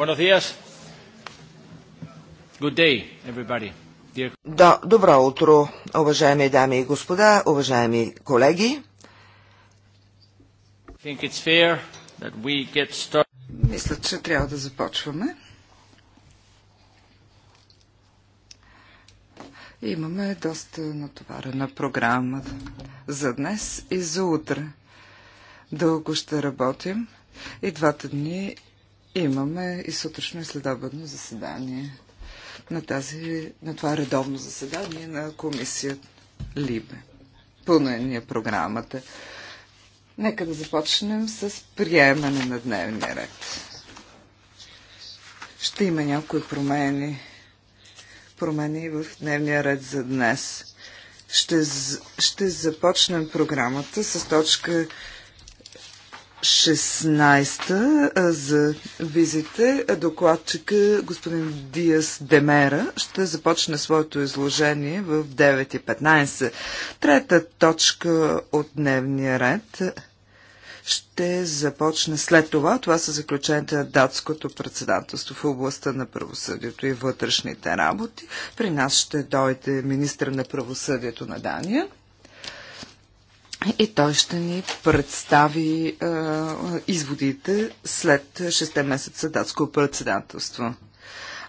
Buenos días. Good day, everybody. Dear... Да, добро утро, уважаеми дами и господа, уважаеми колеги. Think it's fair that we get Мисля, че трябва да започваме. Имаме доста натоварена програма за днес и за утре. Дълго ще работим. И двата дни Имаме и сутрешно и следобедно заседание на, тази, на това редовно заседание на комисията Либе. Пълна е ни е програмата. Нека да започнем с приемане на дневния ред. Ще има някои промени, промени в дневния ред за днес. Ще, ще започнем програмата с точка 16 за визите докладчика господин Диас Демера ще започне своето изложение в 9.15. Трета точка от дневния ред ще започне след това. Това са заключенията на датското председателство в областта на правосъдието и вътрешните работи. При нас ще дойде министър на правосъдието на Дания и той ще ни представи е, изводите след 6 месеца датско председателство.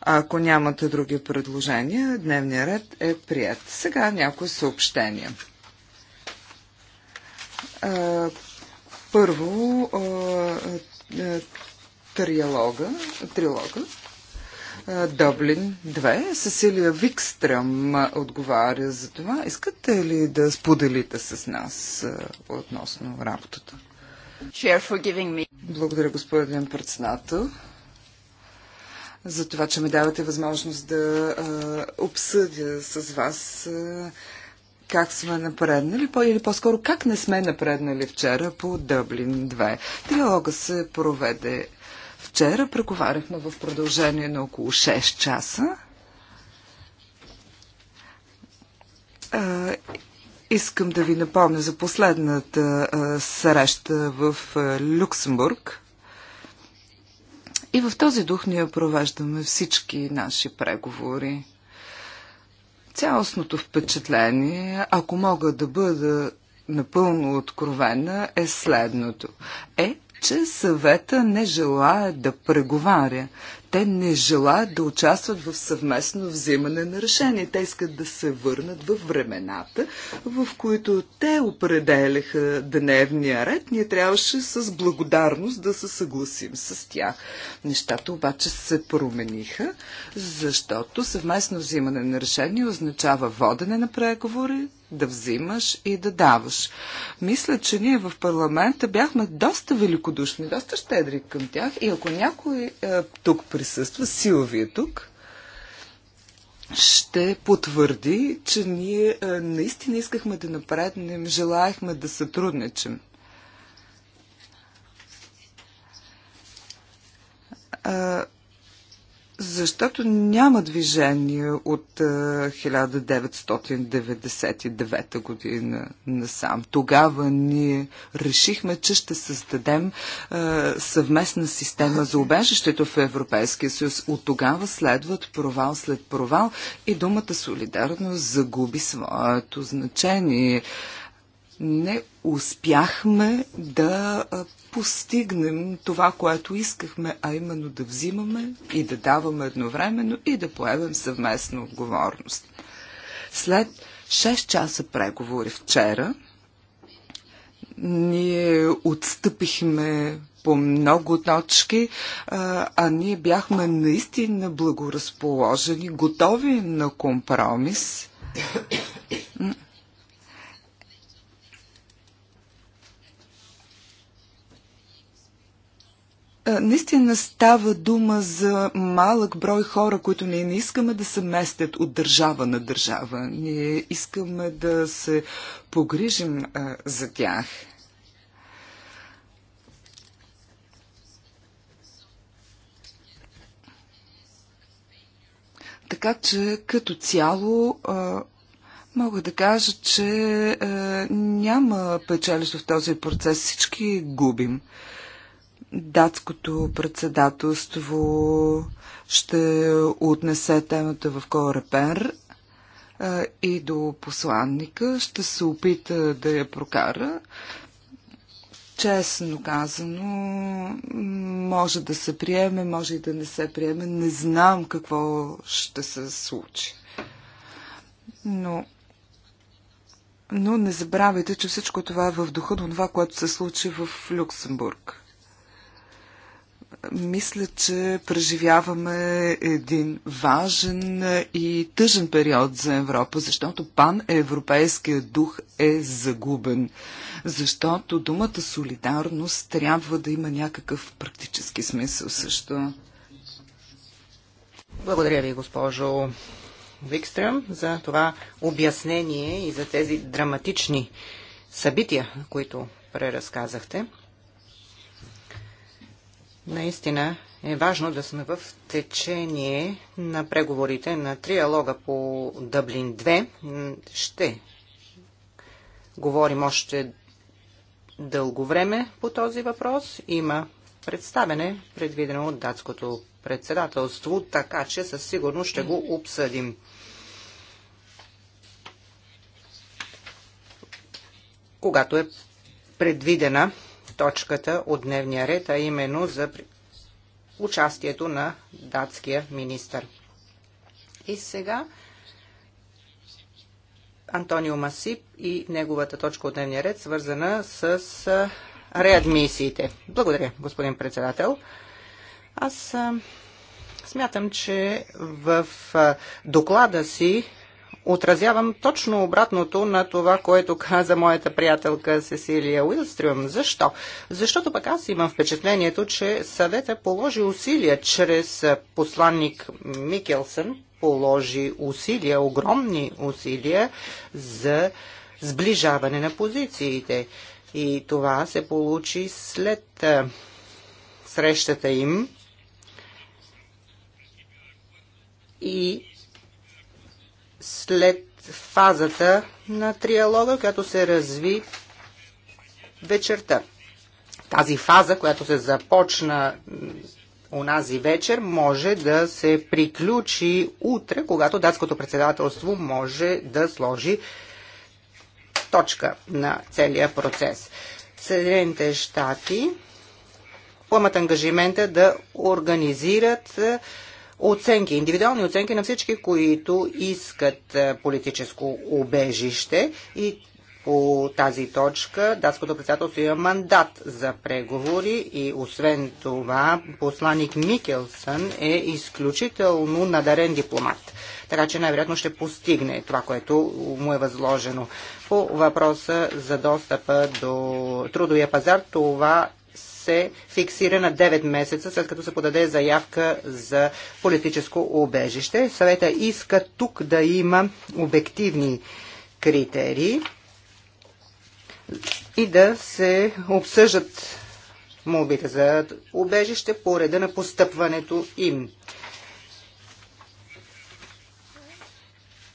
Ако нямате други предложения, дневният ред е прият. Сега някои съобщения. Е, първо, е, е, триалога, трилога Доблин 2. Сесилия Викстрам отговаря за това. Искате ли да споделите с нас относно работата? Благодаря, господин председател за това, че ми давате възможност да а, обсъдя с вас а, как сме напреднали, по, или по-скоро как не сме напреднали вчера по Дъблин 2. Триалога се проведе Вчера преговаряхме в продължение на около 6 часа. Искам да ви напомня за последната среща в Люксембург. И в този дух ние провеждаме всички наши преговори. Цялостното впечатление, ако мога да бъда напълно откровена, е следното. Е, че съвета не желая да преговаря. Те не желаят да участват в съвместно взимане на решение. Те искат да се върнат в времената, в които те определяха дневния ред. Ние трябваше с благодарност да се съгласим с тях. Нещата обаче се промениха, защото съвместно взимане на решение означава водене на преговори, да взимаш и да даваш. Мисля, че ние в парламента бяхме доста великодушни, доста щедри към тях и ако някой е, тук присъства, Силвия тук, ще потвърди, че ние е, наистина искахме да напреднем, желаяхме да сътрудничим. Е, защото няма движение от 1999 е, година насам. Тогава ние решихме, че ще създадем е, съвместна система за убежището в Европейския съюз. От тогава следват провал след провал и думата солидарност загуби своето значение не успяхме да постигнем това, което искахме, а именно да взимаме и да даваме едновременно и да поемем съвместна отговорност. След 6 часа преговори вчера, ние отстъпихме по много точки, а ние бяхме наистина благоразположени, готови на компромис. наистина става дума за малък брой хора, които ние не искаме да се местят от държава на държава. Ние искаме да се погрижим а, за тях. Така че като цяло а, Мога да кажа, че а, няма печалище в този процес. Всички губим. А, датското председателство ще отнесе темата в Корепер и до посланника. Ще се опита да я прокара. Честно казано, може да се приеме, може и да не се приеме. Не знам какво ще се случи. Но но не забравяйте, че всичко това е в духа на това, което се случи в Люксембург мисля, че преживяваме един важен и тъжен период за Европа, защото пан-европейския дух е загубен. Защото думата солидарност трябва да има някакъв практически смисъл също. Благодаря ви, госпожо Викстрем, за това обяснение и за тези драматични събития, които преразказахте. Наистина е важно да сме в течение на преговорите на триалога по Дъблин 2. Ще говорим още дълго време по този въпрос. Има представене, предвидено от датското председателство, така че със сигурност ще го обсъдим. Когато е предвидена точката от дневния ред, а именно за участието на датския министр. И сега Антонио Масип и неговата точка от дневния ред, свързана с реадмисиите. Благодаря, господин председател. Аз смятам, че в доклада си отразявам точно обратното на това, което каза моята приятелка Сесилия Уилстрюм. Защо? Защото пък аз имам впечатлението, че съвета положи усилия чрез посланник Микелсън, положи усилия, огромни усилия за сближаване на позициите. И това се получи след срещата им и след фазата на триалога, която се разви вечерта. Тази фаза, която се започна онази вечер, може да се приключи утре, когато датското председателство може да сложи точка на целия процес. Съединените щати поемат ангажимента да организират оценки, индивидуални оценки на всички, които искат е, политическо убежище и по тази точка датското председателство има мандат за преговори и освен това посланик Микелсън е изключително надарен дипломат. Така че най-вероятно ще постигне това, което му е възложено. По въпроса за достъпа до трудовия пазар, това се фиксира на 9 месеца, след като се подаде заявка за политическо убежище. Съвета иска тук да има обективни критерии и да се обсъждат молбите за убежище по реда на постъпването им.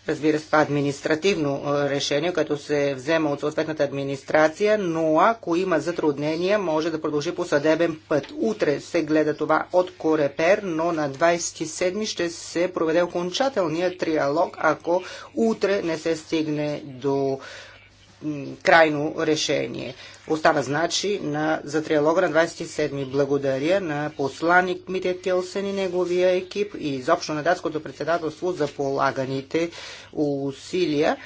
разбира се, административно решение, което се взема от съответната администрация, но ако има затруднения, може да продължи по съдебен път. Утре се гледа това от Корепер, но на 27 ще се проведе окончателният триалог, ако утре не се стигне до крайно решение. Остава значи на, за триалога на 27 Благодаря на посланник Митя Келсен и неговия екип и изобщо на датското председателство за полаганите усилия.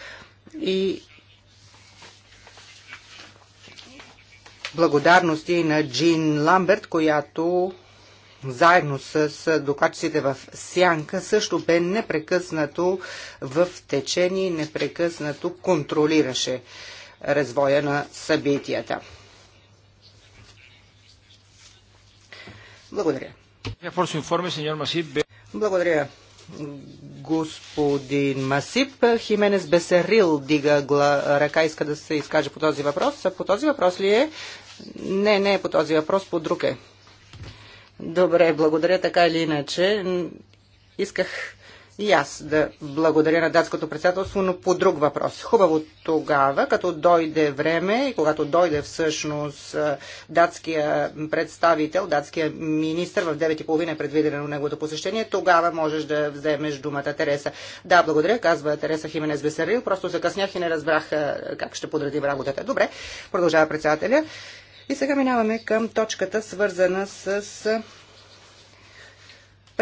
И благодарности на Джин Ламберт, която заедно с докладчиците в Сянка също бе непрекъснато в течение, непрекъснато контролираше развоя на събитията. Благодаря. Благодаря. Господин Масип, Хименес Бесерил дига гла, ръка, иска да се изкаже по този въпрос. А по този въпрос ли е? Не, не е по този въпрос, по друг е. Добре, благодаря така или иначе. Исках и аз да благодаря на датското председателство, но по друг въпрос. Хубаво тогава, като дойде време и когато дойде всъщност датския представител, датския министр в 9.30 е предвидено неговото посещение, тогава можеш да вземеш думата Тереса. Да, благодаря, казва Тереса Хименес Бесарил, просто закъснях и не разбрах как ще подредим работата. Добре, продължава председателя. И сега минаваме към точката, свързана с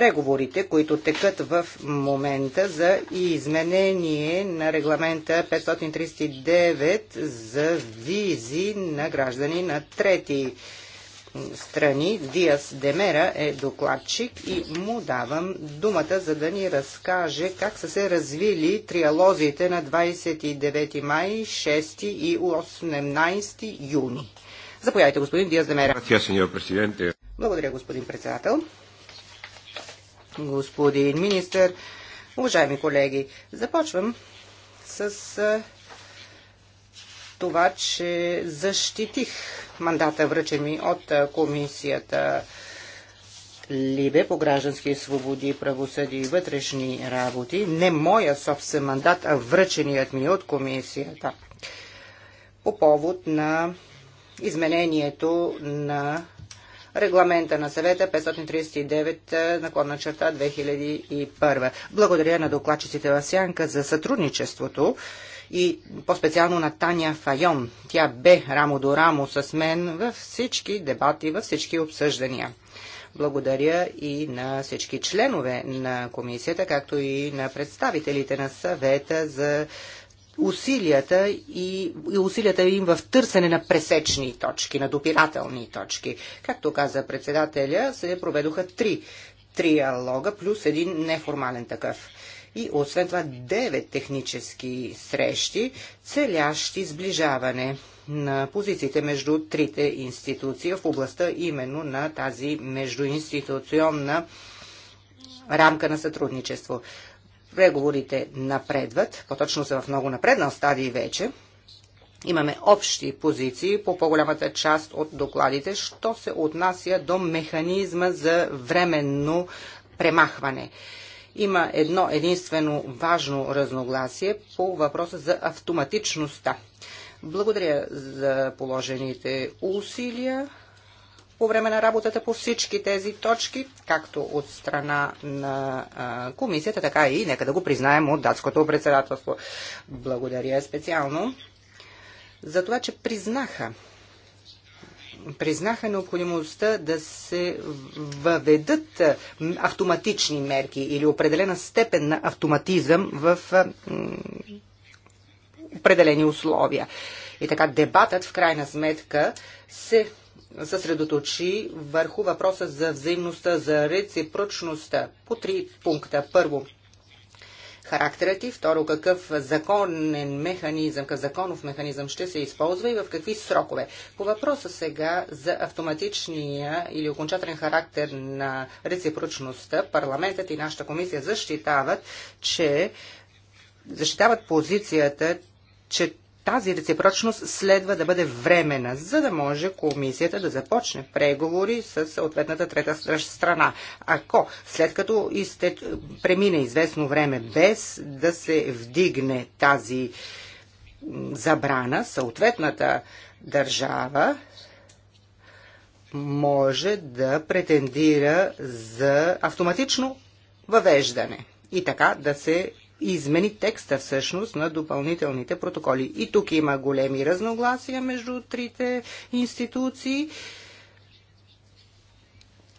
преговорите, които текат в момента за изменение на регламента 539 за визи на граждани на трети страни. Диас Демера е докладчик и му давам думата, за да ни разкаже как са се развили триалозите на 29 май, 6 и 18 юни. Заповядайте, господин Диас Демера. Благодаря, господин председател господин министр, уважаеми колеги. Започвам с това, че защитих мандата връчен ми от комисията Либе по граждански свободи, правосъди и вътрешни работи. Не моя собствен мандат, а връченият ми от комисията по повод на изменението на регламента на съвета 539 е, наклонна черта 2001. Благодаря на докладчиците в Сянка за сътрудничеството и по-специално на Таня Файон. Тя бе рамо до рамо с мен във всички дебати, във всички обсъждания. Благодаря и на всички членове на комисията, както и на представителите на съвета за усилията и, и усилията им в търсене на пресечни точки, на допирателни точки. Както каза председателя, се проведоха три триалога плюс един неформален такъв. И освен това девет технически срещи, целящи сближаване на позициите между трите институции в областта именно на тази междуинституционна рамка на сътрудничество преговорите напредват, по-точно са в много напреднал стадии вече, Имаме общи позиции по по-голямата част от докладите, що се отнася до механизма за временно премахване. Има едно единствено важно разногласие по въпроса за автоматичността. Благодаря за положените усилия по време на работата по всички тези точки, както от страна на комисията, така и, нека да го признаем, от датското председателство. Благодаря специално за това, че признаха признаха необходимостта да се въведат автоматични мерки или определена степен на автоматизъм в определени условия. И така дебатът в крайна сметка се съсредоточи върху въпроса за взаимността, за реципрочността по три пункта. Първо, характерът и второ, какъв законен механизъм, какъв законов механизъм ще се използва и в какви срокове. По въпроса сега за автоматичния или окончателен характер на реципрочността, парламентът и нашата комисия защитават, че защитават позицията, че тази реципрочност следва да бъде времена, за да може комисията да започне преговори с съответната трета страна. Ако след като изте... премине известно време без да се вдигне тази забрана, съответната държава може да претендира за автоматично въвеждане и така да се измени текста всъщност на допълнителните протоколи. И тук има големи разногласия между трите институции,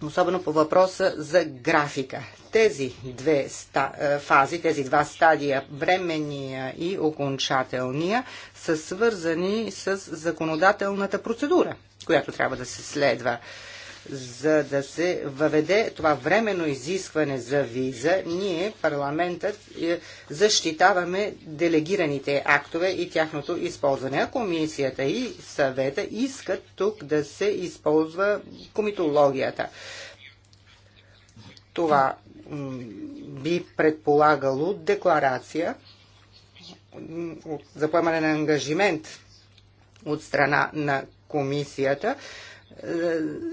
особено по въпроса за графика. Тези две ста, е, фази, тези два стадия, временния и окончателния, са свързани с законодателната процедура, която трябва да се следва за да се въведе това временно изискване за виза, ние, парламентът, е, защитаваме делегираните актове и тяхното използване. А комисията и съвета искат тук да се използва комитологията. Това би предполагало декларация за поемане на ангажимент от страна на комисията,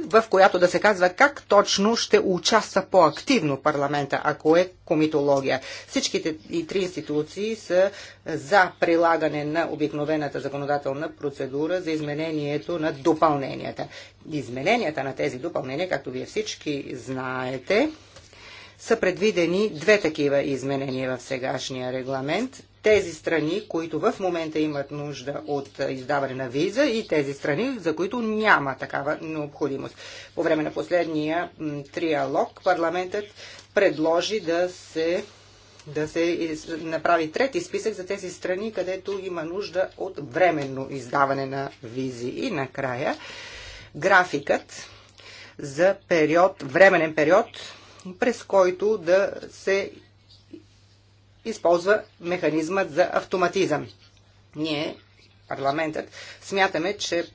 в която да се казва как точно ще участва по-активно парламента, ако е комитология. Всичките и три институции са за прилагане на обикновената законодателна процедура за изменението на допълненията. Измененията на тези допълнения, както вие всички знаете, са предвидени две такива изменения в сегашния регламент тези страни, които в момента имат нужда от издаване на виза и тези страни, за които няма такава необходимост. По време на последния триалог парламентът предложи да се да се направи трети списък за тези страни, където има нужда от временно издаване на визи. И накрая графикът за период, временен период, през който да се използва механизмът за автоматизъм. Ние, парламентът, смятаме, че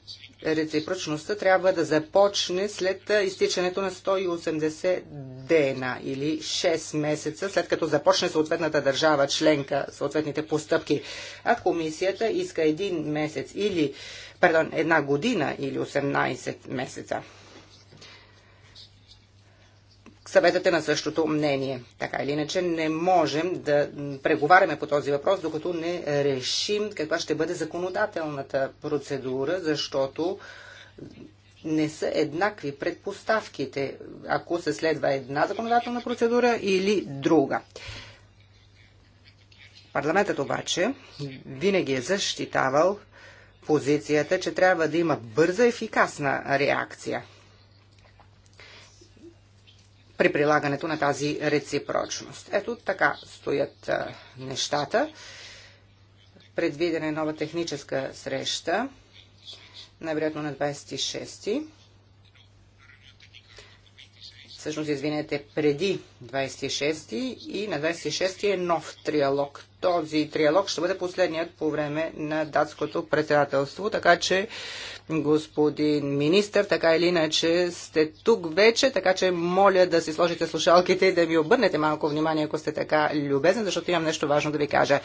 реципрочността трябва да започне след изтичането на 180 дена или 6 месеца, след като започне съответната държава членка, съответните постъпки. А комисията иска един месец или, пардон, една година или 18 месеца съветът е на същото мнение. Така или иначе не можем да преговаряме по този въпрос, докато не решим каква ще бъде законодателната процедура, защото не са еднакви предпоставките, ако се следва една законодателна процедура или друга. Парламентът обаче винаги е защитавал позицията, че трябва да има бърза ефикасна реакция при прилагането на тази реципрочност. Ето така стоят нещата. Предвидена е нова техническа среща, най-вероятно на 26-ти. Всъщност, извинете, преди 26-ти и на 26-ти е нов триалог този триалог ще бъде последният по време на датското председателство, така че господин министр, така или иначе сте тук вече, така че моля да си сложите слушалките и да ми обърнете малко внимание, ако сте така любезни, защото имам нещо важно да ви кажа.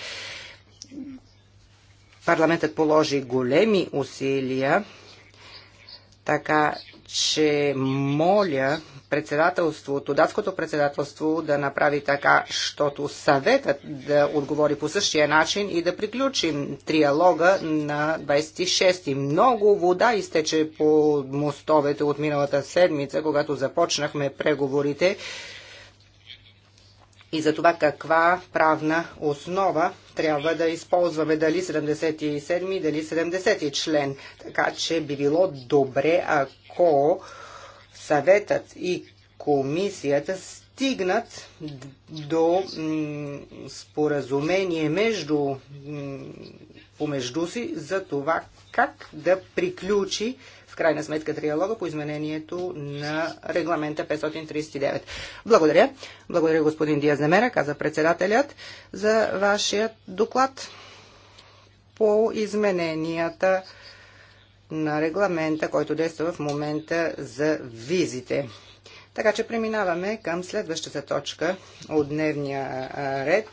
Парламентът положи големи усилия така че моля председателството, датското председателство да направи така, щото съветът да отговори по същия начин и да приключим триалога на 26-ти. Много вода изтече по мостовете от миналата седмица, когато започнахме преговорите и за това каква правна основа трябва да използваме, дали 77 дали 70 член. Така че би било добре, ако ако съветът и комисията стигнат до споразумение между, помежду си за това как да приключи в крайна сметка триалога по изменението на регламента 539. Благодаря. Благодаря господин Диазнемера, каза председателят, за вашият доклад по измененията на регламента, който действа в момента за визите. Така че преминаваме към следващата точка от дневния ред.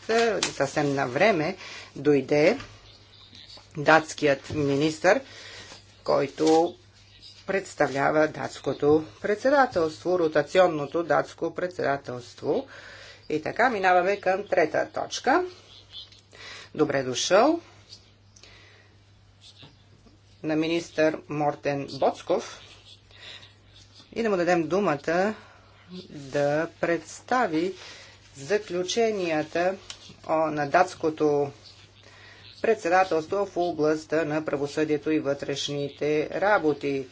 Съвсем на време дойде датският министр, който представлява датското председателство, ротационното датско председателство. И така минаваме към трета точка. Добре дошъл на министър Мортен Боцков и да му дадем думата да представи заключенията на датското председателство в областта на правосъдието и вътрешните работи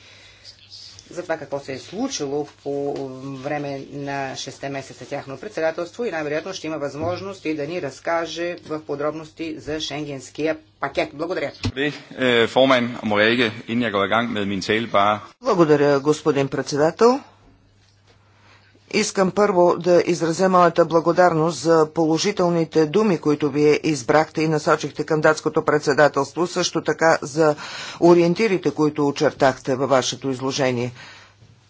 за това какво се е случило по време на 6 месеца тяхно председателство и най-вероятно ще има възможност и да ни разкаже в подробности за шенгенския пакет. Благодаря. Благодаря, е, господин председател. Искам първо да изразя моята благодарност за положителните думи, които вие избрахте и насочихте към датското председателство, също така за ориентирите, които очертахте във вашето изложение.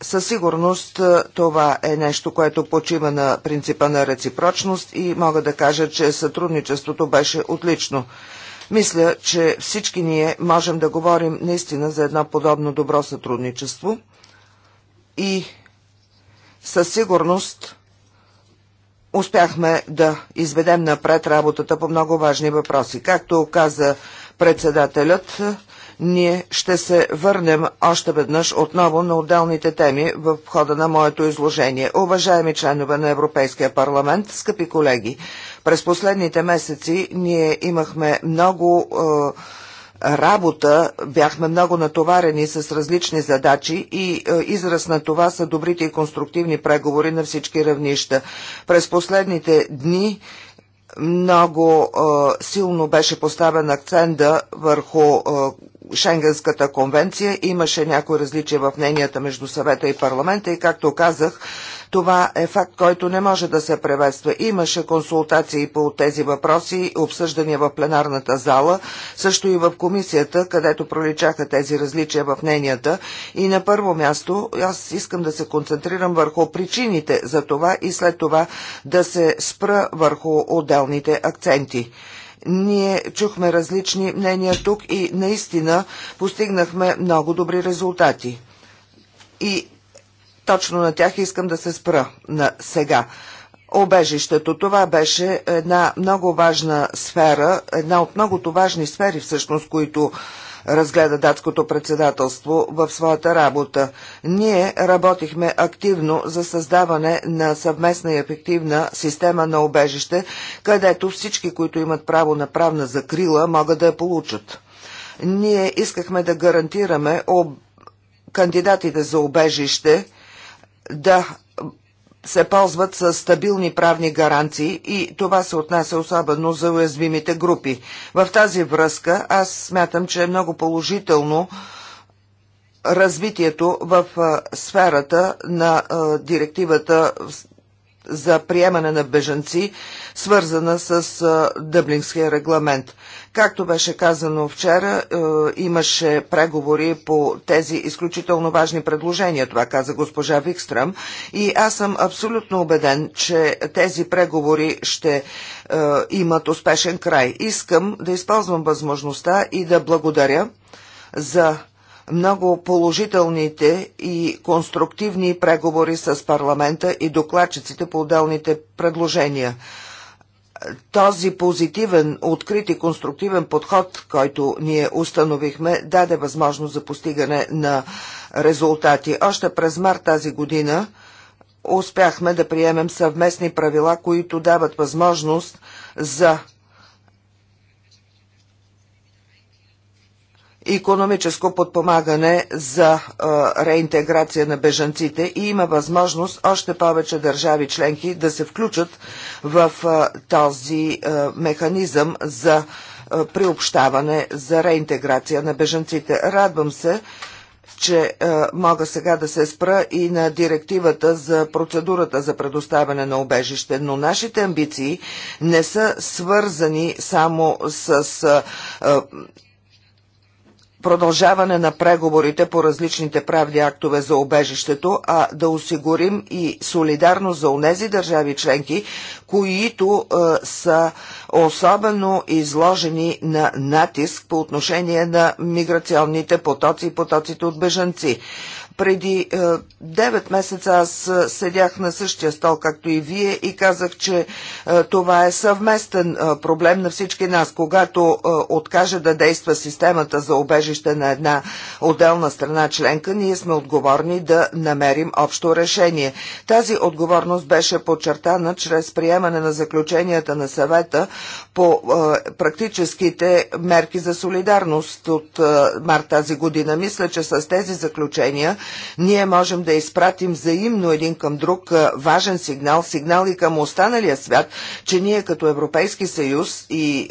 Със сигурност това е нещо, което почива на принципа на реципрочност и мога да кажа, че сътрудничеството беше отлично. Мисля, че всички ние можем да говорим наистина за едно подобно добро сътрудничество и със сигурност успяхме да изведем напред работата по много важни въпроси. Както каза председателят, ние ще се върнем още веднъж отново на отделните теми в хода на моето изложение. Уважаеми членове на Европейския парламент, скъпи колеги, през последните месеци ние имахме много е, работа бяхме много натоварени с различни задачи и е, израз на това са добрите и конструктивни преговори на всички равнища. През последните дни много е, силно беше поставен акцента върху е, Шенгенската конвенция. Имаше някои различия в мненията между съвета и парламента и както казах, това е факт, който не може да се превества. Имаше консултации по тези въпроси, обсъждания в пленарната зала, също и в комисията, където проличаха тези различия в мненията. И на първо място аз искам да се концентрирам върху причините за това и след това да се спра върху отделните акценти. Ние чухме различни мнения тук и наистина постигнахме много добри резултати. И точно на тях искам да се спра на сега. Обежището. Това беше една много важна сфера, една от многото важни сфери всъщност, които разгледа датското председателство в своята работа. Ние работихме активно за създаване на съвместна и ефективна система на обежище, където всички, които имат право на правна закрила, могат да я получат. Ние искахме да гарантираме об... кандидатите за обежище – да се ползват с стабилни правни гаранции и това се отнася особено за уязвимите групи. В тази връзка аз смятам, че е много положително развитието в сферата на директивата за приемане на бежанци, свързана с Дъблинския регламент. Както беше казано вчера, имаше преговори по тези изключително важни предложения, това каза госпожа Викстрам, и аз съм абсолютно убеден, че тези преговори ще имат успешен край. Искам да използвам възможността и да благодаря за много положителните и конструктивни преговори с парламента и докладчиците по отделните предложения. Този позитивен, открит и конструктивен подход, който ние установихме, даде възможност за постигане на резултати. Още през март тази година успяхме да приемем съвместни правила, които дават възможност за економическо подпомагане за е, реинтеграция на бежанците и има възможност още повече държави членки да се включат в е, този е, механизъм за приобщаване за реинтеграция на бежанците. Радвам се, че мога сега да се спра и на директивата за процедурата за предоставяне на обежище, но нашите амбиции не са свързани само с продължаване на преговорите по различните правни актове за обежището, а да осигурим и солидарност за онези държави членки, които е, са особено изложени на натиск по отношение на миграционните потоци и потоците от бежанци. Преди е, 9 месеца аз е, седях на същия стол, както и вие, и казах, че е, това е съвместен е, проблем на всички нас. Когато е, откаже да действа системата за обежище на една отделна страна членка, ние сме отговорни да намерим общо решение. Тази отговорност беше подчертана чрез приемане на заключенията на съвета по е, практическите мерки за солидарност от е, март тази година. Мисля, че с тези заключения ние можем да изпратим взаимно един към друг важен сигнал, сигнал и към останалия свят, че ние като Европейски съюз и е,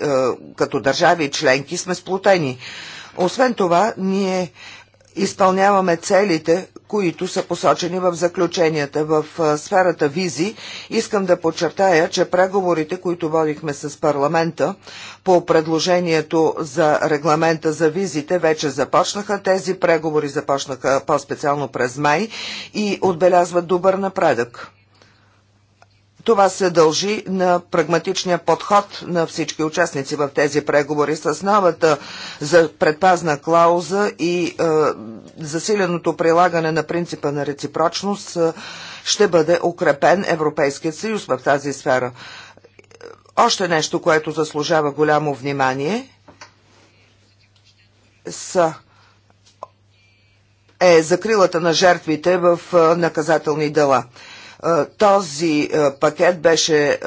като държави и членки сме сплутени. Освен това, ние изпълняваме целите, които са посочени в заключенията в сферата визи. Искам да подчертая, че преговорите, които водихме с парламента по предложението за регламента за визите, вече започнаха. Тези преговори започнаха по-специално през май и отбелязват добър напредък. Това се дължи на прагматичния подход на всички участници в тези преговори с новата за предпазна клауза и е, засиленото прилагане на принципа на реципрочност е, ще бъде укрепен Европейският съюз в тази сфера. Още нещо, което заслужава голямо внимание са е закрилата на жертвите в е, наказателни дела. Е, този е, пакет беше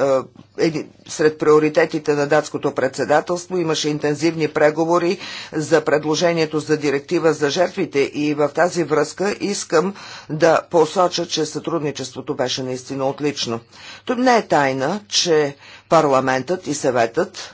е, сред приоритетите на датското председателство. Имаше интензивни преговори за предложението за директива за жертвите и в тази връзка искам да посоча, че сътрудничеството беше наистина отлично. Тук не е тайна, че парламентът и съветът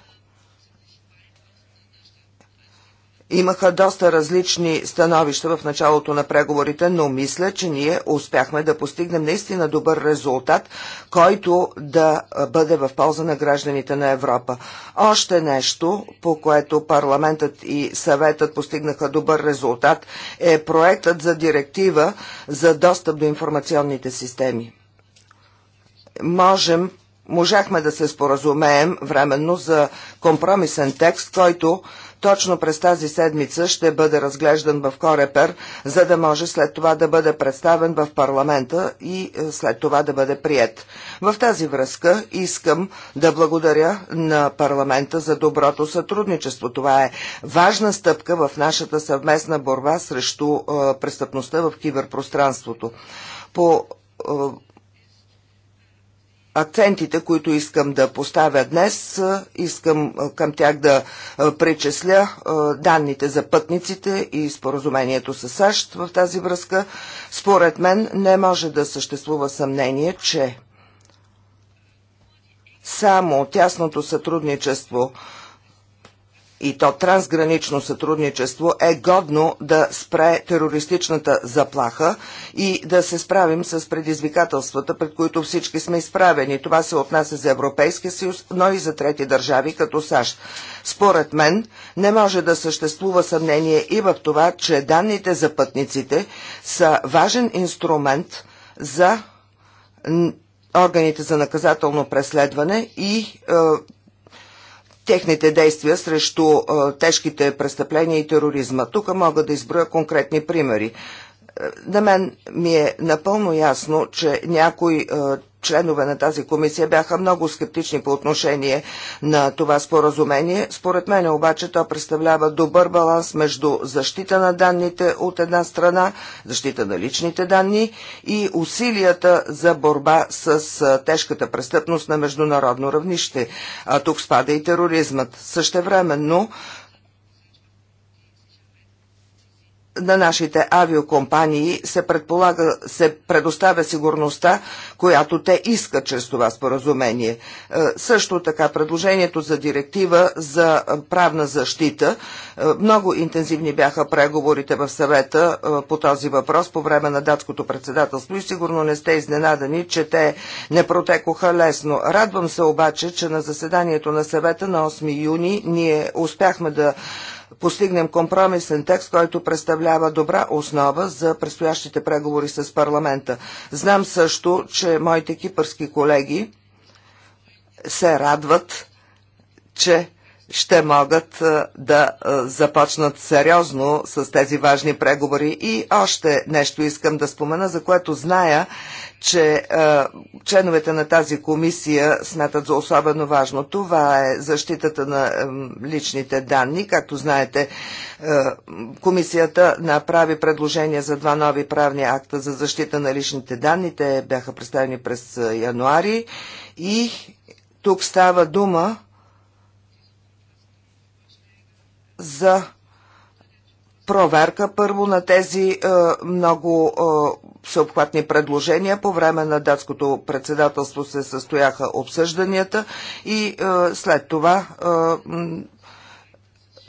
Имаха доста различни становища в началото на преговорите, но мисля, че ние успяхме да постигнем наистина добър резултат, който да бъде в полза на гражданите на Европа. Още нещо, по което парламентът и съветът постигнаха добър резултат, е проектът за директива за достъп до информационните системи. Можем можахме да се споразумеем временно за компромисен текст, който точно през тази седмица ще бъде разглеждан в Корепер, за да може след това да бъде представен в парламента и е, след това да бъде прият. В тази връзка искам да благодаря на парламента за доброто сътрудничество. Това е важна стъпка в нашата съвместна борба срещу е, престъпността в киберпространството. По е, акцентите, които искам да поставя днес, искам към тях да пречисля данните за пътниците и споразумението с САЩ в тази връзка. Според мен не може да съществува съмнение, че само тясното сътрудничество и то трансгранично сътрудничество е годно да спре терористичната заплаха и да се справим с предизвикателствата, пред които всички сме изправени. Това се отнася за Европейския съюз, но и за трети държави, като САЩ. Според мен не може да съществува съмнение и в това, че данните за пътниците са важен инструмент за органите за наказателно преследване и е, техните действия срещу тежките престъпления и тероризма. Тук мога да изброя конкретни примери. Е, на мен ми е напълно ясно, че някои членове на тази комисия бяха много скептични по отношение на това споразумение. Според мен обаче то представлява добър баланс между защита на данните от една страна, защита на личните данни и усилията за борба с тежката престъпност на международно равнище. А тук спада и тероризмът. Същевременно на нашите авиокомпании се, предполага, се предоставя сигурността, която те искат чрез това споразумение. Е, също така предложението за директива за правна защита. Е, много интензивни бяха преговорите в съвета е, по този въпрос по време на датското председателство и сигурно не сте изненадани, че те не протекоха лесно. Радвам се обаче, че на заседанието на съвета на 8 юни ние успяхме да постигнем компромисен текст, който представлява добра основа за предстоящите преговори с парламента. Знам също, че моите кипърски колеги се радват, че ще могат да започнат сериозно с тези важни преговори. И още нещо искам да спомена, за което зная, че членовете на тази комисия смятат за особено важно. Това е защитата на личните данни. Както знаете, комисията направи предложение за два нови правни акта за защита на личните данни. Те бяха представени през януари и тук става дума за проверка първо на тези е, много е, всеобхватни предложения. По време на датското председателство се състояха обсъжданията и е, след това е,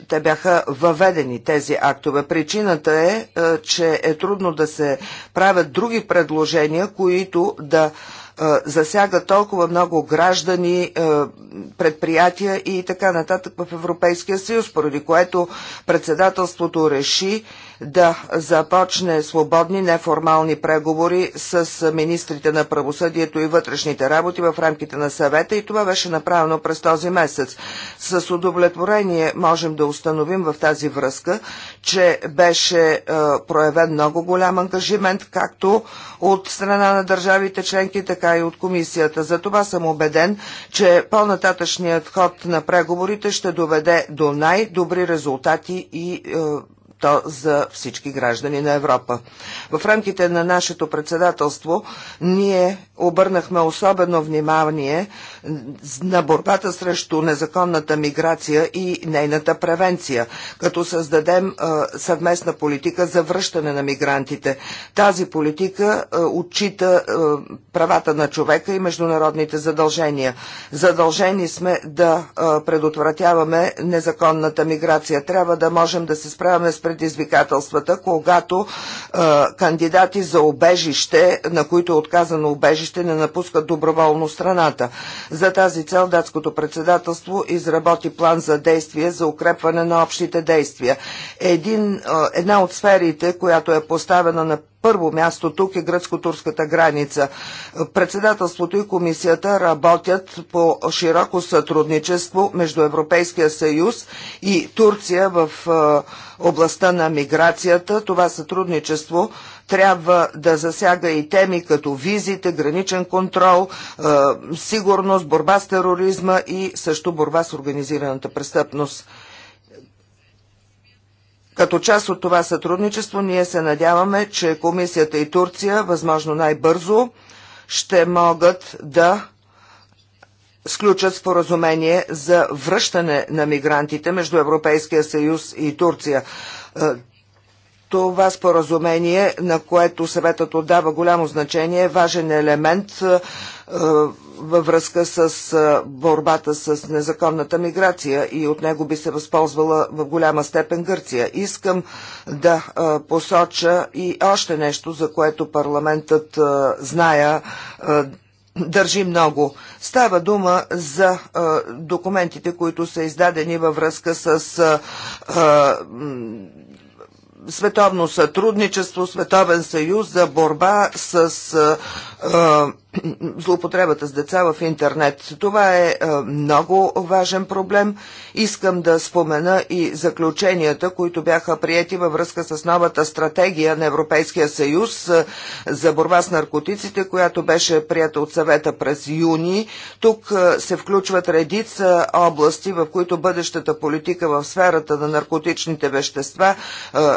те бяха въведени тези актове. Причината е, е, че е трудно да се правят други предложения, които да е, засяга толкова много граждани, предприятия и така нататък в Европейския съюз, поради което председателството реши да започне свободни неформални преговори с министрите на правосъдието и вътрешните работи в рамките на съвета и това беше направено през този месец. С удовлетворение можем да установим в тази връзка, че беше е, проявен много голям ангажимент, както от страна на държавите членки, така и от комисията. За това съм убеден, че по-нататъчният ход на преговорите ще доведе до най-добри резултати и е, то за всички граждани на Европа. В рамките на нашето председателство ние обърнахме особено внимание на борбата срещу незаконната миграция и нейната превенция, като създадем съвместна политика за връщане на мигрантите. Тази политика отчита правата на човека и международните задължения. Задължени сме да предотвратяваме незаконната миграция. Трябва да можем да се справяме с предизвикателствата, когато кандидати за обежище, на които е отказано обежище, не напускат доброволно страната. За тази цел датското председателство изработи план за действие за укрепване на общите действия. Един, една от сферите, която е поставена на първо място тук е гръцко-турската граница. Председателството и комисията работят по широко сътрудничество между Европейския съюз и Турция в областта на миграцията. Това сътрудничество трябва да засяга и теми като визите, граничен контрол, е, сигурност, борба с тероризма и също борба с организираната престъпност. Като част от това сътрудничество ние се надяваме, че Комисията и Турция, възможно най-бързо, ще могат да сключат споразумение за връщане на мигрантите между Европейския съюз и Турция. Е, това споразумение, на което съветът отдава голямо значение, е важен елемент е, е, във връзка с борбата с незаконната миграция и от него би се възползвала в голяма степен Гърция. Искам да посоча и още нещо, за което парламентът зная държи много. Става дума за а, е, документите, които са издадени във връзка с а, е, а, е, световно сътрудничество, Световен съюз за борба с злоупотребата с деца в интернет. Това е много важен проблем. Искам да спомена и заключенията, които бяха приети във връзка с новата стратегия на Европейския съюз за борба с наркотиците, която беше прията от съвета през юни. Тук се включват редица области, в които бъдещата политика в сферата на наркотичните вещества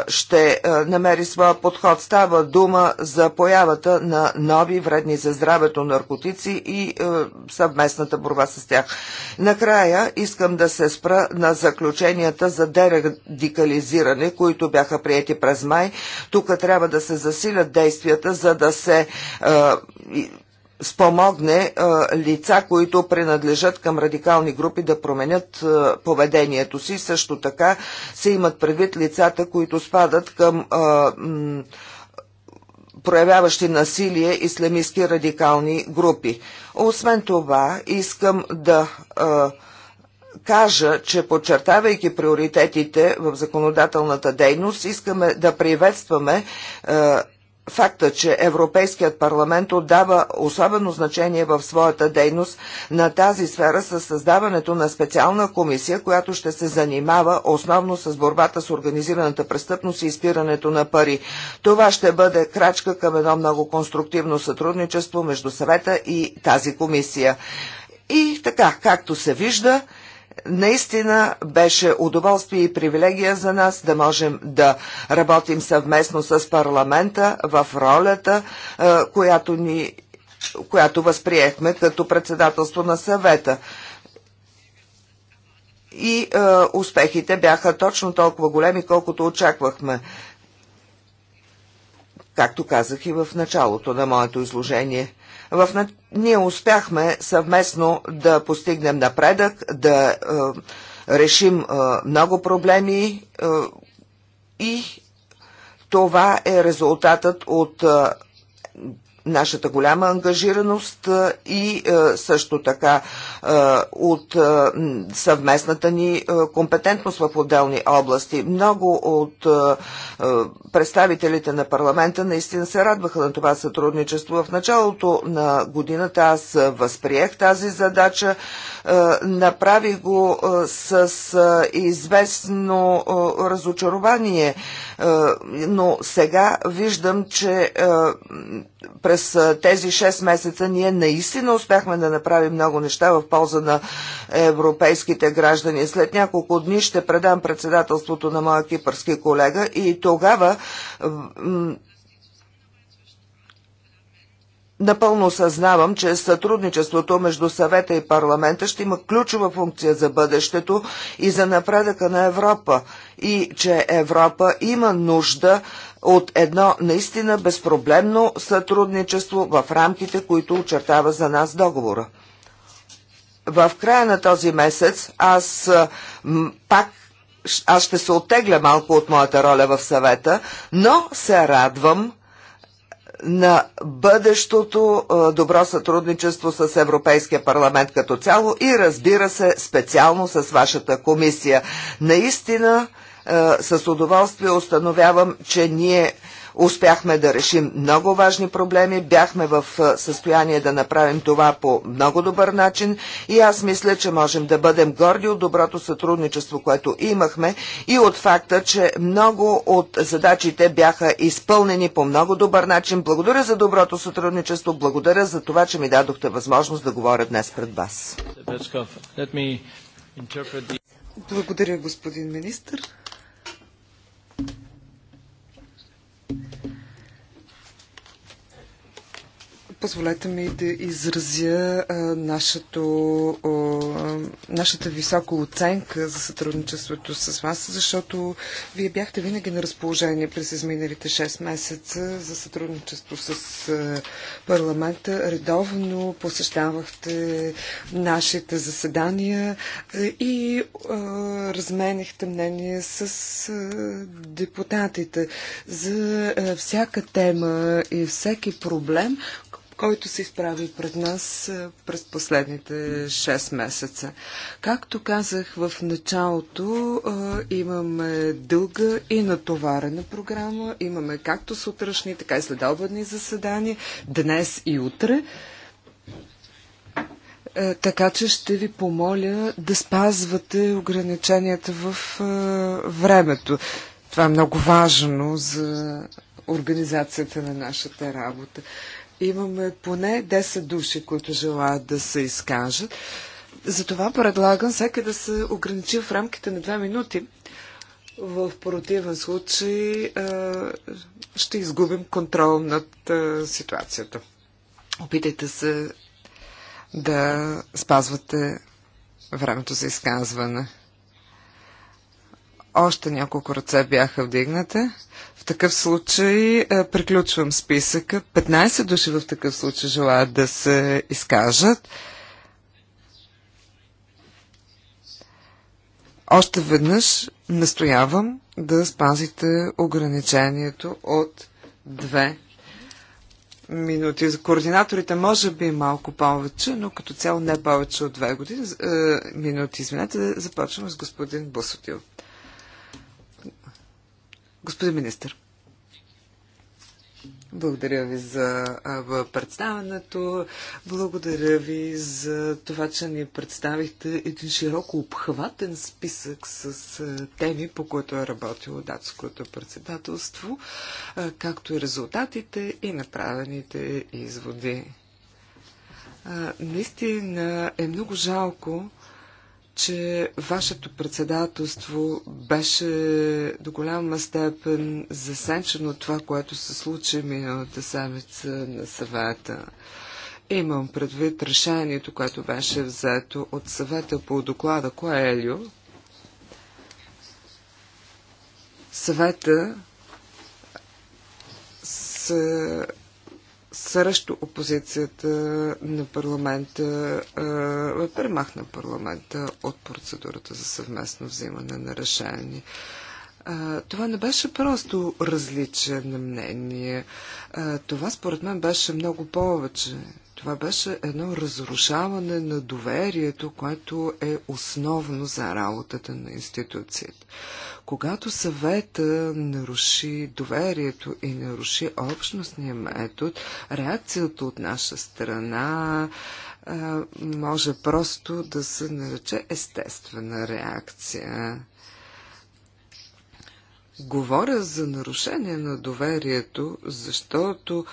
ще намери своя подход. Става дума за появата на нови вредни вредни за здравето наркотици и е, съвместната борба с тях. Накрая искам да се спра на заключенията за дерадикализиране, които бяха приети през май. Тук трябва да се засилят действията, за да се е, спомогне а, е, лица, които принадлежат към радикални групи да променят а, е, поведението си. Също така се имат предвид лицата, които спадат към а, е, проявяващи насилие ислямистски радикални групи. Освен това, искам да а, кажа, че подчертавайки приоритетите в законодателната дейност, искаме да приветстваме а, факта, че Европейският парламент отдава особено значение в своята дейност на тази сфера с създаването на специална комисия, която ще се занимава основно с борбата с организираната престъпност и изпирането на пари. Това ще бъде крачка към едно много конструктивно сътрудничество между съвета и тази комисия. И така, както се вижда, Наистина беше удоволствие и привилегия за нас да можем да работим съвместно с парламента в ролята, е, която, ни, която възприехме като председателство на съвета и е, успехите бяха точно толкова големи, колкото очаквахме. Както казах и в началото на моето изложение. В... Ние успяхме съвместно да постигнем напредък, да е, решим е, много проблеми е, и това е резултатът от е, нашата голяма ангажираност и също така от съвместната ни компетентност в отделни области. Много от представителите на парламента наистина се радваха на това сътрудничество. В началото на годината аз възприех тази задача, направих го с известно разочарование, но сега виждам, че през тези 6 месеца ние наистина успяхме да направим много неща в полза на европейските граждани. След няколко дни ще предам председателството на моя кипърски колега и тогава Напълно съзнавам, че сътрудничеството между съвета и парламента ще има ключова функция за бъдещето и за напредъка на Европа и че Европа има нужда от едно наистина безпроблемно сътрудничество в рамките, които очертава за нас договора. В края на този месец аз пак аз ще се оттегля малко от моята роля в съвета, но се радвам на бъдещото добро сътрудничество с Европейския парламент като цяло и разбира се специално с вашата комисия. Наистина е, с удоволствие установявам, че ние успяхме да решим много важни проблеми, бяхме в е, състояние да направим това по много добър начин и аз мисля, че можем да бъдем горди от доброто сътрудничество, което имахме и от факта, че много от задачите бяха изпълнени по много добър начин. Благодаря за доброто сътрудничество, благодаря за това, че ми дадохте възможност да говоря днес пред вас. Благодаря, господин министр. Позволете ми да изразя нашето, нашата висока оценка за сътрудничеството с вас, защото вие бяхте винаги на разположение през изминалите 6 месеца за сътрудничество с парламента. Редовно посещавахте нашите заседания и разменихте мнение с депутатите за всяка тема и всеки проблем, който се изправи пред нас е, през последните 6 месеца. Както казах в началото, е, имаме дълга и натоварена програма. Имаме както сутрешни, така и следобедни заседания, днес и утре. Е, така че ще ви помоля да спазвате ограниченията в времето. Това е много важно за организацията на нашата работа. Имаме поне 10 души, които желаят да се изкажат. Затова предлагам всеки да се ограничи в рамките на 2 минути. В противен случай ще изгубим контрол над ситуацията. Опитайте се да спазвате времето за изказване. Още няколко ръце бяха вдигнати. В такъв случай е, приключвам списъка. 15 души в такъв случай желаят да се изкажат. Още веднъж настоявам да спазите ограничението от две минути. За координаторите може би малко повече, но като цяло не повече от две години, е, минути. Извинете, започваме с господин Босотил. Господин министр. Благодаря ви за представенето. Благодаря ви за това, че ни представихте един широко обхватен списък с теми, по които е работило датското председателство, както и резултатите и направените изводи. Наистина е много жалко, че вашето председателство беше до голяма степен засенчено от това, което се случи миналата седмица на съвета. Имам предвид решението, което беше взето от съвета по доклада Коелио. Съвета се срещу опозицията на парламента, премахна парламента от процедурата за съвместно взимане на решение. Това не беше просто различие на мнение. Това според мен беше много повече. Това беше едно разрушаване на доверието, което е основно за работата на институцията. Когато съвета наруши доверието и наруши общностния метод, реакцията от наша страна а, може просто да се нарече естествена реакция. Говоря за нарушение на доверието, защото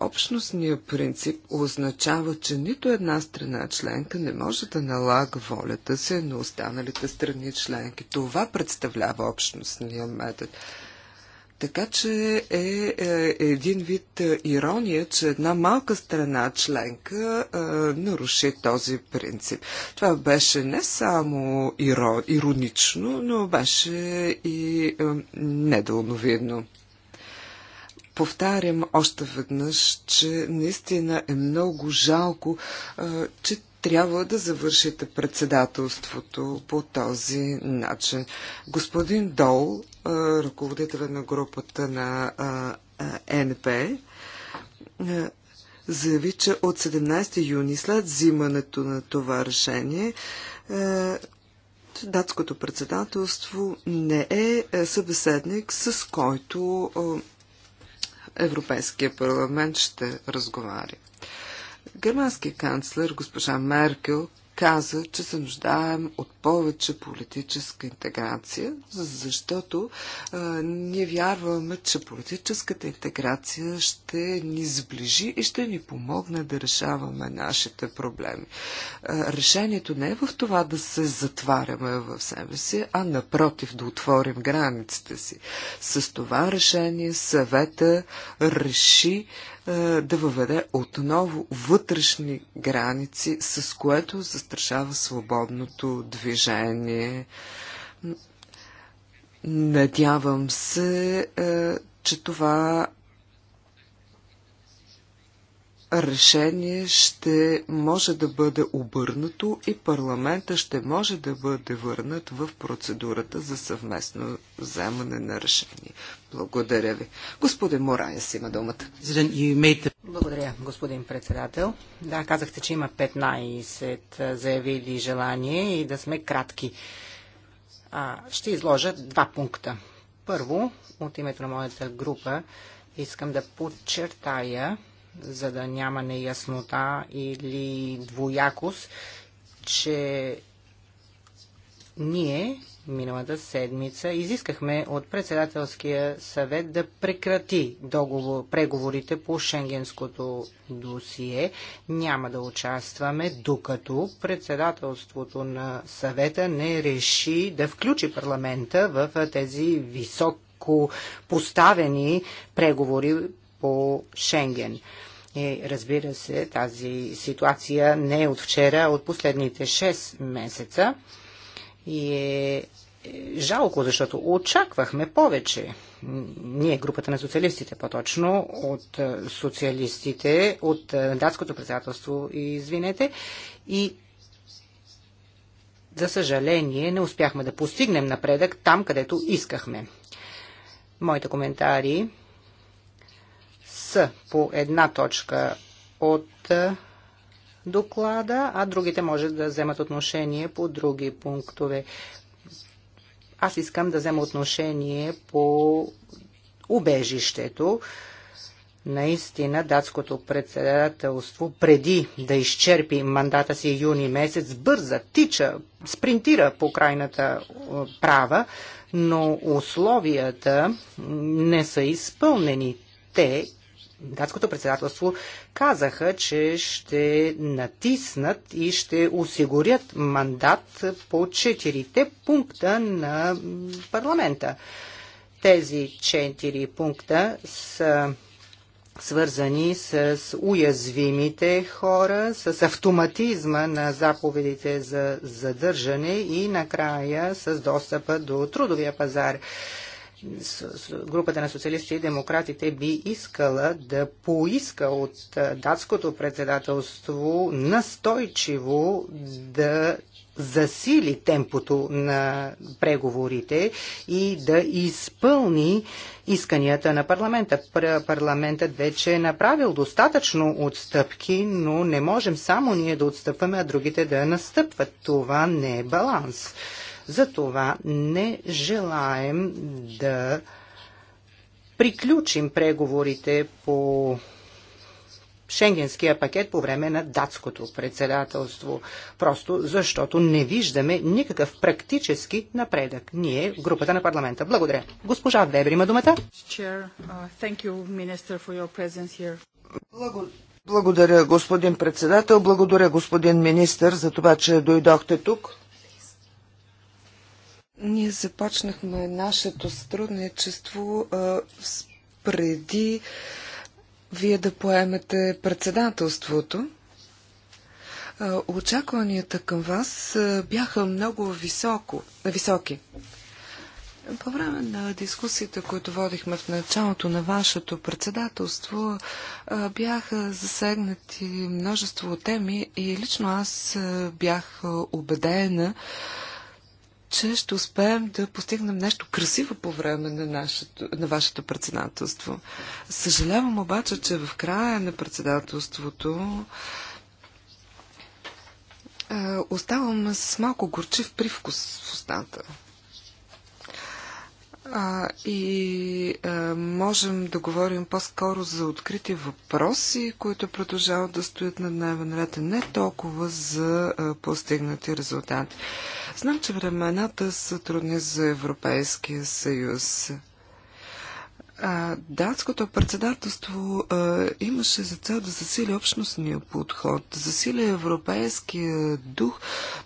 Общностният принцип означава, че нито една страна членка не може да налага волята си на останалите страни членки. Това представлява общностния метод. Така че е, е един вид е, ирония, че една малка страна членка е, наруши този принцип. Това беше не само иро, иронично, но беше и е, недълновидно повтарям още веднъж, че наистина е много жалко, че трябва да завършите председателството по този начин. Господин Дол, ръководител на групата на НП, заяви, че от 17 юни след взимането на това решение датското председателство не е събеседник, с който Европейския парламент ще разговаря. Германският канцлер госпожа Меркел каза, че се нуждаем от повече политическа интеграция, защото а, ние вярваме, че политическата интеграция ще ни сближи и ще ни помогне да решаваме нашите проблеми. А, решението не е в това да се затваряме в себе си, а напротив да отворим границите си. С това решение съвета реши е, да въведе отново вътрешни граници, с което застрашава свободното движение. Надявам се, е, че това решение ще може да бъде обърнато и парламента ще може да бъде върнат в процедурата за съвместно вземане на решение. Благодаря ви. Господин Мораяс има думата. Благодаря, господин председател. Да, казахте, че има 15 заявили желание и да сме кратки. А, ще изложа два пункта. Първо, от името на моята група, искам да подчертая, за да няма неяснота или двоякост, че ние миналата седмица изискахме от председателския съвет да прекрати договор, преговорите по шенгенското досие. Няма да участваме, докато председателството на съвета не реши да включи парламента в тези високо поставени преговори по Шенген. И разбира се, тази ситуация не е от вчера, а от последните 6 месеца. И е, е жалко, защото очаквахме повече. Ние, групата на социалистите, по-точно, от е, социалистите, от е, датското председателство, извинете, и за съжаление не успяхме да постигнем напредък там, където искахме. Моите коментари са по една точка от е, доклада, а другите може да вземат отношение по други пунктове. Аз искам да взема отношение по убежището. Наистина, датското председателство, преди да изчерпи мандата си юни месец, бърза, тича, спринтира по крайната е, права, но условията не са изпълнени. Те датското председателство казаха, че ще натиснат и ще осигурят мандат по четирите пункта на парламента. Тези четири пункта са свързани с уязвимите хора, с автоматизма на заповедите за задържане и накрая с достъпа до трудовия пазар групата на социалистите и демократите би искала да поиска от датското председателство настойчиво да засили темпото на преговорите и да изпълни исканията на парламента. Парламентът вече е направил достатъчно отстъпки, но не можем само ние да отстъпваме, а другите да настъпват. Това не е баланс. Затова не желаем да приключим преговорите по Шенгенския пакет по време на датското председателство. Просто защото не виждаме никакъв практически напредък. Ние, групата на парламента. Благодаря. Госпожа Вебер има думата. Uh, благодаря, господин председател. Благодаря, господин министр, за това, че дойдохте тук. Ние започнахме нашето сътрудничество преди вие да поемете председателството. Очакванията към вас бяха много високо, високи. По време на дискусията, които водихме в началото на вашето председателство, бяха засегнати множество теми и лично аз бях убедена, че ще успеем да постигнем нещо красиво по време на, нашето, на вашето председателство. Съжалявам обаче, че в края на председателството е, оставам с малко горчив привкус в устата. А, и а, можем да говорим по-скоро за открити въпроси, които продължават да стоят на дневен ред, не толкова за а, постигнати резултати. Знам, че времената са трудни за Европейския съюз. А, датското председателство а, имаше за цел да засили общностния подход, да засили европейския дух,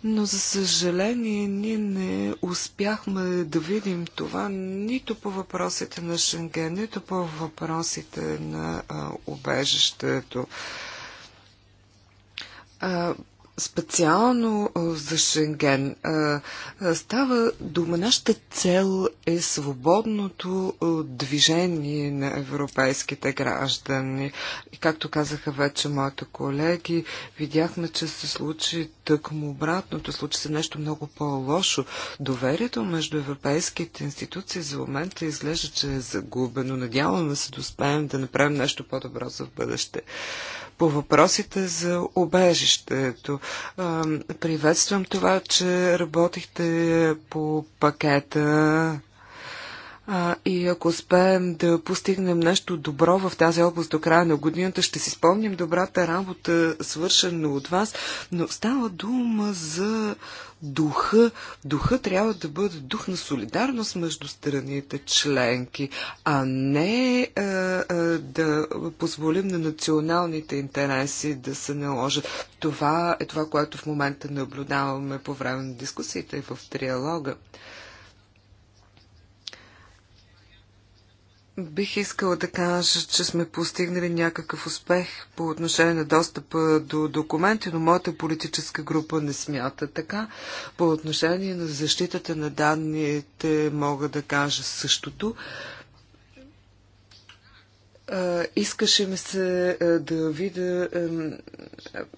но за съжаление ние не успяхме да видим това нито по въпросите на Шенген, нито по въпросите на а, убежището. А, специално за Шенген. Става дума, нашата цел е свободното движение на европейските граждани. И както казаха вече моите колеги, видяхме, че се случи тъкмо обратното, случи се нещо много по-лошо. Доверието между европейските институции за момента изглежда, че е загубено. Надяваме се да успеем да направим нещо по-добро за в бъдеще. По въпросите за обежището, приветствам това, че работихте по пакета а, и ако успеем да постигнем нещо добро в тази област до края на годината, ще си спомним добрата работа, свършена от вас, но става дума за духа. Духа трябва да бъде дух на солидарност между страните членки, а не а, е, а, е, да позволим на националните интереси да се наложат. Това е това, което в момента наблюдаваме по време на дискусиите и в триалога. Бих искала да кажа, че сме постигнали някакъв успех по отношение на достъпа до документи, но моята политическа група не смята така. По отношение на защитата на данните мога да кажа същото. Искаше ми се да видя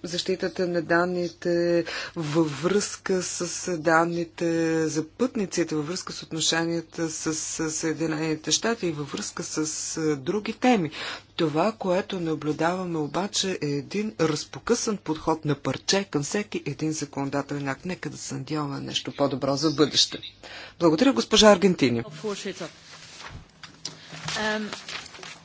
защитата на данните във връзка с данните за пътниците, във връзка с отношенията с Съединените щати и във връзка с други теми. Това, което наблюдаваме обаче е един разпокъсан подход на парче към всеки един законодателен акт. Нека да се надяваме нещо по-добро за бъдеще. Благодаря, госпожа Аргентини.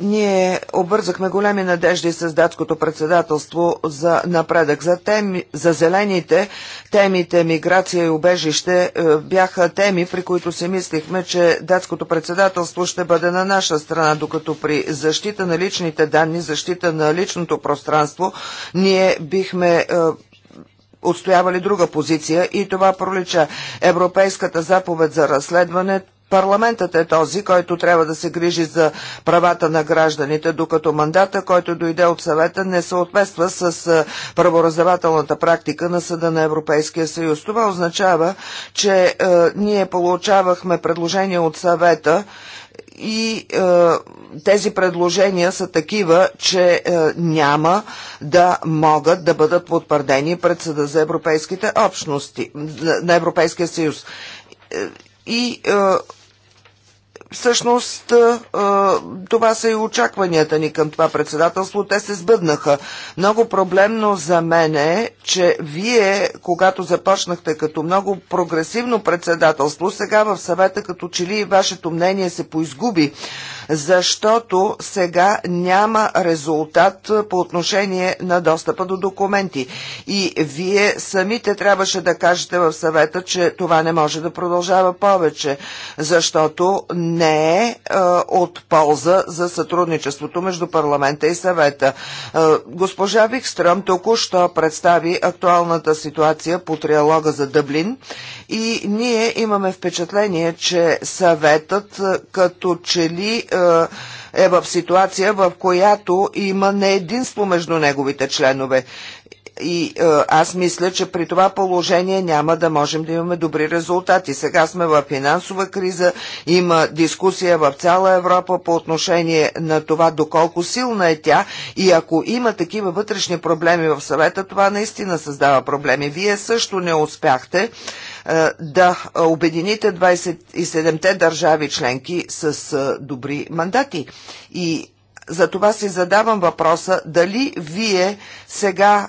Ние обързахме големи надежди с датското председателство за напредък. За, теми, за зелените темите миграция и убежище е, бяха теми, при които се мислихме, че датското председателство ще бъде на наша страна, докато при защита на личните данни, защита на личното пространство, ние бихме е, отстоявали друга позиция и това пролича. Европейската заповед за разследване Парламентът е този, който трябва да се грижи за правата на гражданите, докато мандата, който дойде от съвета, не съответства с правораздавателната практика на Съда на Европейския съюз. Това означава, че е, ние получавахме предложения от съвета и е, тези предложения са такива, че е, няма да могат да бъдат потвърдени пред Съда за Европейските общности на Европейския съюз. И е, всъщност това са и очакванията ни към това председателство. Те се сбъднаха. Много проблемно за мен е, че вие, когато започнахте като много прогресивно председателство, сега в съвета като че ли вашето мнение се поизгуби, защото сега няма резултат по отношение на достъпа до документи. И вие самите трябваше да кажете в съвета, че това не може да продължава повече, защото не не е, е от полза за сътрудничеството между парламента и съвета. Е, госпожа Викстръм току-що представи актуалната ситуация по триалога за Дъблин и ние имаме впечатление, че съветът е, като че ли е в ситуация, в която има не единство между неговите членове. И е, аз мисля, че при това положение няма да можем да имаме добри резултати. Сега сме в финансова криза, има дискусия в цяла Европа по отношение на това доколко силна е тя и ако има такива вътрешни проблеми в съвета, това наистина създава проблеми. Вие също не успяхте е, да обедините 27-те държави членки с е, добри мандати. И затова си задавам въпроса дали вие сега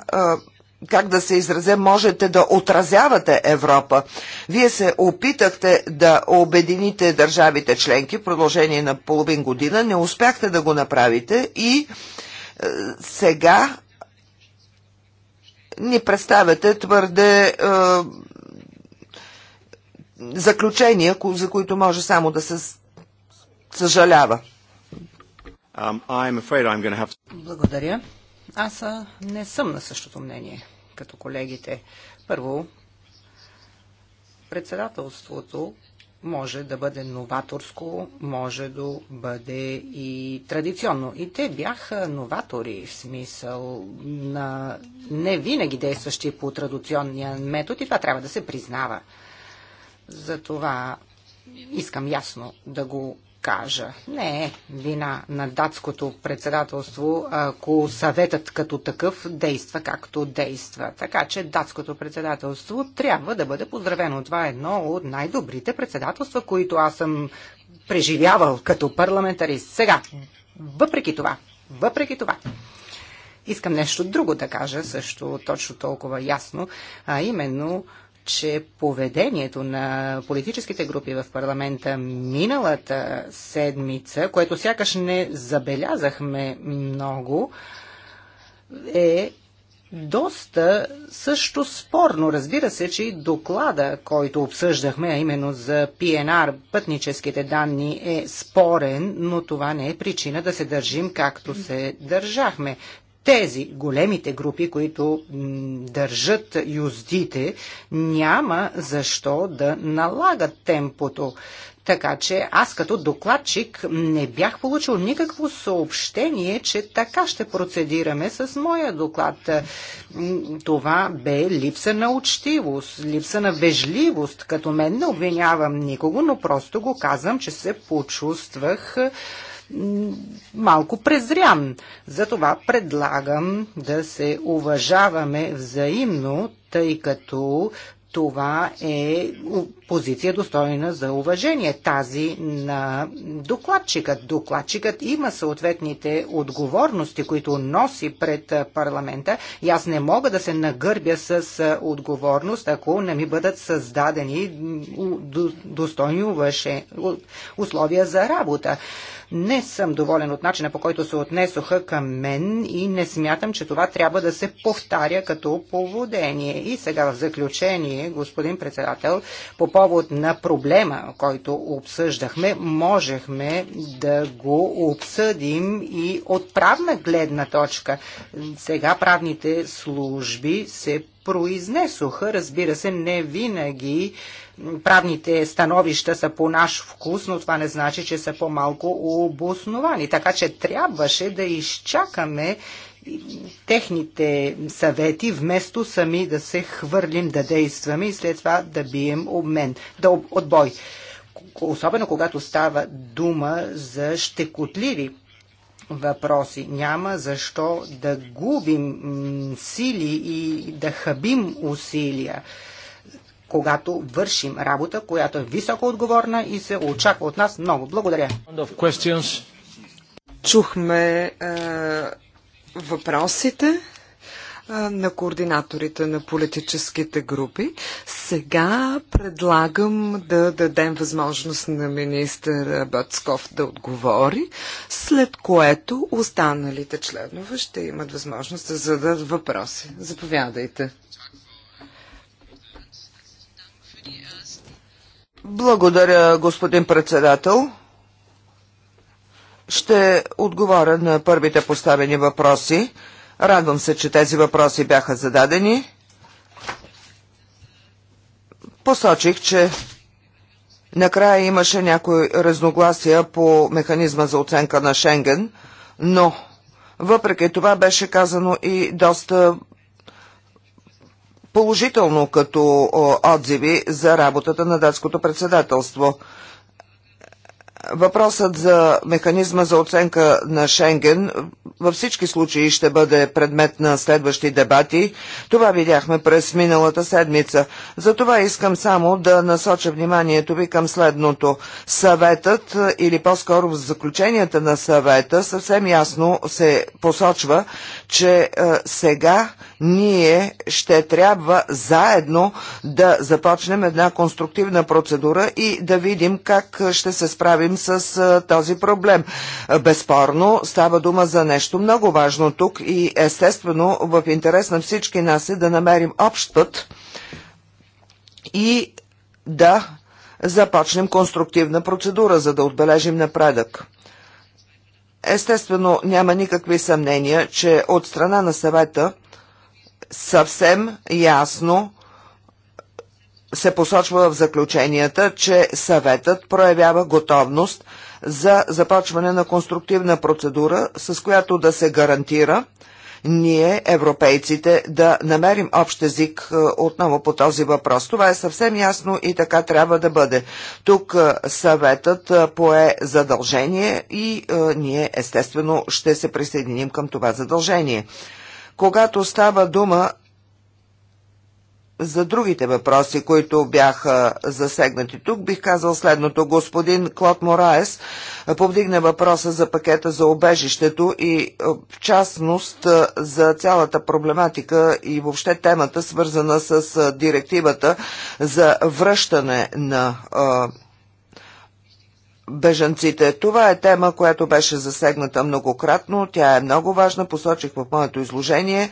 как да се изразе, можете да отразявате Европа. Вие се опитахте да обедините държавите членки в продължение на половин година, не успяхте да го направите и сега ни представяте твърде е, заключения, за които може само да се съжалява. Um, Благодаря. Аз не съм на същото мнение като колегите. Първо, председателството може да бъде новаторско, може да бъде и традиционно. И те бяха новатори в смисъл на не винаги действащи по традиционния метод и това трябва да се признава. Затова искам ясно да го кажа. Не е вина на датското председателство, ако съветът като такъв действа както действа. Така че датското председателство трябва да бъде поздравено. Това е едно от най-добрите председателства, които аз съм преживявал като парламентарист. Сега, въпреки това, въпреки това, искам нещо друго да кажа също точно толкова ясно, а именно че поведението на политическите групи в парламента миналата седмица, което сякаш не забелязахме много, е доста също спорно. Разбира се, че и доклада, който обсъждахме, а именно за ПНР, пътническите данни е спорен, но това не е причина да се държим както се държахме тези големите групи, които държат юздите, няма защо да налагат темпото. Така че аз като докладчик не бях получил никакво съобщение, че така ще процедираме с моя доклад. Това бе липса на учтивост, липса на вежливост. Като мен не обвинявам никого, но просто го казвам, че се почувствах малко презрян. Затова предлагам да се уважаваме взаимно, тъй като това е позиция достойна за уважение, тази на докладчикът. Докладчикът има съответните отговорности, които носи пред парламента и аз не мога да се нагърбя с отговорност, ако не ми бъдат създадени достойни условия за работа. Не съм доволен от начина по който се отнесоха към мен и не смятам, че това трябва да се повтаря като поводение. И сега в заключение, господин председател, по повод на проблема, който обсъждахме, можехме да го обсъдим и от правна гледна точка. Сега правните служби се произнесоха, разбира се, не винаги правните становища са по наш вкус, но това не значи, че са по-малко обосновани. Така че трябваше да изчакаме техните съвети, вместо сами да се хвърлим, да действаме и след това да бием обмен, да отбой. Особено когато става дума за щекотливи въпроси. Няма защо да губим сили и да хабим усилия когато вършим работа, която е високо отговорна и се очаква от нас много. Благодаря. Чухме е, въпросите е, на координаторите на политическите групи. Сега предлагам да дадем възможност на министър Бацков да отговори, след което останалите членове ще имат възможност да зададат въпроси. Заповядайте. Благодаря, господин председател. Ще отговоря на първите поставени въпроси. Радвам се, че тези въпроси бяха зададени. Посочих, че накрая имаше някои разногласия по механизма за оценка на Шенген, но въпреки това беше казано и доста положително като отзиви за работата на датското председателство. Въпросът за механизма за оценка на Шенген във всички случаи ще бъде предмет на следващи дебати. Това видяхме през миналата седмица. Затова искам само да насоча вниманието ви към следното. Съветът или по-скоро заключенията на съвета съвсем ясно се посочва, че е, сега ние ще трябва заедно да започнем една конструктивна процедура и да видим как ще се справим борим с този проблем. Безспорно става дума за нещо много важно тук и естествено в интерес на всички нас е да намерим общ път и да започнем конструктивна процедура, за да отбележим напредък. Естествено, няма никакви съмнения, че от страна на съвета съвсем ясно се посочва в заключенията, че съветът проявява готовност за започване на конструктивна процедура, с която да се гарантира ние, европейците, да намерим общ език е, отново по този въпрос. Това е съвсем ясно и така трябва да бъде. Тук е, съветът е, пое задължение и ние, естествено, ще се присъединим към това задължение. Когато става дума за другите въпроси, които бяха засегнати тук, бих казал следното. Господин Клод Мораес повдигна въпроса за пакета за обежището и в частност за цялата проблематика и въобще темата, свързана с директивата за връщане на бежанците. Това е тема, която беше засегната многократно. Тя е много важна. Посочих в моето изложение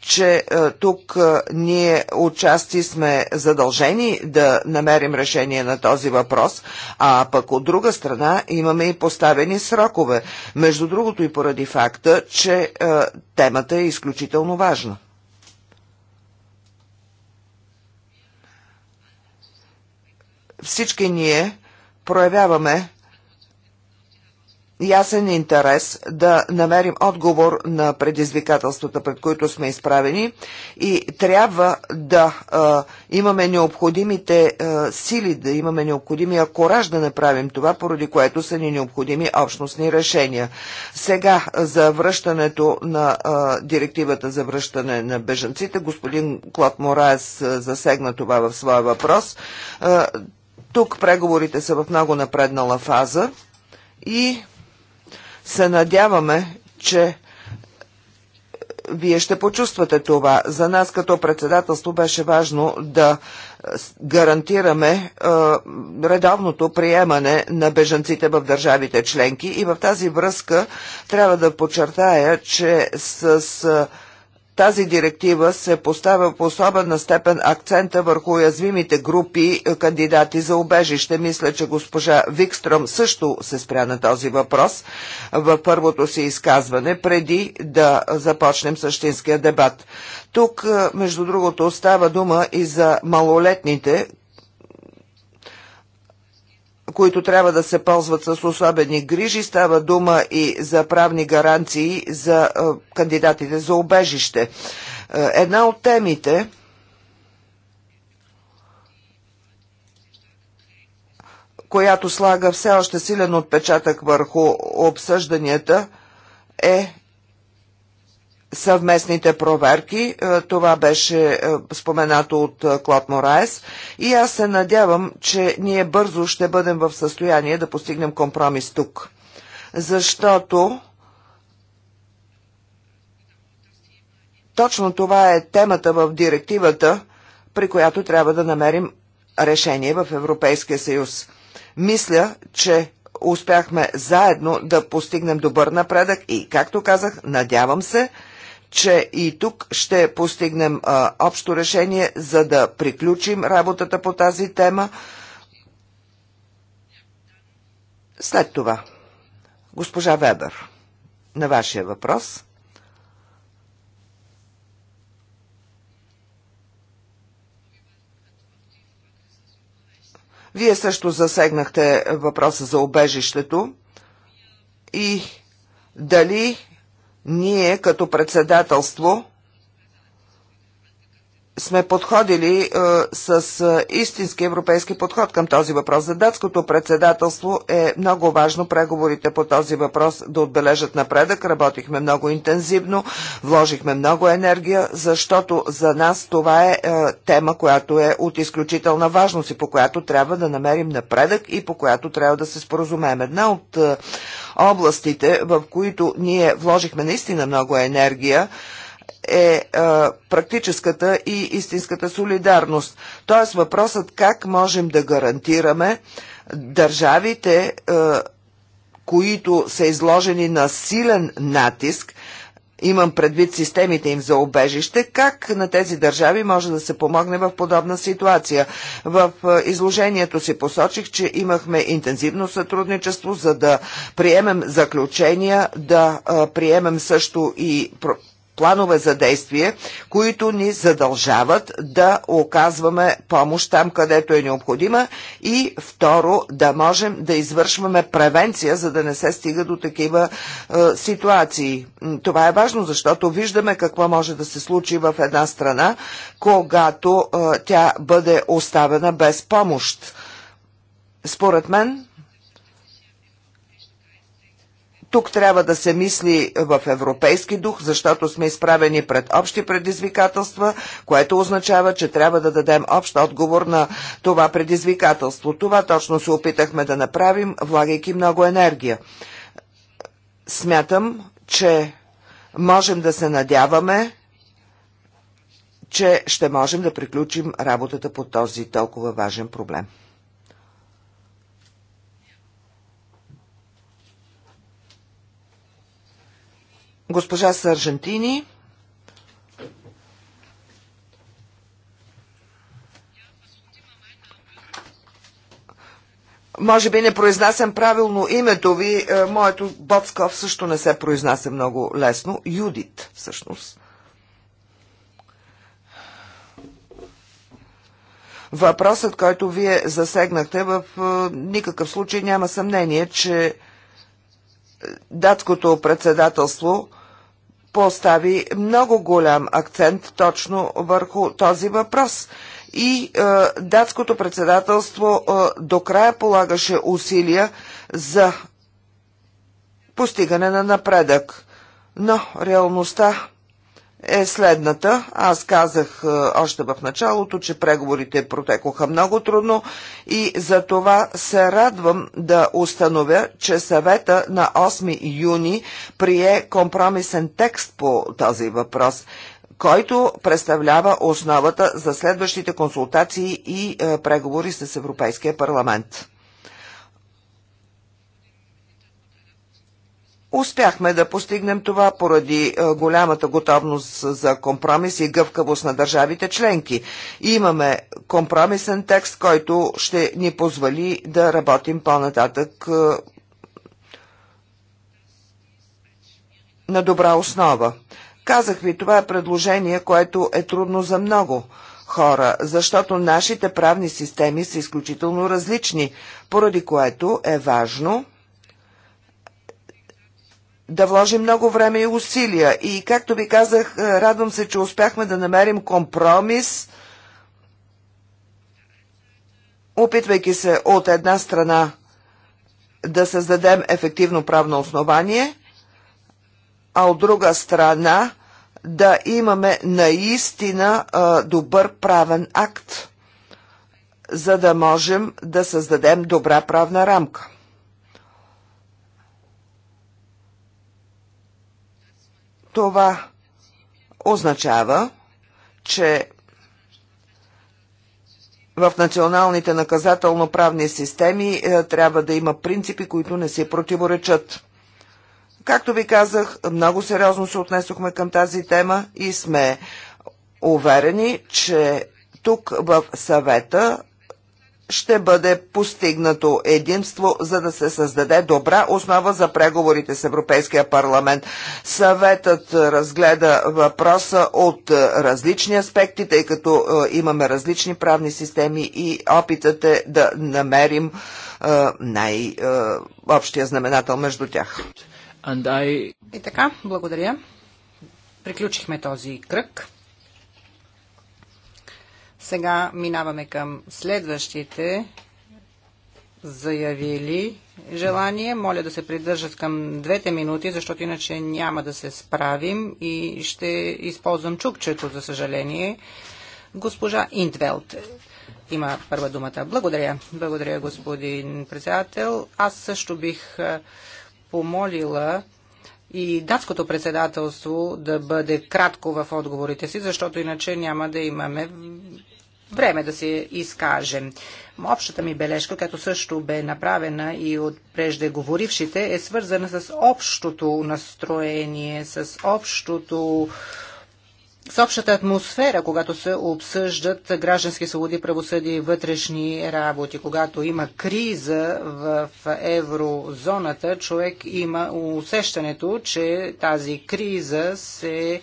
че е, тук е, ние отчасти сме задължени да намерим решение на този въпрос, а пък от друга страна имаме и поставени срокове. Между другото и поради факта, че е, темата е изключително важна. Всички ние проявяваме ясен интерес да намерим отговор на предизвикателствата, пред които сме изправени и трябва да а, имаме необходимите а, сили, да имаме необходимия кораж да направим това, поради което са ни необходими общностни решения. Сега за връщането на а, директивата за връщане на бежанците, господин Клод Мораес засегна това в своя въпрос. А, тук преговорите са в много напреднала фаза и се надяваме, че вие ще почувствате това. За нас като председателство беше важно да гарантираме е, редовното приемане на бежанците в държавите членки и в тази връзка трябва да подчертая, че с е, тази директива се поставя по особена степен акцента върху уязвимите групи е, кандидати за убежище. Мисля, че госпожа Викстром също се спря на този въпрос в първото си изказване, преди да започнем същинския дебат. Тук, е, между другото, става дума и за малолетните, които трябва да се ползват с особени грижи. Става дума и за правни гаранции за е, кандидатите за обежище. Е, една от темите, която слага все още силен отпечатък върху обсъжданията, е съвместните проверки. Е, това беше е, споменато от е, Клод Мораес и аз се надявам, че ние бързо ще бъдем в състояние да постигнем компромис тук. Защото точно това е темата в директивата, при която трябва да намерим решение в Европейския съюз. Мисля, че успяхме заедно да постигнем добър напредък и, както казах, надявам се, че и тук ще постигнем а, общо решение, за да приключим работата по тази тема. След това, госпожа Вебер, на вашия въпрос. Вие също засегнахте въпроса за обежището и дали ние като председателство сме подходили е, с е, истински европейски подход към този въпрос. За датското председателство е много важно преговорите по този въпрос да отбележат напредък. Работихме много интензивно, вложихме много енергия, защото за нас това е, е тема, която е от изключителна важност и по която трябва да намерим напредък и по която трябва да се споразумеем. Една от е, областите, в които ние вложихме наистина много енергия, е а, е, практическата и истинската солидарност. Тоест въпросът как можем да гарантираме държавите, а, е, които са изложени на силен натиск, имам предвид системите им за обежище, как на тези държави може да се помогне в подобна ситуация. В е, изложението си посочих, че имахме интензивно сътрудничество, за да приемем заключения, да приемем също и планове за действие, които ни задължават да оказваме помощ там, където е необходима и второ, да можем да извършваме превенция, за да не се стига до такива е, ситуации. Това е важно, защото виждаме какво може да се случи в една страна, когато е, тя бъде оставена без помощ. Според мен, тук трябва да се мисли в европейски дух, защото сме изправени пред общи предизвикателства, което означава, че трябва да дадем общ отговор на това предизвикателство. Това точно се опитахме да направим, влагайки много енергия. Смятам, че можем да се надяваме, че ще можем да приключим работата по този толкова важен проблем. Госпожа Саржентини. Може би не произнасям правилно името ви. Е, моето Боцков също не се произнася много лесно. Юдит, всъщност. Въпросът, който вие засегнахте, в е, никакъв случай няма съмнение, че е, датското председателство постави много голям акцент точно върху този въпрос. И е, датското председателство е, до края полагаше усилия за постигане на напредък. Но реалността е следната. Аз казах е, още в началото, че преговорите протекоха много трудно и за това се радвам да установя, че съвета на 8 юни прие компромисен текст по този въпрос който представлява основата за следващите консултации и е, преговори с Европейския парламент. Успяхме да постигнем това поради е, голямата готовност за компромис и гъвкавост на държавите членки. И имаме компромисен текст, който ще ни позволи да работим по-нататък е, на добра основа. Казах ви, това е предложение, което е трудно за много хора, защото нашите правни системи са изключително различни, поради което е важно – да вложим много време и усилия. И както ви казах, е, радвам се, че успяхме да намерим компромис, опитвайки се от една страна да създадем ефективно правно основание, а от друга страна да имаме наистина е, добър правен акт, за да можем да създадем добра правна рамка. Това означава, че в националните наказателно-правни системи е, трябва да има принципи, които не се противоречат. Както ви казах, много сериозно се отнесохме към тази тема и сме уверени, че тук в съвета ще бъде постигнато единство, за да се създаде добра основа за преговорите с Европейския парламент. Съветът разгледа въпроса от различни аспекти, тъй като е, имаме различни правни системи и опитът е да намерим е, най-общия е, знаменател между тях. I... И така, благодаря. Приключихме този кръг. Сега минаваме към следващите заявили желание. Моля да се придържат към двете минути, защото иначе няма да се справим и ще използвам чукчето, за съжаление. Госпожа Интвелт има първа думата. Благодаря. Благодаря, господин председател. Аз също бих помолила и датското председателство да бъде кратко в отговорите си, защото иначе няма да имаме време да се изкажем. Общата ми бележка, като също бе направена и от преждеговорившите, е свързана с общото настроение, с общото с общата атмосфера, когато се обсъждат граждански свободи, правосъдие и вътрешни работи. Когато има криза в еврозоната, човек има усещането, че тази криза се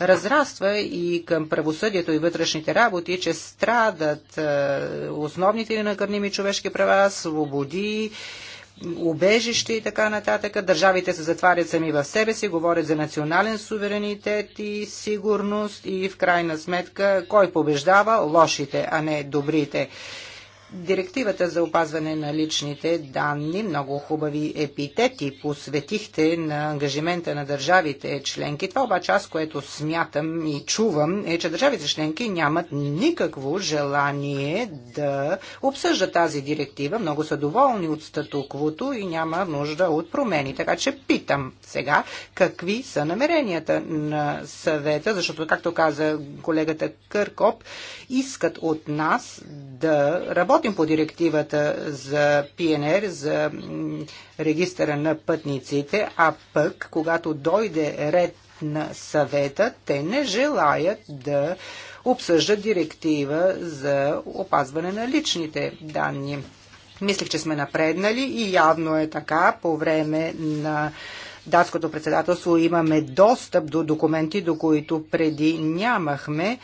разраства и към правосъдието и вътрешните работи, че страдат е, основните накърними човешки права, свободи, убежище и така нататък. Държавите се затварят сами в себе си, говорят за национален суверенитет и сигурност и в крайна сметка кой побеждава? Лошите, а не добрите. Директивата за опазване на личните данни, много хубави епитети посветихте на ангажимента на държавите членки. Това обаче аз, което смятам и чувам, е, че държавите членки нямат никакво желание да обсъждат тази директива. Много са доволни от статуквото и няма нужда от промени. Така че питам сега какви са намеренията на съвета, защото, както каза колегата Къркоп, искат от нас да работим работим по директивата за ПНР, за регистъра на пътниците, а пък, когато дойде ред на съвета, те не желаят да обсъждат директива за опазване на личните данни. Мислих, че сме напреднали и явно е така по време на датското председателство имаме достъп до документи, до които преди нямахме.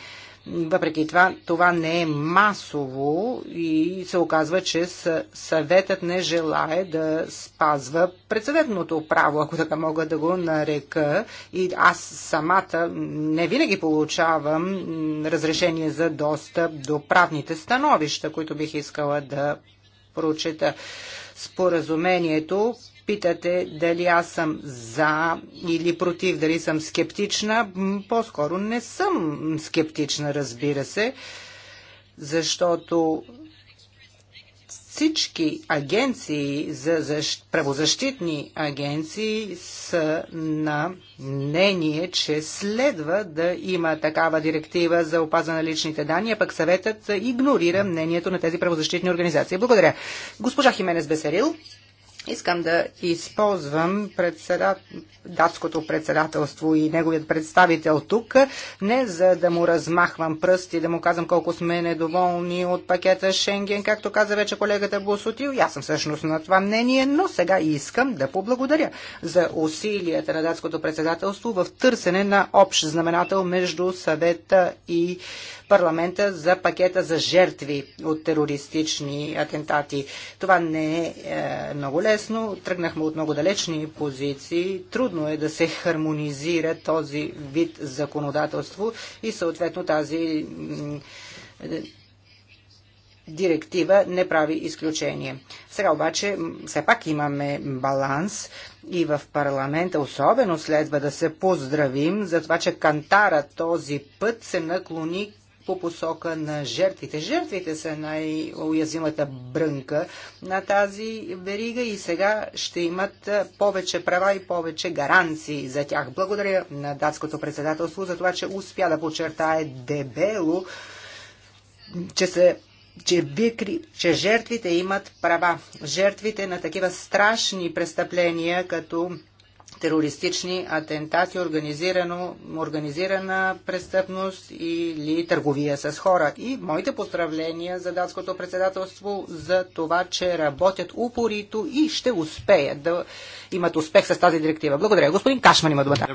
Въпреки това, това не е масово и се оказва, че съветът не желае да спазва председателното право, ако така мога да го нарека. И аз самата не винаги получавам разрешение за достъп до правните становища, които бих искала да прочета. Споразумението питате дали аз съм за или против, дали съм скептична, по-скоро не съм скептична, разбира се, защото всички агенции, за защ... правозащитни агенции са на мнение, че следва да има такава директива за опазване на личните данни, а пък съветът игнорира мнението на тези правозащитни организации. Благодаря. Госпожа Хименес Бесерил. Искам да използвам председат... датското председателство и неговият представител тук, не за да му размахвам пръст и да му казвам колко сме недоволни от пакета Шенген, както каза вече колегата Босотил. Аз съм всъщност на това мнение, но сега искам да поблагодаря за усилията на датското председателство в търсене на общ знаменател между съвета и парламента за пакета за жертви от терористични атентати. Това не е, е, много лесно. Тръгнахме от много далечни позиции. Трудно е да се хармонизира този вид законодателство и съответно тази директива не прави изключение. Сега обаче все пак имаме баланс и в парламента особено следва да се поздравим за това, че кантара този път се наклони по посока на жертвите. Жертвите са най-уязвимата брънка на тази верига и сега ще имат повече права и повече гаранции за тях. Благодаря на датското председателство за това, че успя да подчертае дебело, че се че, бикри, че жертвите имат права. Жертвите на такива страшни престъпления, като терористични атентати, организирано, организирана престъпност или търговия с хора. И моите поздравления за датското председателство за това, че работят упорито и ще успеят да имат успех с тази директива. Благодаря. Господин Кашман има думата.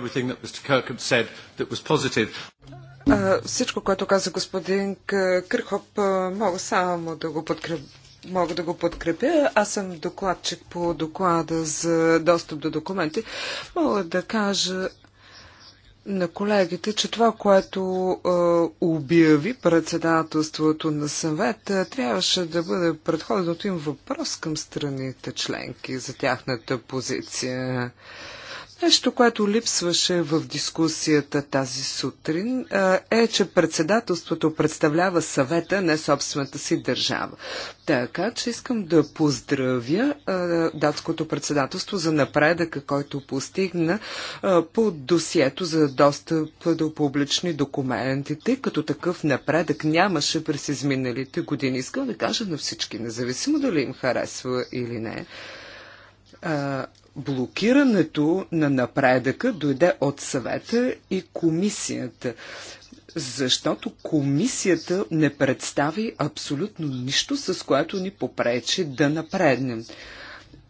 Всичко, което каза господин Кърхоп, мога само да го подкрепя мога да го подкрепя. Аз съм докладчик по доклада за достъп до документи. Мога да кажа на колегите, че това, което е, обяви председателството на съвета, трябваше да бъде предходното им въпрос към страните членки за тяхната позиция. Нещо, което липсваше в дискусията тази сутрин е, че председателството представлява съвета, не собствената си държава. Така че искам да поздравя датското председателство за напредъка, който постигна по досието за достъп до публични документи, тъй като такъв напредък нямаше през изминалите години. Искам да кажа на всички, независимо дали им харесва или не блокирането на напредъка дойде от съвета и комисията защото комисията не представи абсолютно нищо, с което ни попречи да напреднем.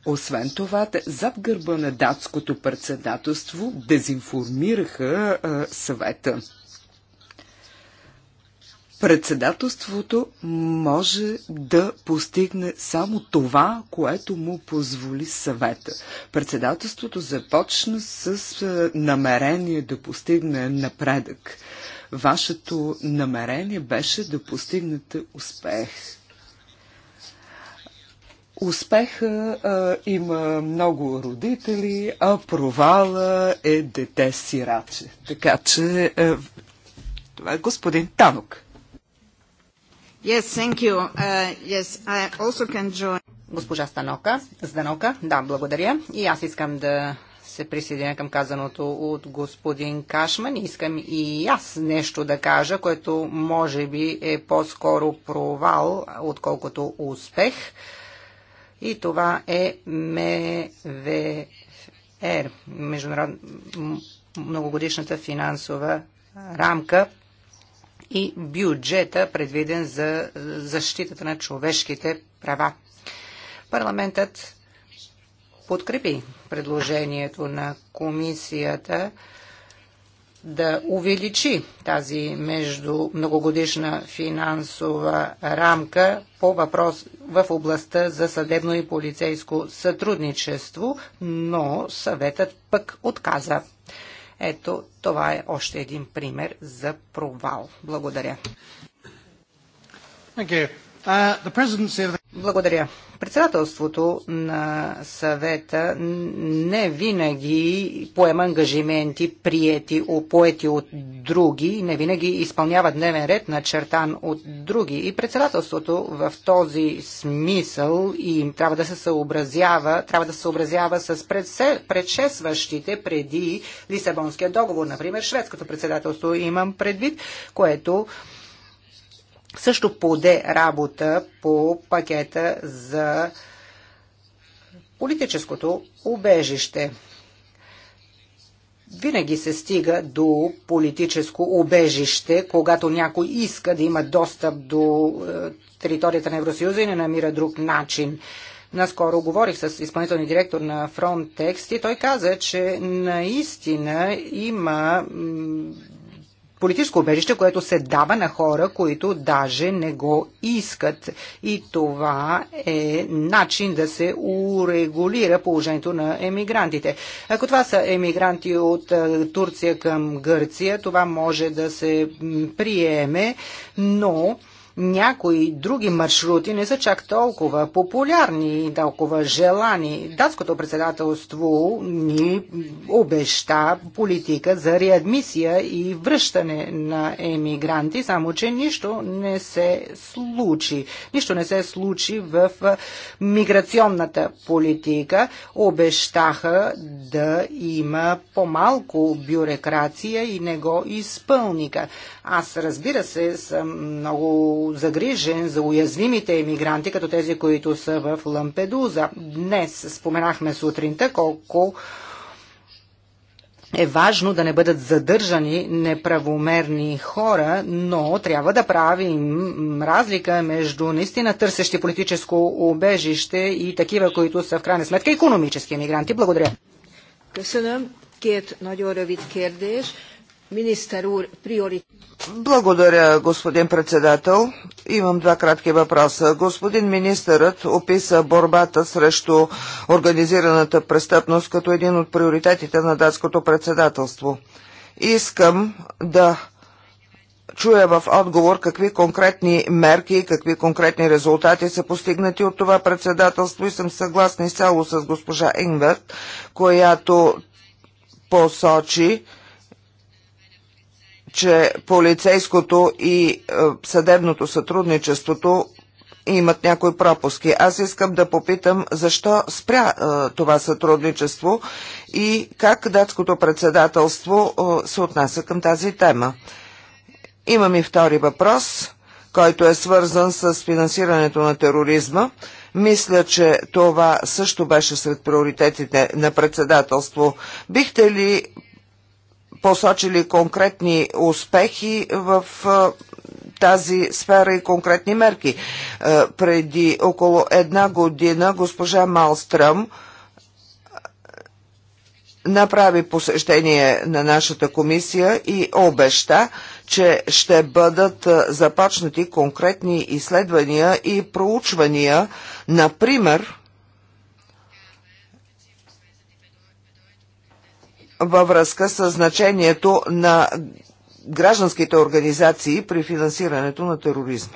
Освен това, зад гърба на датското председателство дезинформираха а, съвета. Председателството може да постигне само това, което му позволи съвета. Председателството започна с е, намерение да постигне напредък. Вашето намерение беше да постигнете успех. Успеха а, е, има много родители, а провала е дете сираче. Така че а, е, това е господин Танок. Yes, thank you. Uh, yes, I also can join. Госпожа Станока, Зданока, да, благодаря. И аз искам да се присъединя към казаното от господин Кашман. Искам и аз нещо да кажа, което може би е по-скоро провал, отколкото успех. И това е МВР, Международна многогодишната финансова рамка, и бюджета, предвиден за е, защитата на човешките права. Парламентът подкрепи предложението на комисията да увеличи тази между многогодишна финансова рамка по въпрос в областта за съдебно и полицейско сътрудничество, но съветът пък отказа. Ето, това е още един пример за провал. Благодаря. Uh, благодаря. Председателството на съвета не винаги поема ангажименти, приети, поети от други, не винаги изпълнява дневен ред, начертан от други. И председателството в този смисъл им трябва да се съобразява, трябва да се съобразява с предшестващите преди Лисабонския договор, например шведското председателство имам предвид, което също поде работа по пакета за политическото убежище. Винаги се стига до политическо убежище, когато някой иска да има достъп до е, територията на Евросъюза и не намира друг начин. Наскоро говорих с изпълнителния директор на Frontex и той каза, че наистина има политическо убежище, което се дава на хора, които даже не го искат. И това е начин да се урегулира положението на емигрантите. Ако това са емигранти от Турция към Гърция, това може да се приеме, но някои други маршрути не са чак толкова популярни и толкова желани. Датското председателство ни обеща политика за реадмисия и връщане на емигранти, само че нищо не се случи. Нищо не се случи в миграционната политика. Обещаха да има по-малко бюрокрация и не го изпълника. Аз разбира се съм много загрижен за уязвимите емигранти, като тези, които са в Лампедуза. Днес споменахме сутринта колко е важно да не бъдат задържани неправомерни хора, но трябва да правим разлика между наистина търсещи политическо убежище и такива, които са в крайна сметка економически емигранти. Благодаря. Късъна, кет, Министър Ур, Благодаря, господин председател. Имам два кратки въпроса. Господин министърът описа борбата срещу организираната престъпност като един от приоритетите на датското председателство. Искам да чуя в отговор какви конкретни мерки и какви конкретни резултати са постигнати от това председателство и съм съгласна изцяло с госпожа Ингверт, която посочи, че полицейското и е, съдебното сътрудничеството имат някои пропуски. Аз искам да попитам защо спря е, това сътрудничество и как датското председателство е, се отнася към тази тема. Имам и втори въпрос, който е свързан с финансирането на тероризма. Мисля, че това също беше сред приоритетите на председателство. Бихте ли посочили конкретни успехи в тази сфера и конкретни мерки. Преди около една година госпожа Малстръм направи посещение на нашата комисия и обеща, че ще бъдат започнати конкретни изследвания и проучвания, например, във връзка с значението на гражданските организации при финансирането на тероризма.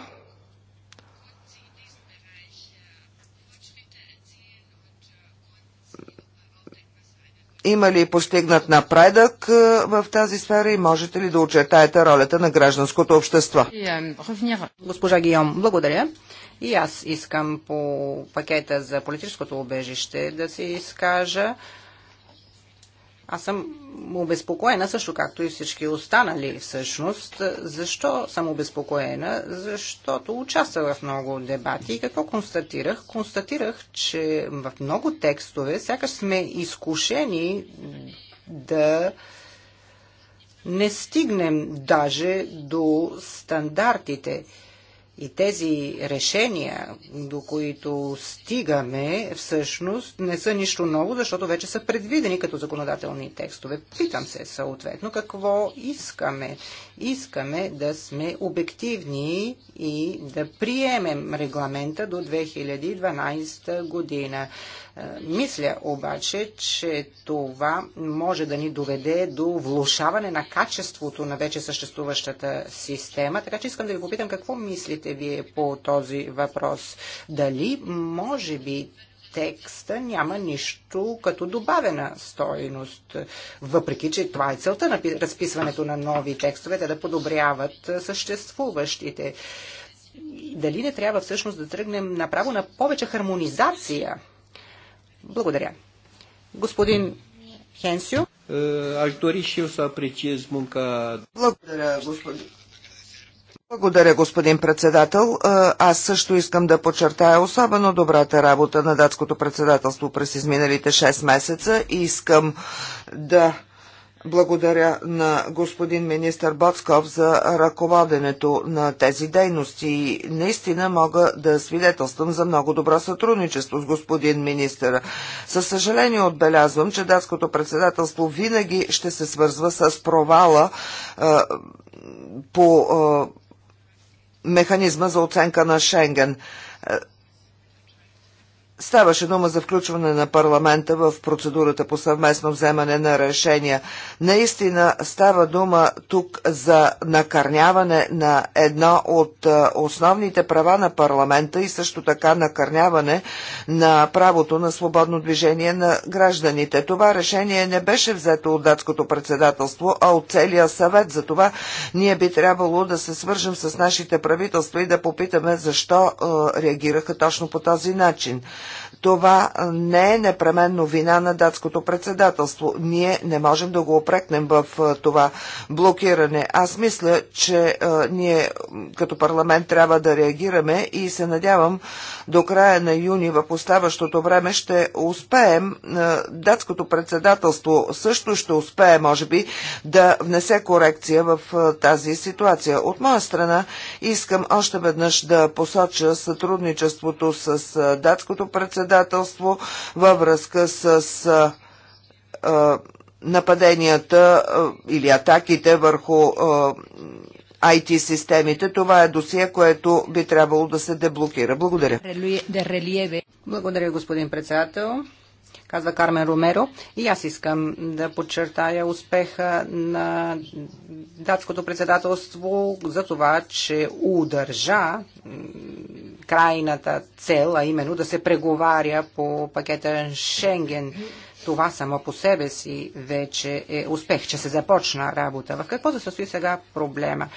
Има ли постигнат напредък е, в тази сфера и можете ли да очертаете ролята на гражданското общество? Госпожа Гийом, благодаря. И аз искам по пакета за политическото убежище да се изкажа. Аз съм обезпокоена също, както и всички останали всъщност. Защо съм обезпокоена? Защото участвах в много дебати и какво констатирах? Констатирах, че в много текстове сякаш сме изкушени да не стигнем даже до стандартите. И тези решения, до които стигаме, всъщност не са нищо ново, защото вече са предвидени като законодателни текстове. Питам се съответно какво искаме. Искаме да сме обективни и да приемем регламента до 2012 година. Е, мисля обаче, че това може да ни доведе до влушаване на качеството на вече съществуващата система, така че искам да ви попитам какво мислите мислите вие по този въпрос? Дали може би текста няма нищо като добавена стойност, въпреки че това е целта на разписването на нови текстове, те да подобряват съществуващите. Дали не трябва всъщност да тръгнем направо на повече хармонизация? Благодаря. Господин Хенсио. Е, aș dori și eu să мунка. Благодаря, господин. Благодаря, господин председател. Аз също искам да подчертая особено добрата работа на датското председателство през изминалите 6 месеца и искам да благодаря на господин министър Боцков за ръководенето на тези дейности. Наистина мога да свидетелствам за много добро сътрудничество с господин министъра. Със съжаление отбелязвам, че датското председателство винаги ще се свързва с провала по механизма за оценка на Шенген. Е, Ставаше дума за включване на парламента в процедурата по съвместно вземане на решения. Наистина става дума тук за накърняване на едно от основните права на парламента и също така накърняване на правото на свободно движение на гражданите. Това решение не беше взето от датското председателство, а от целия съвет. За това ние би трябвало да се свържем с нашите правителства и да попитаме защо реагираха точно по този начин. Това не е непременно вина на датското председателство. Ние не можем да го опрекнем в това блокиране. Аз мисля, че ние като парламент трябва да реагираме и се надявам до края на юни в оставащото време ще успеем, датското председателство също ще успее, може би, да внесе корекция в тази ситуация. От моя страна искам още веднъж да посоча сътрудничеството с датското председателство законодателство във връзка с нападенията или атаките върху IT-системите. Това е досие, което би трябвало да се деблокира. Благодаря. Благодаря, господин председател. Казва Кармен Ромеро. И аз искам да подчертая успеха на датското председателство за това, че удържа крайната цел, а именно да се преговаря по пакета Шенген. Това само по себе си вече е успех, че се започна работа. В какво се състои сега проблема?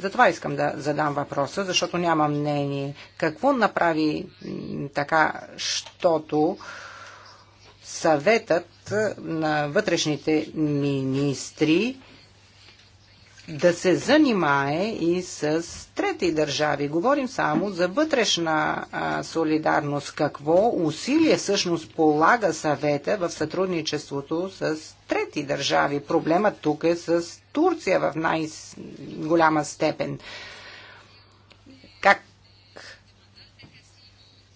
Затова искам да задам въпроса, защото няма мнение. Какво направи така, щото съветът на вътрешните министри да се занимае и с трети държави. Говорим само за вътрешна а, солидарност. Какво усилие всъщност полага съвета в сътрудничеството с трети държави? Проблемът тук е с Турция в най-голяма степен.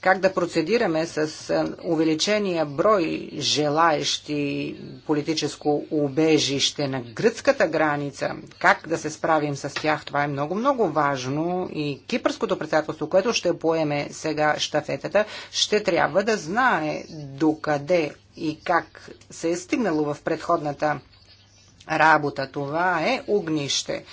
как да процедираме с увеличения брой желаещи политическо убежище на гръцката граница, как да се справим с тях, това е много-много важно и кипърското председателство, което ще поеме сега штафетата, ще трябва да знае докъде и как се е стигнало в предходната работа. Това е огнище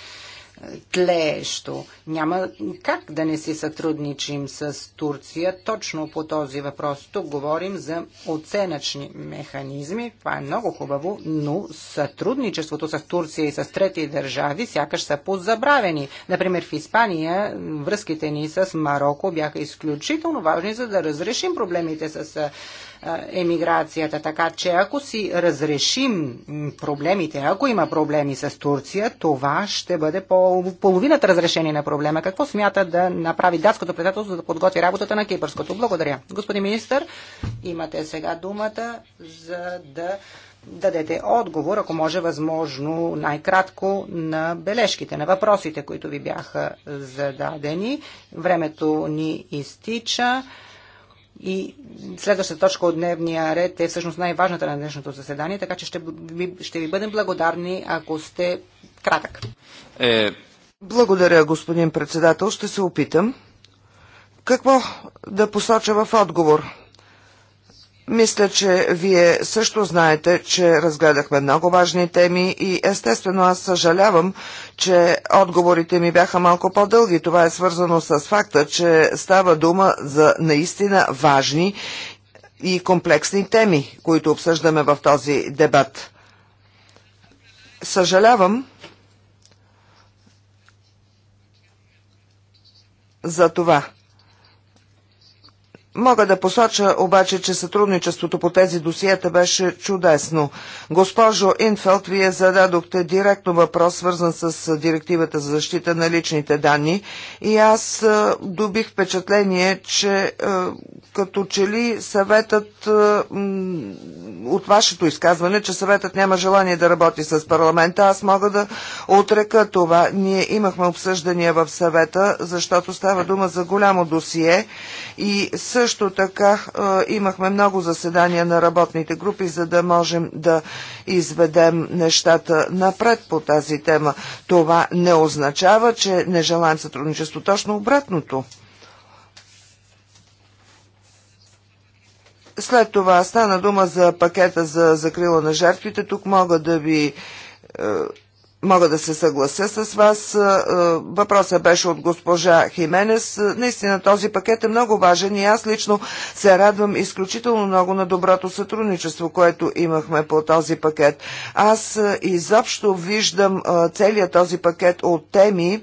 тлеещо. Няма как да не си сътрудничим с Турция точно по този въпрос. Тук говорим за оценъчни механизми. Това е много хубаво, но сътрудничеството с Турция и с трети държави сякаш са позабравени. Например, в Испания връзките ни с Марокко бяха изключително важни, за да разрешим проблемите с емиграцията. Така че ако си разрешим проблемите, ако има проблеми с Турция, това ще бъде по половината разрешение на проблема. Какво смята да направи датското председателство, за да подготви работата на кипърското? Благодаря. Господин министр, имате сега думата за да дадете отговор, ако може възможно най-кратко, на бележките, на въпросите, които ви бяха зададени. Времето ни изтича. И следващата точка от дневния ред е всъщност най-важната на днешното заседание, така че ще, ще ви бъдем благодарни, ако сте кратък. Е... Благодаря, господин председател. Ще се опитам. Какво да посоча в отговор? Мисля, че вие също знаете, че разгледахме много важни теми и естествено аз съжалявам, че отговорите ми бяха малко по-дълги. Това е свързано с факта, че става дума за наистина важни и комплексни теми, които обсъждаме в този дебат. Съжалявам за това. Мога да посоча обаче, че сътрудничеството по тези досиета беше чудесно. Госпожо Инфелд, вие зададохте директно въпрос, свързан с директивата за защита на личните данни и аз добих впечатление, че като че ли съветът от вашето изказване, че съветът няма желание да работи с парламента, аз мога да отрека това. Ние имахме обсъждания в съвета, защото става дума за голямо досие и също също така имахме много заседания на работните групи, за да можем да изведем нещата напред по тази тема. Това не означава, че не желаем сътрудничество. Точно обратното. След това стана дума за пакета за закрила на жертвите. Тук мога да ви е, Мога да се съглася с вас. Е, е, въпросът беше от госпожа Хименес. Е, наистина този пакет е много важен и аз лично се радвам изключително много на доброто сътрудничество, което имахме по този пакет. Аз изобщо виждам целият този пакет от теми,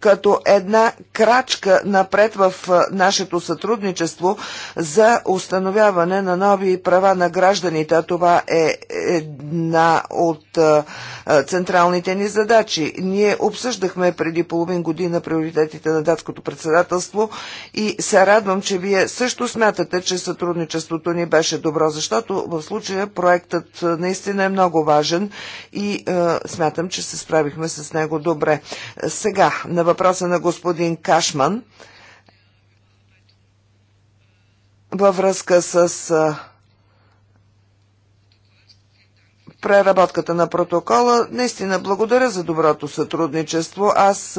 като една крачка напред в нашето сътрудничество за установяване на нови права на гражданите. А това е една от централните ни задачи. Ние обсъждахме преди половин година приоритетите на датското председателство и се радвам, че вие също смятате, че сътрудничеството ни беше добро, защото в случая проектът наистина е много важен и е, смятам, че се справихме с него добре. Сега, на въпроса на господин Кашман във връзка с преработката на протокола. Наистина благодаря за доброто сътрудничество. Аз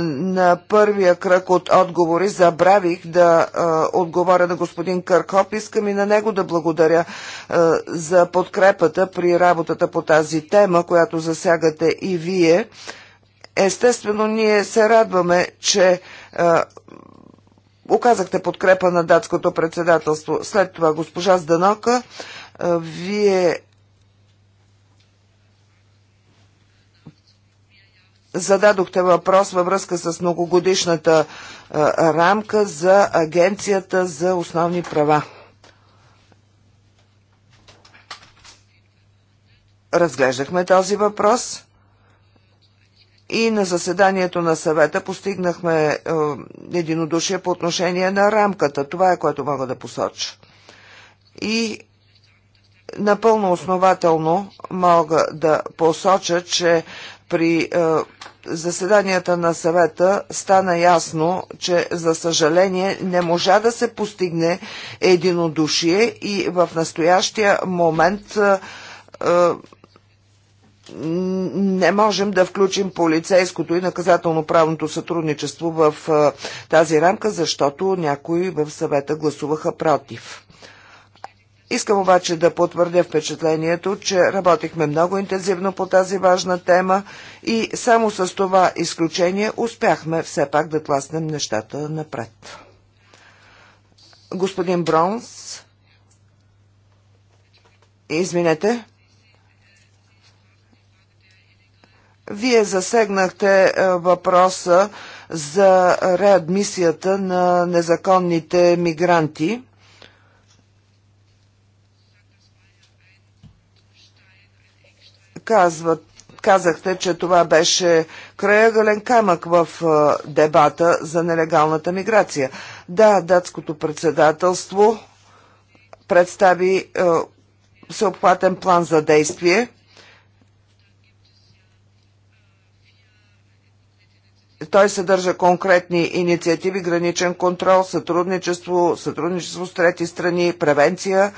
на първия кръг от отговори забравих да отговоря на господин Къркоп. Искам и на него да благодаря за подкрепата при работата по тази тема, която засягате и вие. Естествено, ние се радваме, че оказахте подкрепа на датското председателство. След това госпожа Зданока, вие зададохте въпрос във връзка с многогодишната рамка за Агенцията за основни права. Разглеждахме този въпрос и на заседанието на съвета постигнахме е, единодушие по отношение на рамката. Това е което мога да посоча. И напълно основателно мога да посоча, че при е, заседанията на съвета стана ясно, че за съжаление не можа да се постигне единодушие и в настоящия момент е, е не можем да включим полицейското и наказателно-правното сътрудничество в тази рамка, защото някои в съвета гласуваха против. Искам обаче да потвърдя впечатлението, че работихме много интензивно по тази важна тема и само с това изключение успяхме все пак да тласнем нещата напред. Господин Бронс, извинете, Вие засегнахте е, въпроса за реадмисията на незаконните мигранти. Казват, казахте, че това беше краягален камък в е, дебата за нелегалната миграция. Да, датското председателство представи е, всеобхватен план за действие – Той съдържа конкретни инициативи, граничен контрол, сътрудничество, сътрудничество с трети страни, превенция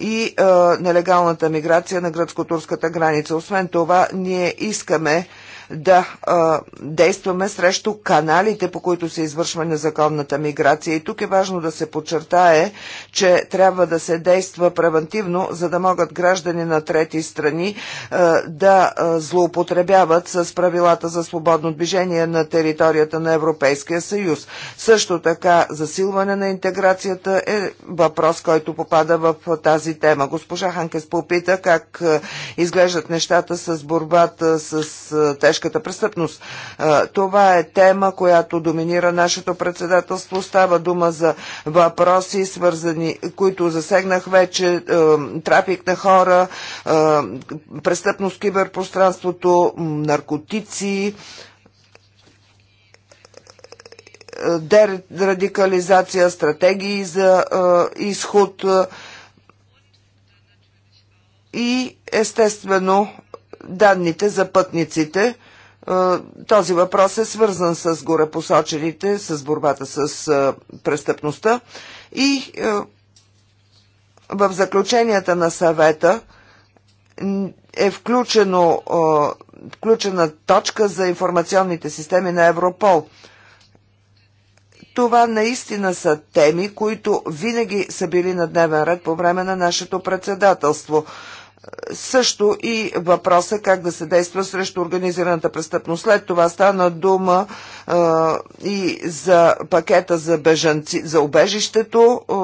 и е, нелегалната миграция на гръцко-турската граница. Освен това, ние искаме да а, действаме срещу каналите, по които се извършва незаконната миграция. И тук е важно да се подчертае, че трябва да се действа превентивно, за да могат граждани на трети страни а, да а, злоупотребяват с правилата за свободно движение на територията на Европейския съюз. Също така засилване на интеграцията е въпрос, който попада в тази тема. Госпожа Ханкес попита как изглеждат нещата с борбата с тежка тежката престъпност. Това е тема, която доминира нашето председателство. Става дума за въпроси, свързани, които засегнах вече, е, трафик на хора, е, престъпност в киберпространството, наркотици, е, дерадикализация, стратегии за изход и естествено данните за пътниците – е, този въпрос е свързан с горепосочените, с борбата с е, престъпността и е, в заключенията на съвета е включено, включена точка за информационните системи на Европол. Това наистина са теми, които винаги са били на дневен ред по време на нашето председателство също и въпроса как да се действа срещу организираната престъпност. След това стана дума а, и за пакета за, бежанци, за обежището. А,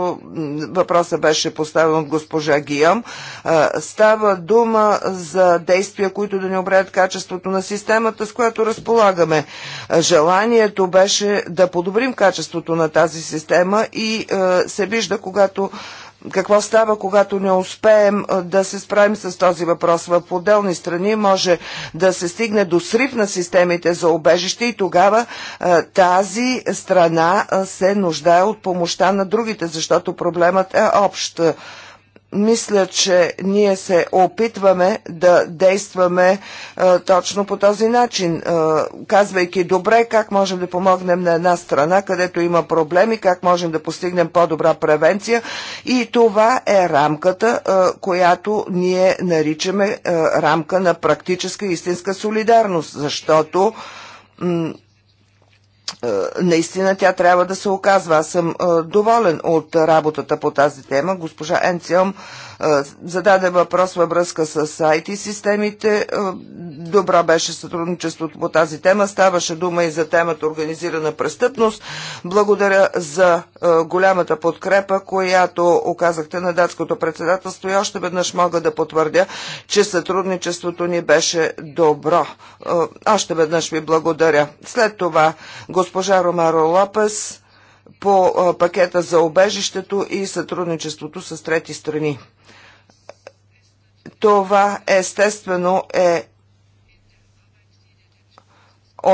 въпросът беше поставен от госпожа Гиям. става дума за действия, които да ни обрядят качеството на системата, с която разполагаме. А, желанието беше да подобрим качеството на тази система и а, се вижда, когато какво става, когато не успеем да се справим с този въпрос. В отделни страни може да се стигне до срив на системите за обежище и тогава тази страна се нуждае от помощта на другите, защото проблемът е общ мисля, че ние се опитваме да действаме а, е, точно по този начин, а, е, казвайки добре как можем да помогнем на една страна, където има проблеми, как можем да постигнем по-добра превенция. И това е рамката, а, е, която ние наричаме а, рамка на практическа истинска солидарност, защото е, наистина тя трябва да се оказва. Аз съм е, доволен от работата по тази тема. Госпожа Енциом зададе въпрос във връзка с IT системите. Добро беше сътрудничеството по тази тема. Ставаше дума и за темата организирана престъпност. Благодаря за голямата подкрепа, която оказахте на датското председателство и още веднъж мога да потвърдя, че сътрудничеството ни беше добро. Още веднъж ви благодаря. След това госпожа Ромаро Лопес по пакета за обежището и сътрудничеството с трети страни. Това естествено е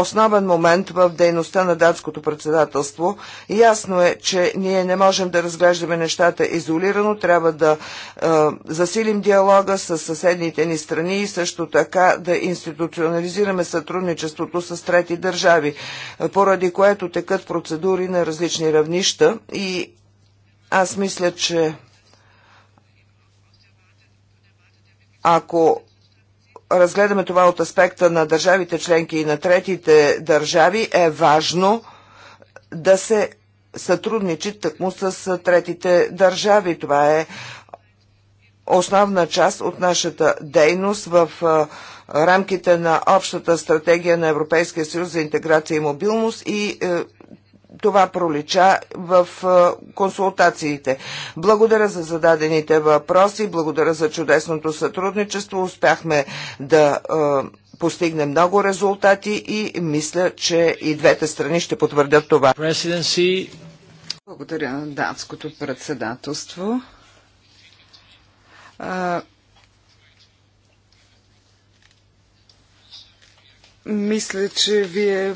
основен момент в дейността на датското председателство. Ясно е, че ние не можем да разглеждаме нещата изолирано, трябва да е, засилим диалога с съседните ни страни и също така да институционализираме сътрудничеството с трети държави, е, поради което текат процедури на различни равнища и аз мисля, че ако разгледаме това от аспекта на държавите членки и на третите държави, е важно да се сътрудничи такмо с третите държави. Това е основна част от нашата дейност в рамките на общата стратегия на Европейския съюз за интеграция и мобилност и е, това пролича в консултациите. Благодаря за зададените въпроси, благодаря за чудесното сътрудничество. Успяхме да постигне много резултати и мисля, че и двете страни ще потвърдят това. Благодаря на датското председателство. А, мисля, че вие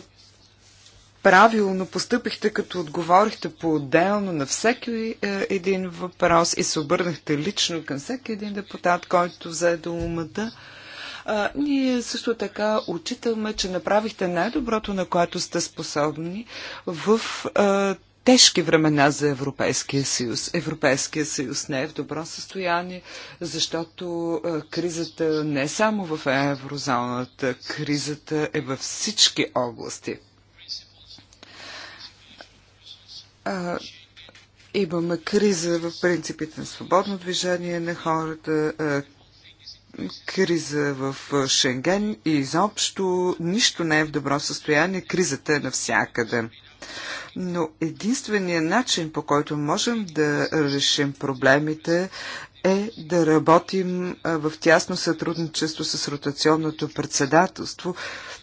правилно постъпихте, като отговорихте по-отделно на всеки е, един въпрос и се обърнахте лично към всеки един депутат, който взе до умата. А, ние също така отчитаме, че направихте най-доброто, на което сте способни в а, тежки времена за Европейския съюз. Европейския съюз не е в добро състояние, защото а, кризата не е само в еврозоната, кризата е във всички области. А, имаме криза в принципите на свободно движение на хората, а, криза в Шенген и изобщо нищо не е в добро състояние. Кризата е навсякъде. Но единственият начин, по който можем да решим проблемите, е да работим в тясно сътрудничество с ротационното председателство,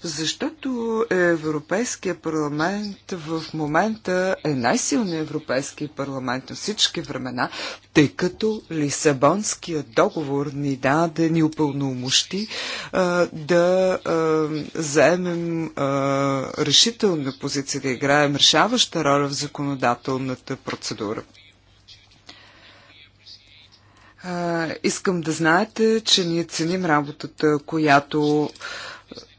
защото Европейския парламент в момента е най-силният Европейски парламент на всички времена, тъй като Лисабонския договор ни даде, ни упълномощи да заемем решителна позиция, да играем решаваща роля в законодателната процедура искам да знаете, че ние ценим работата, която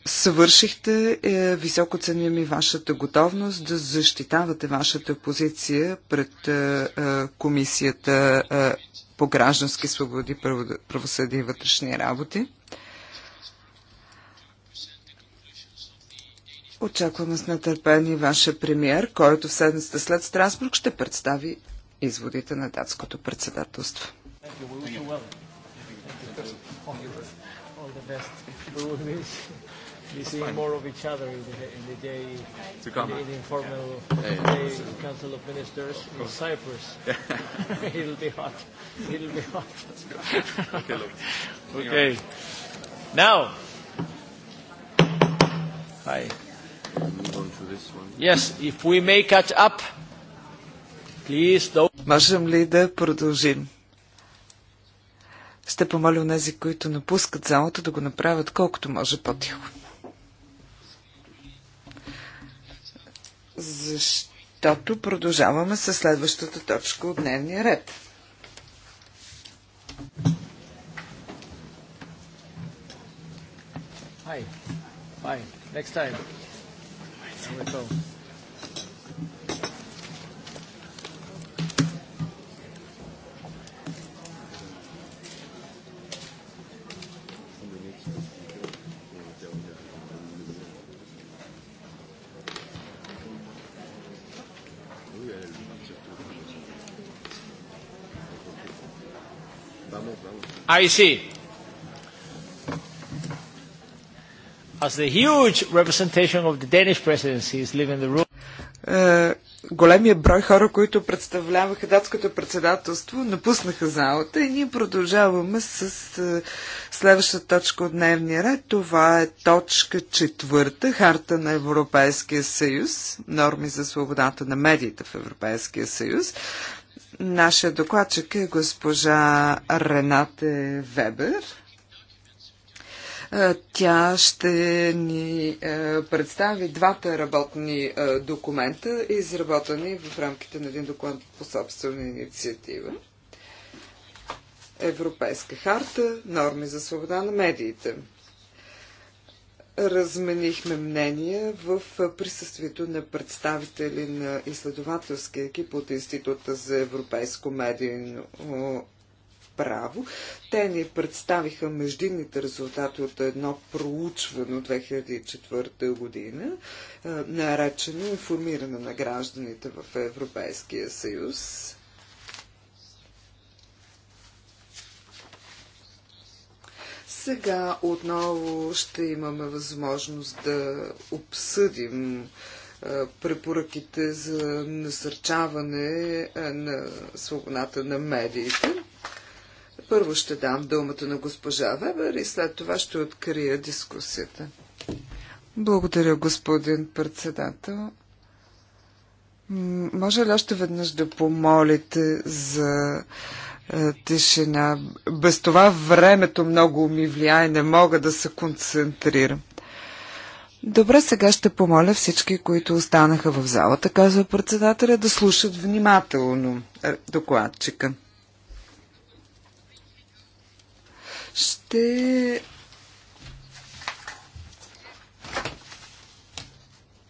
съвършихте. Е, високо ценим и вашата готовност да защитавате вашата позиция пред е, е Комисията е, по граждански свободи, правосъди и вътрешни работи. Очакваме с нетърпение вашия премьер, който в седмицата след Страсбург ще представи изводите на датското председателство. You will do well. All the best. We will be, be seeing more of each other in the, in the day, to come. in the informal yeah. day Council of Ministers of in Cyprus. Yeah. It'll be hot. It'll be hot. okay, okay. Now. Hi. Yes, if we may catch up, please. Don't... Можем ли да продължим? Ще помоля онези, които напускат залата, да го направят колкото може по-тихо. Защото продължаваме с следващата точка от дневния ред. Hi. Hi. Next time. Here we go. I see. As the huge representation of the Danish presidency is leaving the room. Е, големия брой хора, които представляваха датското председателство, напуснаха залата и ние продължаваме с е, следващата точка от дневния ред. Това е точка четвърта, Харта на Европейския съюз, норми за свободата на медиите в Европейския съюз. Нашия докладчик е госпожа Ренате Вебер. Е, тя ще ни е, представи двата работни е, документа, изработени в рамките на един доклад по собствена инициатива. Европейска харта, норми за свобода на медиите разменихме мнение в присъствието на представители на изследователски екип от Института за европейско медийно право. Те ни представиха междинните резултати от едно проучване от 2004 година, е, наречено информиране на гражданите в Европейския съюз. Сега отново ще имаме възможност да обсъдим препоръките за насърчаване на свободата на медиите. Първо ще дам думата на госпожа Вебер и след това ще открия дискусията. Благодаря, господин председател. Може ли още веднъж да помолите за е, тишина. Без това времето много ми влияе, не мога да се концентрирам. Добре, сега ще помоля всички, които останаха в залата, казва председателя, да слушат внимателно е, докладчика. Ще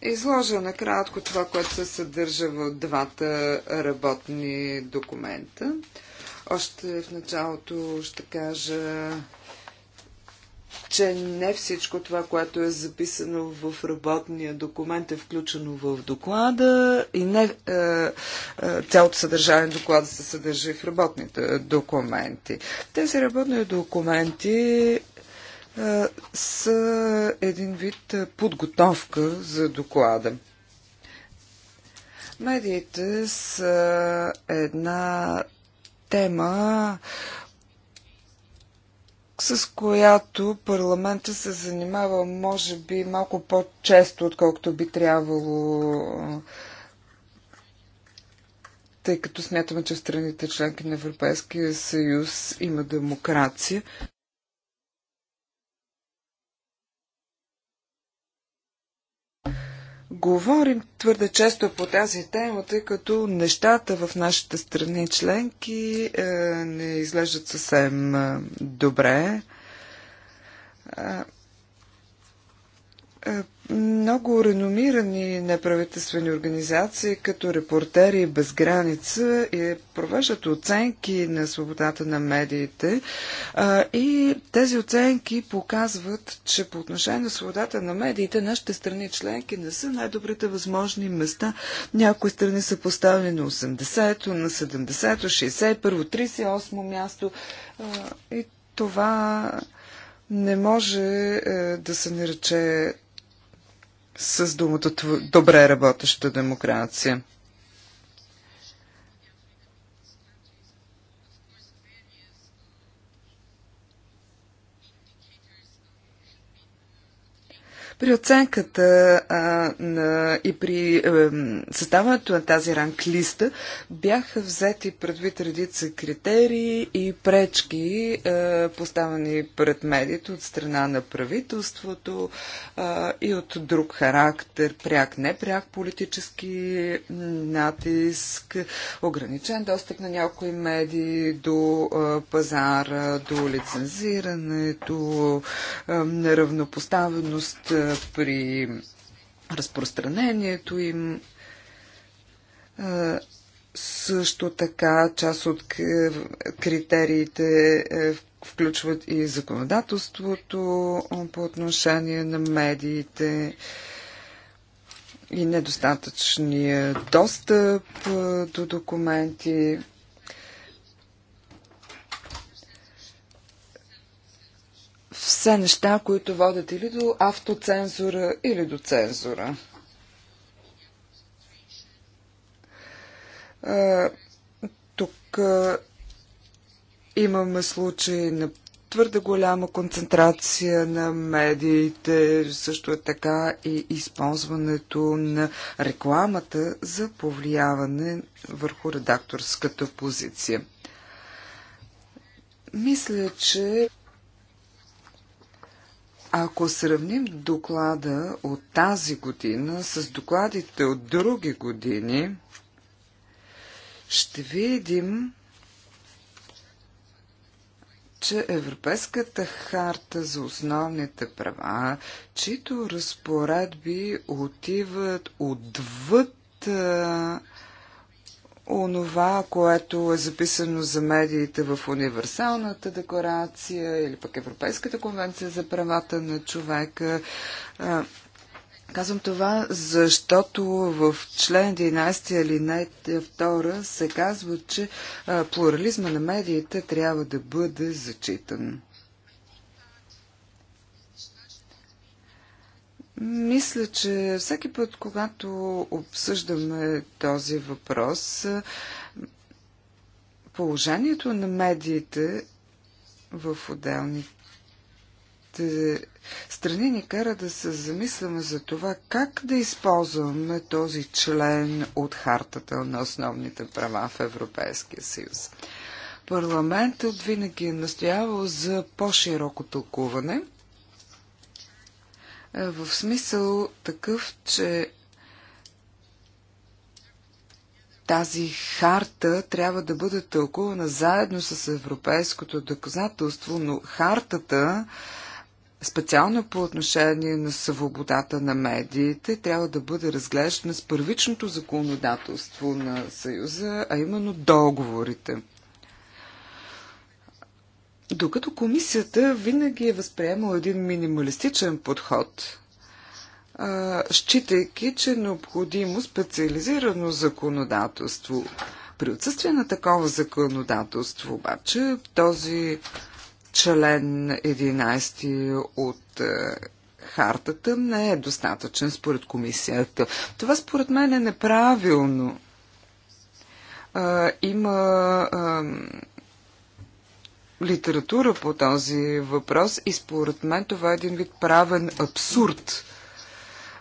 изложа накратко това, което се съдържа в двата работни документа. Още в началото ще кажа, че не всичко това, което е записано в работния документ е включено в доклада и не е, е, цялото съдържание доклада се съдържа и в работните документи. Тези работни документи е, са един вид подготовка за доклада. Медиите са една тема, с която парламента се занимава, може би, малко по-често, отколкото би трябвало, тъй като смятаме, че в страните членки на Европейския съюз има демокрация. Говорим твърде често по тази тема, тъй като нещата в нашите страни членки е, не изглеждат съвсем е, добре. Е, е много реномирани неправителствени организации, като Репортери без граница, и провеждат оценки на свободата на медиите. И тези оценки показват, че по отношение на свободата на медиите, нашите страни членки не са най-добрите възможни места. Някои страни са поставени на 80-то, на 70-то, 61-то, 38-то място. И това не може е, да се нарече с думата добре работеща демокрация. При оценката а, на, и при а, съставането на тази ранглиста бяха взети предвид редица критерии и пречки, а, е, поставени пред медиите от страна на правителството а, е, и от друг характер, пряк, непряк политически натиск, ограничен достъп на някои медии до а, е, пазара, до лицензирането, а, неравнопоставеност при разпространението им. Също така част от критериите е, включват и законодателството по отношение на медиите и недостатъчния достъп до документи. все неща, които водят или до автоцензура, или до цензура. Тук имаме случаи на твърде голяма концентрация на медиите, също е така и използването на рекламата за повлияване върху редакторската позиция. Мисля, че ако сравним доклада от тази година с докладите от други години, ще видим, че Европейската харта за основните права, чието разпоредби отиват отвъд онова, което е записано за медиите в Универсалната декларация или пък Европейската конвенция за правата на човека. Казвам това, защото в член 11 или 2 се казва, че плурализма на медиите трябва да бъде зачитан. Мисля, че всеки път, когато обсъждаме този въпрос, положението на медиите в отделните страни ни кара да се замисляме за това как да използваме този член от хартата на основните права в Европейския съюз. Парламентът винаги е настоявал за по-широко тълкуване – е, в смисъл такъв, че тази харта трябва да бъде тълкувана заедно с европейското доказателство, но хартата специално по отношение на свободата на медиите, трябва да бъде разглеждана с първичното законодателство на Съюза, а именно договорите. Докато комисията винаги е възприемала един минималистичен подход, считайки, че е необходимо специализирано законодателство. При отсъствие на такова законодателство обаче този член 11 от е, хартата не е достатъчен според комисията. Това според мен е неправилно. А, има а, литература по този въпрос и според мен това е един вид правен абсурд.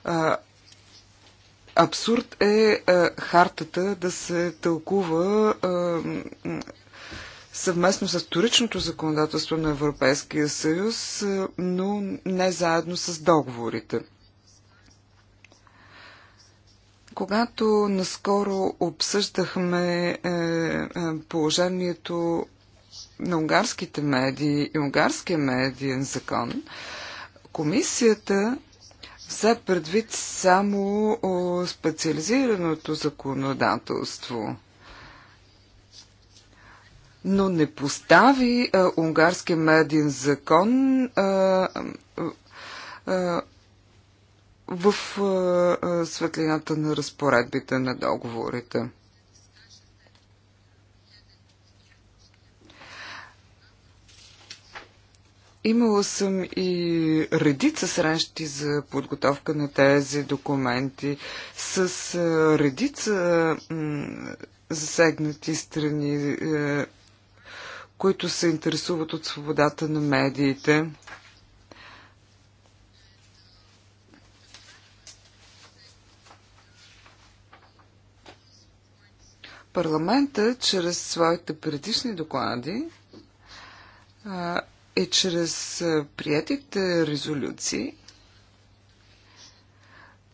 А, абсурд е а, е, хартата да се тълкува а, съвместно с вторичното законодателство на Европейския съюз, а, но не заедно с договорите. Когато наскоро обсъждахме е, е положението на унгарските медии и унгарския медиен закон, комисията взе предвид само специализираното законодателство но не постави а, унгарския медиен закон а, а, в а, светлината на разпоредбите на договорите. Имала съм и редица срещи за подготовка на тези документи с редица засегнати страни, е, които се интересуват от свободата на медиите. Парламента чрез своите предишни доклади е чрез приятите резолюции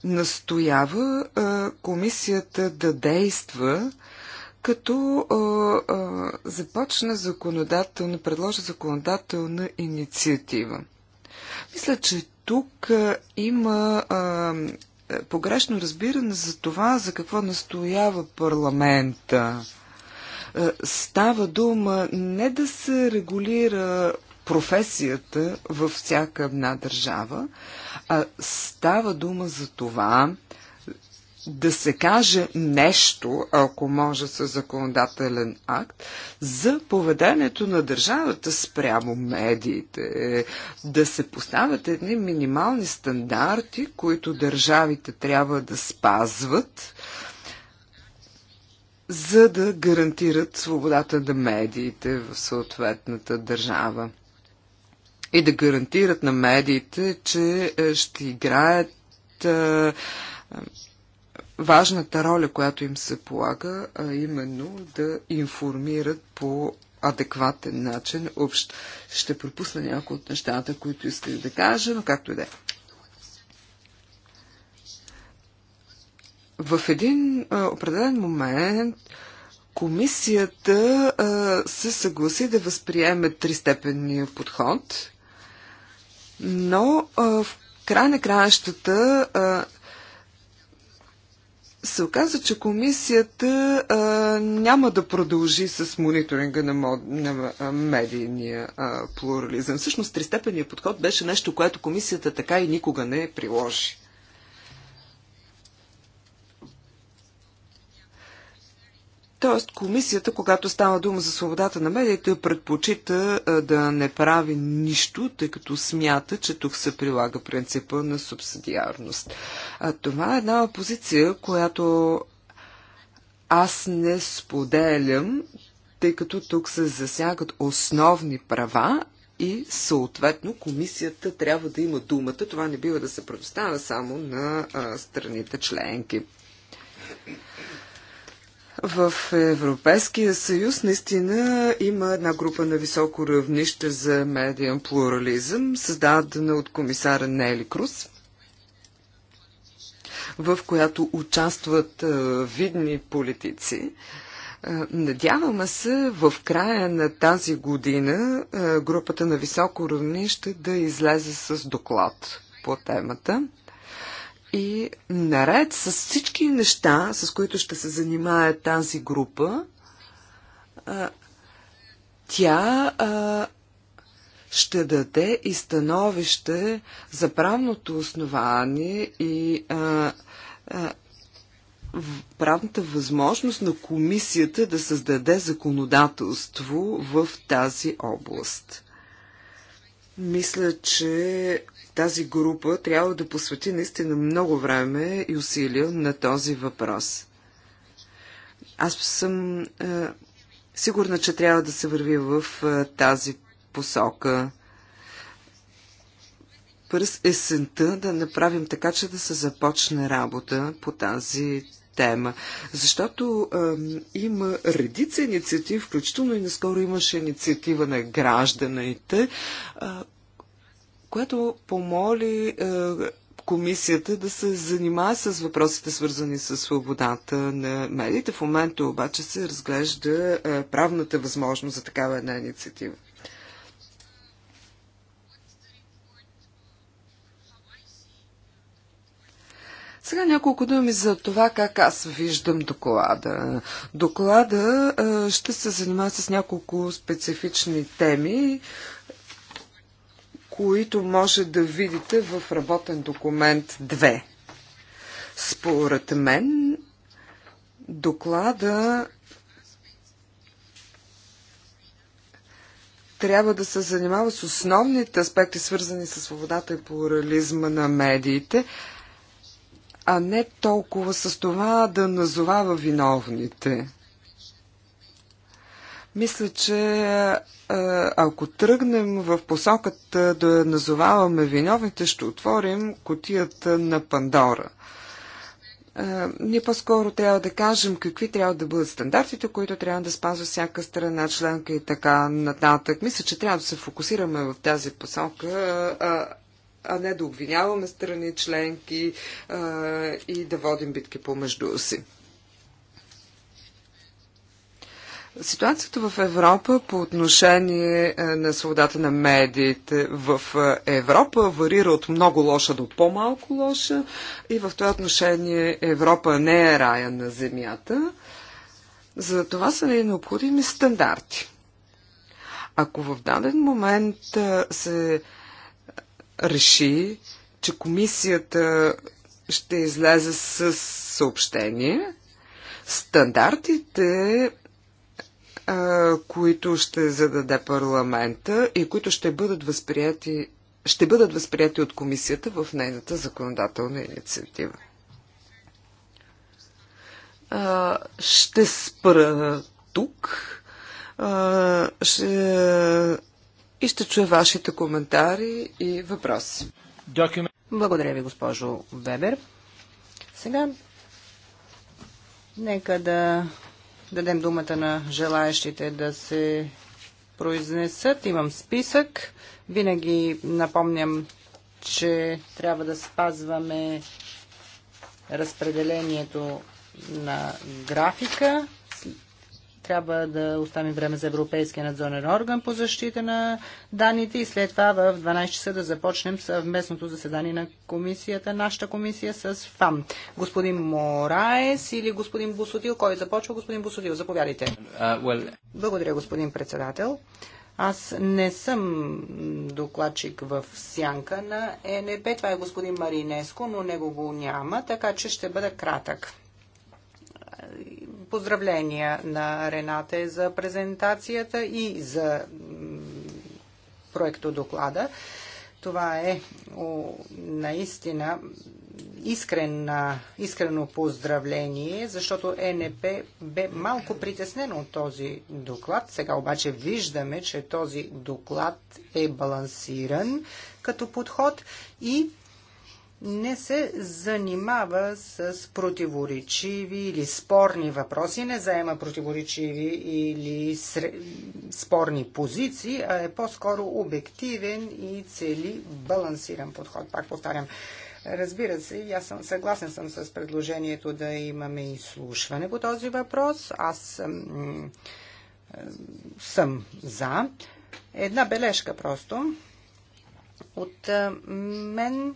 настоява а, комисията да действа, като а, а, започна законодателна, предложи законодателна инициатива. Мисля, че тук а, има а, погрешно разбиране за това, за какво настоява парламента. Става дума не да се регулира професията във всяка една държава, а става дума за това да се каже нещо, ако може със законодателен акт, за поведението на държавата спрямо медиите, да се поставят едни минимални стандарти, които държавите трябва да спазват, за да гарантират свободата на медиите в съответната държава и да гарантират на медиите, че е, ще играят е, е, важната роля, която им се полага, а именно да информират по адекватен начин общ. Ще пропусна някои от нещата, които исках да кажа, но както и да е. В един а, определен момент комисията а, се съгласи да възприеме тристепенния подход но в край на краищата се оказа, че комисията а, няма да продължи с мониторинга на, мод, на а, медийния а, плурализъм. Всъщност, тристепенният подход беше нещо, което комисията така и никога не е приложи. Тоест, комисията, когато става дума за свободата на медиите, предпочита да не прави нищо, тъй като смята, че тук се прилага принципа на субсидиарност. А това е една позиция, която аз не споделям, тъй като тук се засягат основни права и съответно комисията трябва да има думата. Това не бива да се предоставя само на а, страните членки. В Европейския съюз наистина има една група на високо равнище за медиен плурализъм, създадена от комисара Нели Круз, в която участват видни политици. Надяваме се в края на тази година групата на високо равнище да излезе с доклад по темата. И наред с всички неща, с които ще се занимае тази група, тя ще даде и становище за правното основание и а, а, правната възможност на комисията да създаде законодателство в тази област. Мисля, че тази група трябва да посвети наистина много време и усилия на този въпрос. Аз съм е, сигурна, че трябва да се върви в е, тази посока през есента да направим така, че да се започне работа по тази тема. Защото е, има редица инициативи, включително и наскоро имаше инициатива на гражданите, Е, която помоли е, комисията да се занимава с въпросите, свързани с свободата на медиите. В момента обаче се разглежда е, правната възможност за такава една инициатива. Сега няколко думи за това как аз виждам доклада. Доклада е, ще се занимава с няколко специфични теми, които може да видите в работен документ 2. Според мен, доклада трябва да се занимава с основните аспекти, свързани с свободата и плурализма на медиите, а не толкова с това да назовава виновните. Мисля, че е, ако тръгнем в посоката да назоваваме виновните, ще отворим котията на Пандора. Е, ние по-скоро трябва да кажем какви трябва да бъдат стандартите, които трябва да спазва всяка страна, членка и така нататък. Мисля, че трябва да се фокусираме в тази посока, а не да обвиняваме страни членки е, и да водим битки помежду си. Ситуацията в Европа по отношение е, на свободата на медиите в е, Европа варира от много лоша до по-малко лоша и в това отношение Европа не е рая на земята. За това са ни необходими стандарти. Ако в даден момент е, се реши, че комисията ще излезе с съобщение, стандартите които ще зададе парламента и които ще бъдат възприяти, ще бъдат възприяти от комисията в нейната законодателна инициатива. Ще спра тук ще... и ще чуя вашите коментари и въпроси. Благодаря ви, госпожо Вебер. Сега нека да дадем думата на желаящите да се произнесат. Имам списък. Винаги напомням, че трябва да спазваме разпределението на графика трябва да оставим време за Европейския надзорен орган по защита на данните и след това в 12 часа да започнем съвместното заседание на комисията, нашата комисия с ФАМ. Господин Мораес или господин Босотил, кой започва? Господин Босотил, заповядайте. Uh, well... Благодаря, господин председател. Аз не съм докладчик в сянка на ЕНП. Това е господин Маринеско, но него го няма, така че ще бъда кратък. Поздравления на Рената за презентацията и за проекто доклада. Това е о, наистина искрен, искрено поздравление, защото ЕНП бе малко притеснено от този доклад. Сега обаче виждаме, че този доклад е балансиран като подход и не се занимава с противоречиви или спорни въпроси, не заема противоречиви или спорни позиции, а е по-скоро обективен и цели балансиран подход. Пак повтарям. Разбира се, аз съм съгласен съм с предложението да имаме изслушване по този въпрос. Аз съм, е, съм за. Една бележка просто. От е, мен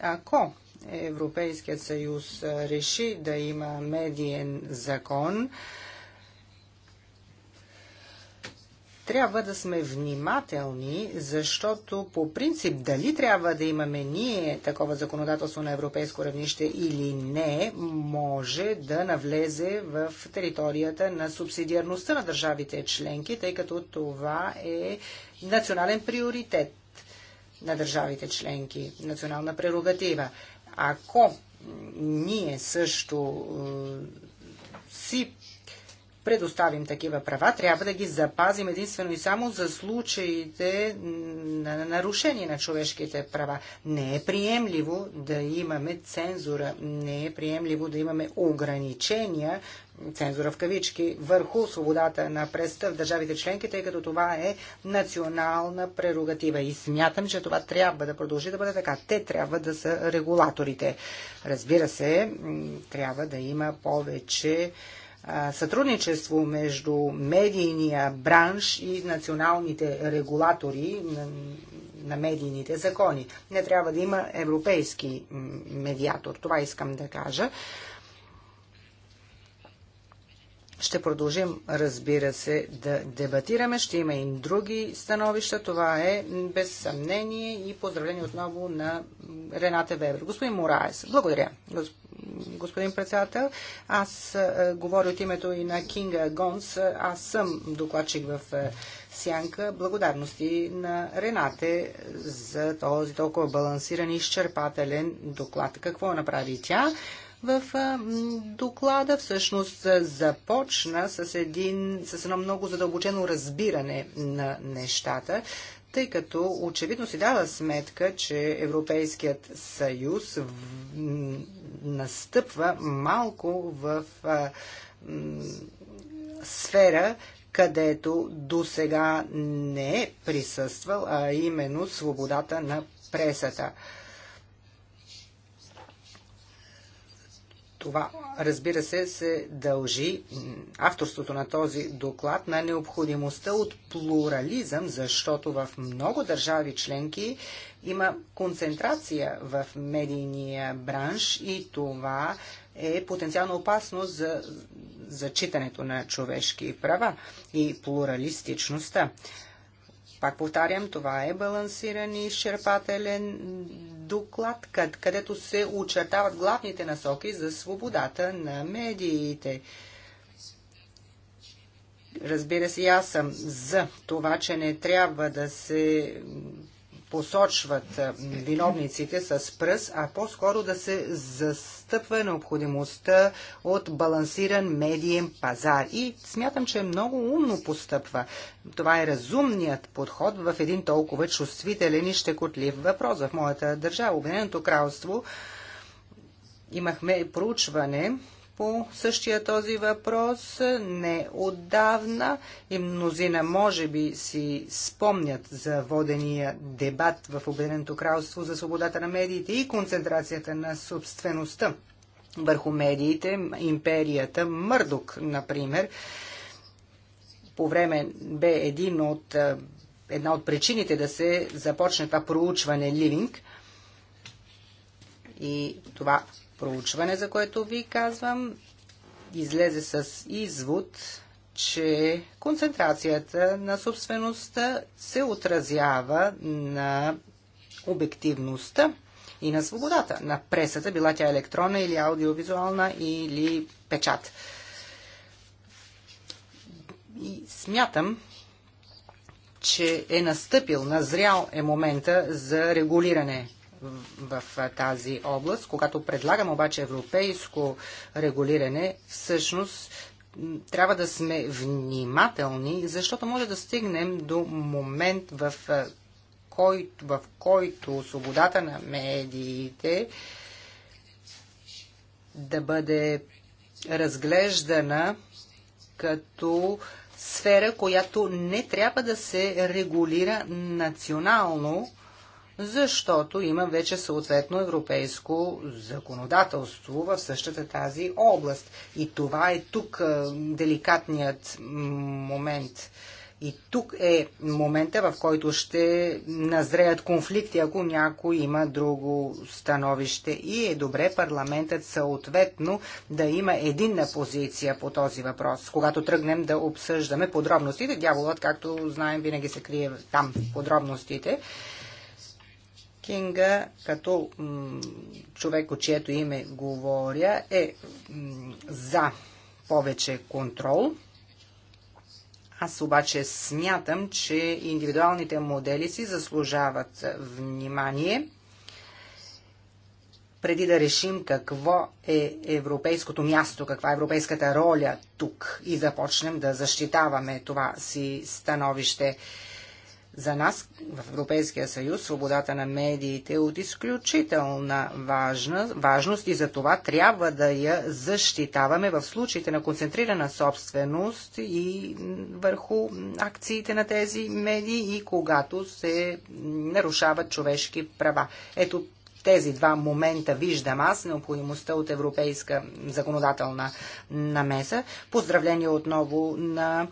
ако Европейският съюз реши да има медиен закон, трябва да сме внимателни, защото по принцип дали трябва да имаме ние такова законодателство на европейско равнище или не, може да навлезе в територията на субсидиарността на държавите членки, тъй като това е национален приоритет на държавите членки, национална прерогатива. Ако ние също е, си предоставим такива права, трябва да ги запазим единствено и само за случаите на нарушение на човешките права. Не е приемливо да имаме цензура, не е приемливо да имаме ограничения, цензура в кавички, върху свободата на преста в държавите членки, тъй като това е национална прерогатива. И смятам, че това трябва да продължи да бъде така. Те трябва да са регулаторите. Разбира се, трябва да има повече сътрудничество между медийния бранш и националните регулатори на, на медийните закони. Не трябва да има европейски медиатор. Това искам да кажа. Ще продължим, разбира се, да дебатираме. Ще има и други становища. Това е без съмнение и поздравление отново на Рената Вебер. Господин Мораес, благодаря. Господин председател, аз говоря от името и на Кинга Гонс. Аз съм докладчик в Сянка. Благодарности на Ренате за този толкова балансиран и изчерпателен доклад. Какво направи тя? в доклада всъщност започна с, един, с едно много задълбочено разбиране на нещата, тъй като очевидно си дава сметка, че Европейският съюз настъпва малко в сфера, където до сега не е присъствал, а именно свободата на пресата. Това, разбира се, се дължи авторството на този доклад на необходимостта от плурализъм, защото в много държави членки има концентрация в медийния бранш и това е потенциална опасност за зачитането на човешки права и плуралистичността. Пак повтарям, това е балансиран и изчерпателен доклад, къд, където се очертават главните насоки за свободата на медиите. Разбира се, аз съм за това, че не трябва да се посочват виновниците с пръст, а по-скоро да се застъпва необходимостта от балансиран медиен пазар. И смятам, че е много умно постъпва. Това е разумният подход в един толкова чувствителен и щекотлив въпрос в моята държава. Обединеното кралство имахме проучване по същия този въпрос не отдавна и мнозина може би си спомнят за водения дебат в Обединеното кралство за свободата на медиите и концентрацията на собствеността върху медиите, империята Мърдок, например. По време бе един от, една от причините да се започне това проучване Ливинг и това проучване, за което ви казвам, излезе с извод, че концентрацията на собствеността се отразява на обективността и на свободата на пресата, била тя електронна или аудиовизуална или печат. И смятам, че е настъпил, назрял е момента за регулиране в тази област. Когато предлагам обаче европейско регулиране, всъщност трябва да сме внимателни, защото може да стигнем до момент, в който, в който свободата на медиите да бъде разглеждана като сфера, която не трябва да се регулира национално, защото има вече съответно европейско законодателство в същата тази област. И това е тук деликатният момент. И тук е момента, в който ще назреят конфликти, ако някой има друго становище. И е добре парламентът съответно да има единна позиция по този въпрос, когато тръгнем да обсъждаме подробностите. Дяволът, както знаем, винаги се крие там подробностите. Кинга, като човек, от чието име говоря, е за повече контрол. Аз обаче смятам, че индивидуалните модели си заслужават внимание. Преди да решим какво е европейското място, каква е европейската роля тук и започнем да защитаваме това си становище. За нас в Европейския съюз свободата на медиите е от изключителна важна, важност и за това трябва да я защитаваме в случаите на концентрирана собственост и върху акциите на тези медии и когато се нарушават човешки права. Ето тези два момента виждам аз необходимостта от европейска законодателна намеса. Поздравление отново на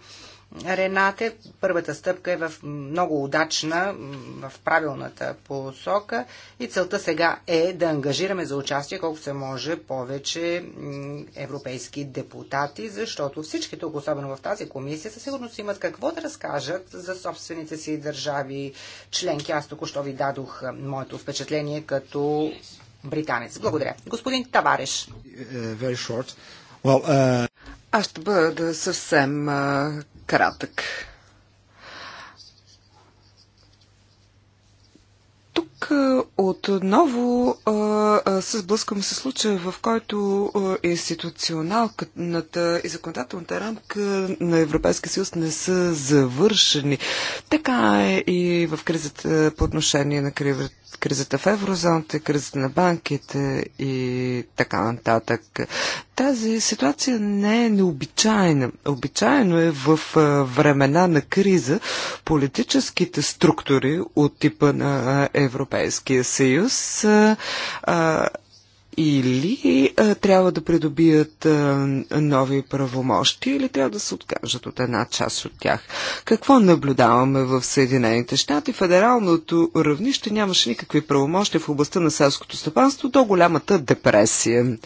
Ренате. Първата стъпка е в много удачна, в правилната посока и целта сега е да ангажираме за участие колко се може повече европейски депутати, защото всички тук, особено в тази комисия, със сигурност имат какво да разкажат за собствените си държави членки. Аз току-що ви дадох моето впечатление като британец. Благодаря. Господин Тавареш. Е, е, well, uh... Аз ще бъда съвсем а, кратък. Тук а, отново а, а, се сблъскваме с случая, в който а, институционалната и законодателната рамка на Европейския съюз не са завършени. Така е и в кризата по отношение на кривата кризата в еврозоната, кризата на банките и така нататък. Тази ситуация не е необичайна. Обичайно е в времена на криза политическите структури от типа на Европейския съюз или а, е, трябва да придобият а, е, нови правомощи, или трябва да се откажат от една част от тях. Какво наблюдаваме в Съединените щати? Федералното равнище нямаше никакви правомощи в областта на селското стопанство до голямата депресия.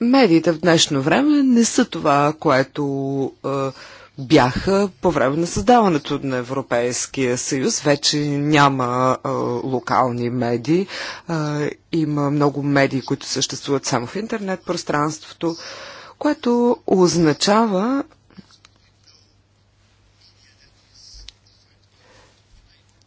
Медиите в днешно време не са това, което а, е, бяха по време на създаването на Европейския съюз. Вече няма а, локални медии. А, има много медии, които съществуват само в интернет пространството, което означава,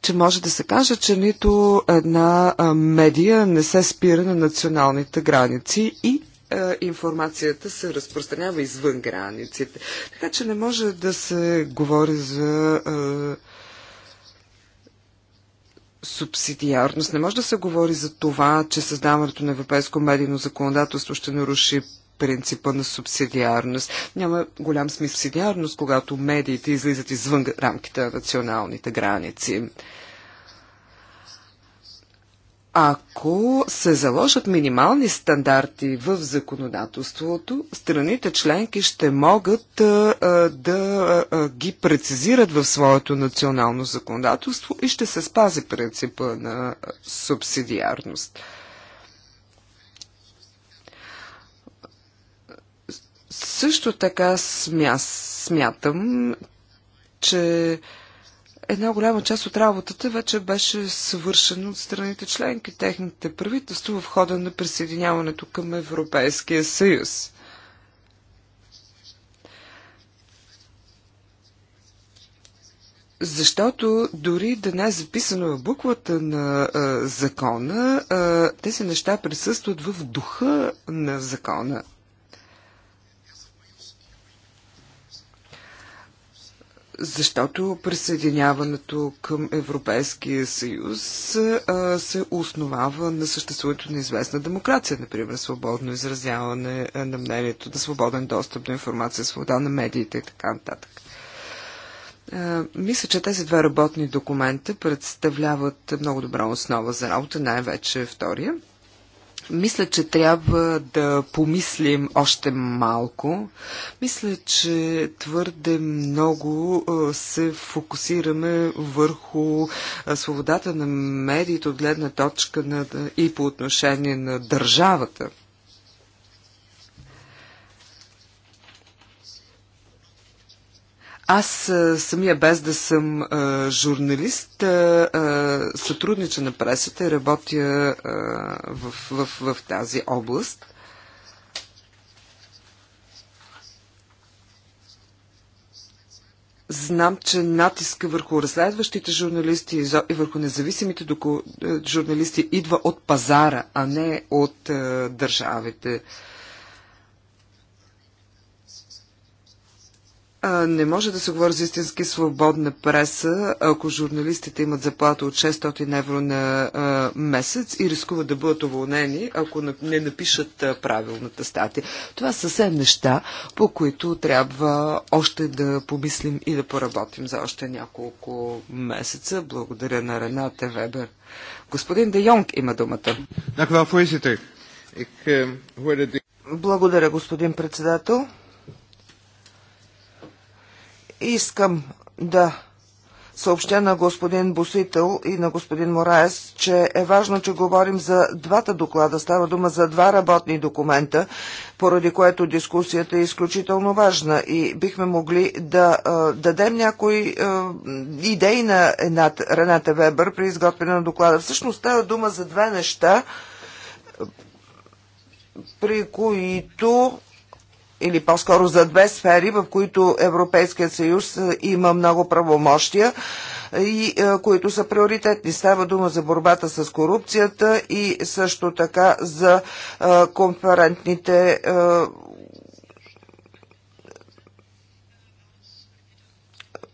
че може да се каже, че нито една медия не се спира на националните граници и е, информацията се разпространява извън границите. Така че не може да се говори за е, субсидиарност. Не може да се говори за това, че създаването на европейско медийно законодателство ще наруши принципа на субсидиарност. Няма голям смисъл субсидиарност, когато медиите излизат извън рамките на националните граници. Ако се заложат минимални стандарти в законодателството, страните членки ще могат да, ги прецизират в своето национално законодателство и ще се спази принципа на субсидиарност. Също така смя, смятам, че една голяма част от работата вече беше свършена от страните членки, техните правителства в хода на присъединяването към Европейския съюз. Защото дори да не е записано в буквата на а, закона, а, тези неща присъстват в духа на закона. защото присъединяването към Европейския съюз а, се основава на съществуването на известна демокрация, например свободно изразяване на мнението, да свободен достъп до информация, свобода на медиите и така нататък. А, мисля, че тези две работни документа представляват много добра основа за работа, най-вече втория. Мисля, че трябва да помислим още малко. Мисля, че твърде много се фокусираме върху свободата на медиите от гледна точка на, и по отношение на държавата. Аз самия, без да съм а, журналист, а, а, сътруднича на пресата и работя а, в, в, в тази област. Знам, че натиска върху разследващите журналисти и върху независимите е, журналисти идва от пазара, а не от а, е, държавите. А, не може да се говори за истински свободна преса, ако журналистите имат заплата от 600 евро на а, месец и рискуват да бъдат уволнени, ако не напишат а, правилната статия. Това са все неща, по които трябва още да помислим и да поработим за още няколко месеца. Благодаря на Рената Вебер. Господин Де Йонг има думата. Eh, Благодаря, господин председател. Искам да съобщя на господин Босител и на господин Мораес, че е важно, че говорим за двата доклада. Става дума за два работни документа, поради което дискусията е изключително важна и бихме могли да а, дадем някои а, идеи на Рената Вебър при изготвяне на доклада. Всъщност става дума за две неща, при които или по-скоро за две сфери, в които Европейският съюз е, има много правомощия и е, които са приоритетни. Става дума за борбата с корупцията и също така за е, конферентните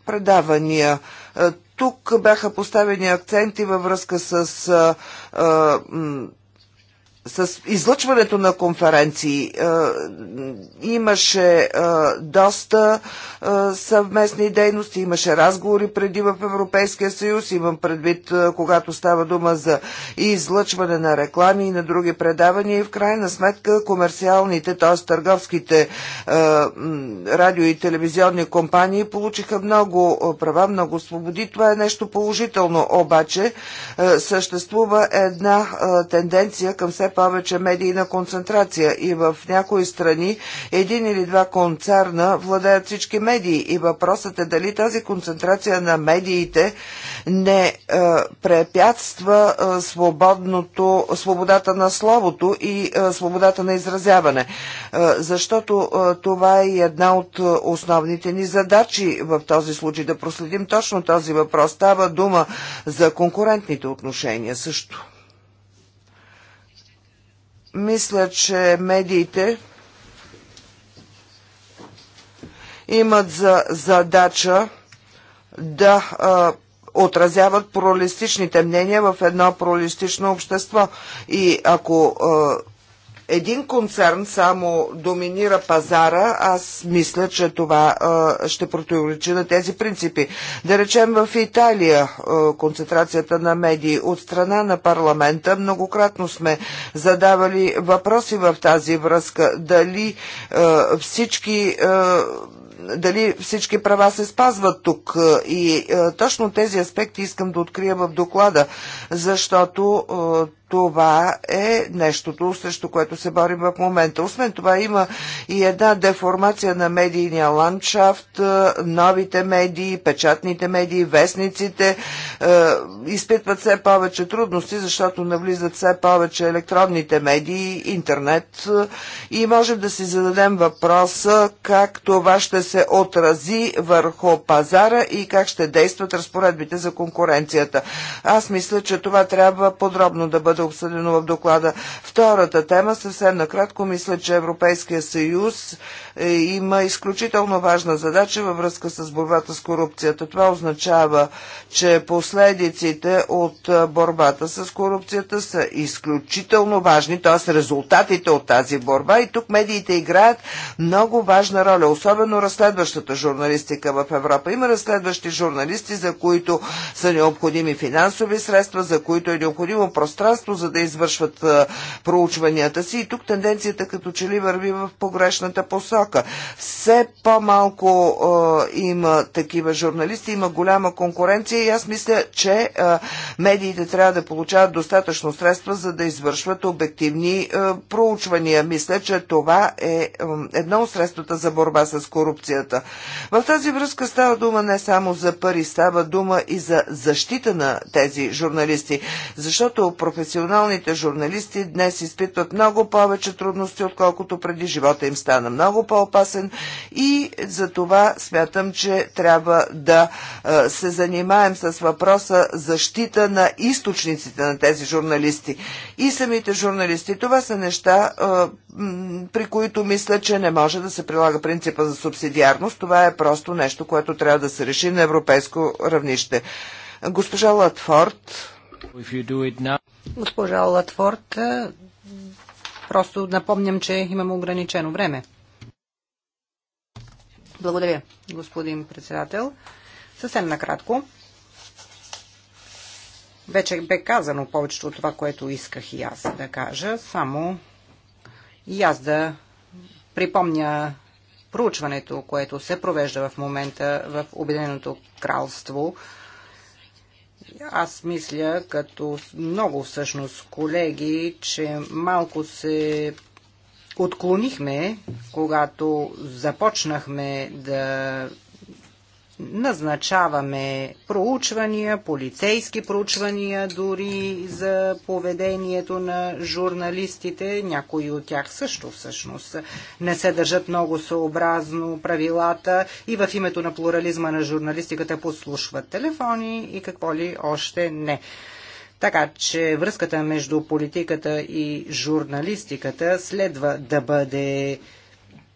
предавания. Тук бяха поставени акценти във връзка с с излъчването на конференции е, имаше е, доста е, съвместни дейности, имаше разговори преди в Европейския съюз, имам предвид, е, когато става дума за излъчване на реклами и на други предавания и в крайна сметка комерциалните, т.е. търговските е, радио и телевизионни компании получиха много е, права, много свободи. Това е нещо положително, обаче е, съществува една е, тенденция към все повече медийна концентрация и в някои страни един или два концерна владеят всички медии и въпросът е дали тази концентрация на медиите не е, препятства е, свободното, свободата на словото и е, свободата на изразяване. Е, защото е, това е една от е, основните ни задачи в този случай да проследим точно този въпрос. Става дума за конкурентните отношения също. Мисля, че медиите имат за задача да а, отразяват пролистичните мнения в едно пролистично общество. И ако а, един концерн само доминира пазара, аз мисля, че това а, ще противоречи на тези принципи. Да речем в Италия а, концентрацията на медии от страна на парламента многократно сме задавали въпроси в тази връзка. Дали а, всички дали всички права се спазват тук. И е, точно тези аспекти искам да открия в доклада, защото е, това е нещото, срещу което се борим в момента. Освен това има и една деформация на медийния ландшафт, е, новите медии, печатните медии, вестниците е, изпитват все повече трудности, защото навлизат все повече електронните медии, интернет е, и можем да си зададем въпроса как това ще се отрази върху пазара и как ще действат разпоредбите за конкуренцията. Аз мисля, че това трябва подробно да бъде обсъдено в доклада. Втората тема, съвсем накратко, мисля, че Европейския съюз е, има изключително важна задача във връзка с борбата с корупцията. Това означава, че последиците от е, борбата с корупцията са изключително важни, т.е. резултатите от тази борба и тук медиите играят много важна роля, особено разследващата журналистика в Европа. Има разследващи журналисти, за които са необходими финансови средства, за които е необходимо пространство, място, за да извършват проучванията си. И тук тенденцията като че ли върви в погрешната посока. Все по-малко има такива журналисти, има голяма конкуренция и аз мисля, че а, медиите трябва да получават достатъчно средства, за да извършват обективни а, проучвания. Мисля, че това е а, едно от средствата за борба с корупцията. В тази връзка става дума не само за пари, става дума и за защита на тези журналисти, защото професионалните професионалните журналисти днес изпитват много повече трудности, отколкото преди живота им стана много по-опасен и за това смятам, че трябва да се занимаем с въпроса защита на източниците на тези журналисти и самите журналисти. Това са неща, при които мисля, че не може да се прилага принципа за субсидиарност. Това е просто нещо, което трябва да се реши на европейско равнище. Госпожа Латфорд. Now... Госпожа Латфорд, е, просто напомням, че имаме ограничено време. Благодаря, господин председател. Съвсем накратко. Вече бе казано повечето от това, което исках и аз да кажа, само и аз да припомня проучването, което се провежда в момента в Обединеното кралство аз мисля, като много всъщност колеги, че малко се отклонихме, когато започнахме да назначаваме проучвания, полицейски проучвания дори за поведението на журналистите. Някои от тях също всъщност не се държат много съобразно правилата и в името на плурализма на журналистиката подслушват телефони и какво ли още не. Така че връзката между политиката и журналистиката следва да бъде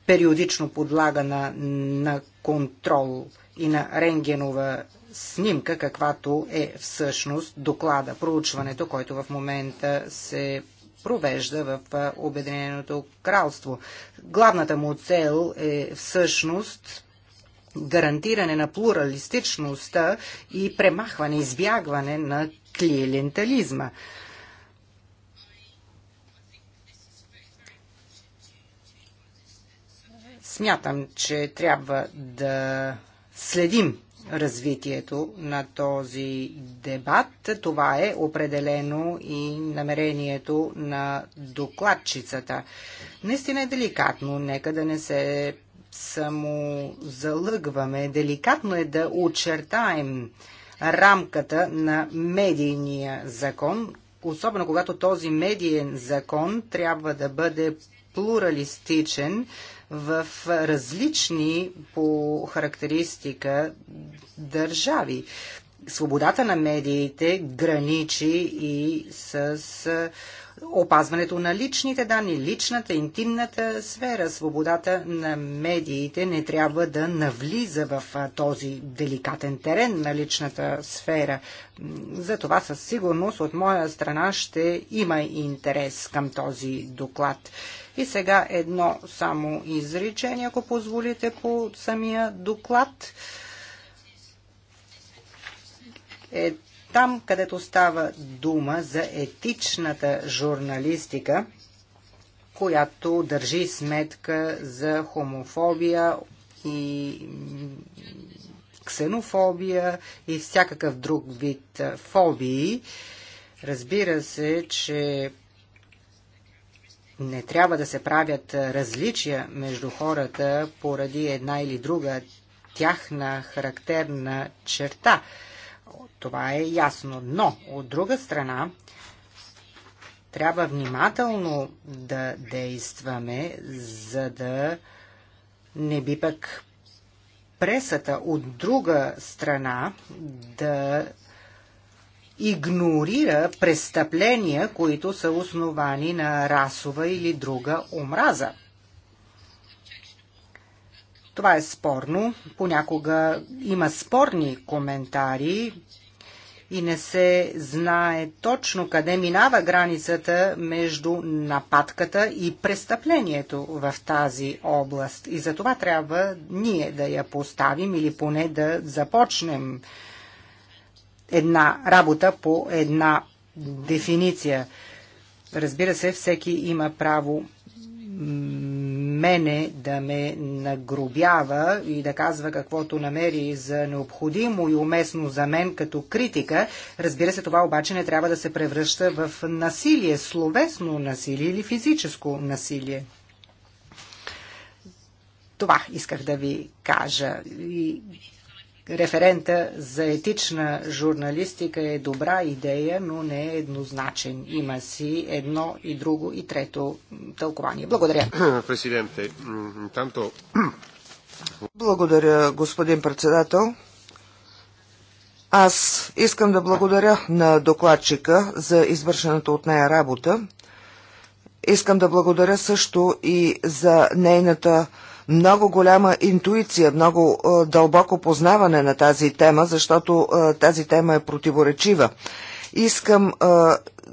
периодично подлагана на контрол и на рентгенова снимка, каквато е всъщност доклада, проучването, който в момента се провежда в Обединеното кралство. Главната му цел е всъщност гарантиране на плуралистичността и премахване, избягване на клиентализма. Смятам, че трябва да следим развитието на този дебат. Това е определено и намерението на докладчицата. Наистина е деликатно, нека да не се само залъгваме. Деликатно е да очертаем рамката на медийния закон, особено когато този медиен закон трябва да бъде плуралистичен, в различни по характеристика държави. Свободата на медиите граничи и с опазването на личните данни, личната, интимната сфера, свободата на медиите не трябва да навлиза в този деликатен терен на личната сфера. За това със сигурност от моя страна ще има интерес към този доклад. И сега едно само изречение, ако позволите, по самия доклад. Е, там, където става дума за етичната журналистика, която държи сметка за хомофобия и ксенофобия и всякакъв друг вид фобии. Разбира се, че не трябва да се правят различия между хората поради една или друга тяхна характерна черта. Това е ясно. Но, от друга страна, трябва внимателно да действаме, за да не би пък пресата от друга страна да игнорира престъпления, които са основани на расова или друга омраза. Това е спорно. Понякога има спорни коментари и не се знае точно къде минава границата между нападката и престъплението в тази област. И за това трябва ние да я поставим или поне да започнем една работа по една дефиниция. Разбира се, всеки има право мене да ме нагробява и да казва каквото намери за необходимо и уместно за мен като критика. Разбира се, това обаче не трябва да се превръща в насилие, словесно насилие или физическо насилие. Това исках да ви кажа. И референта за етична журналистика е добра идея, но не е еднозначен. Има си едно и друго и трето тълкование. Благодаря. Президенте, танто... Благодаря, господин председател. Аз искам да благодаря на докладчика за извършената от нея работа. Искам да благодаря също и за нейната много голяма интуиция, много е, дълбоко познаване на тази тема, защото е, тази тема е противоречива. Искам е,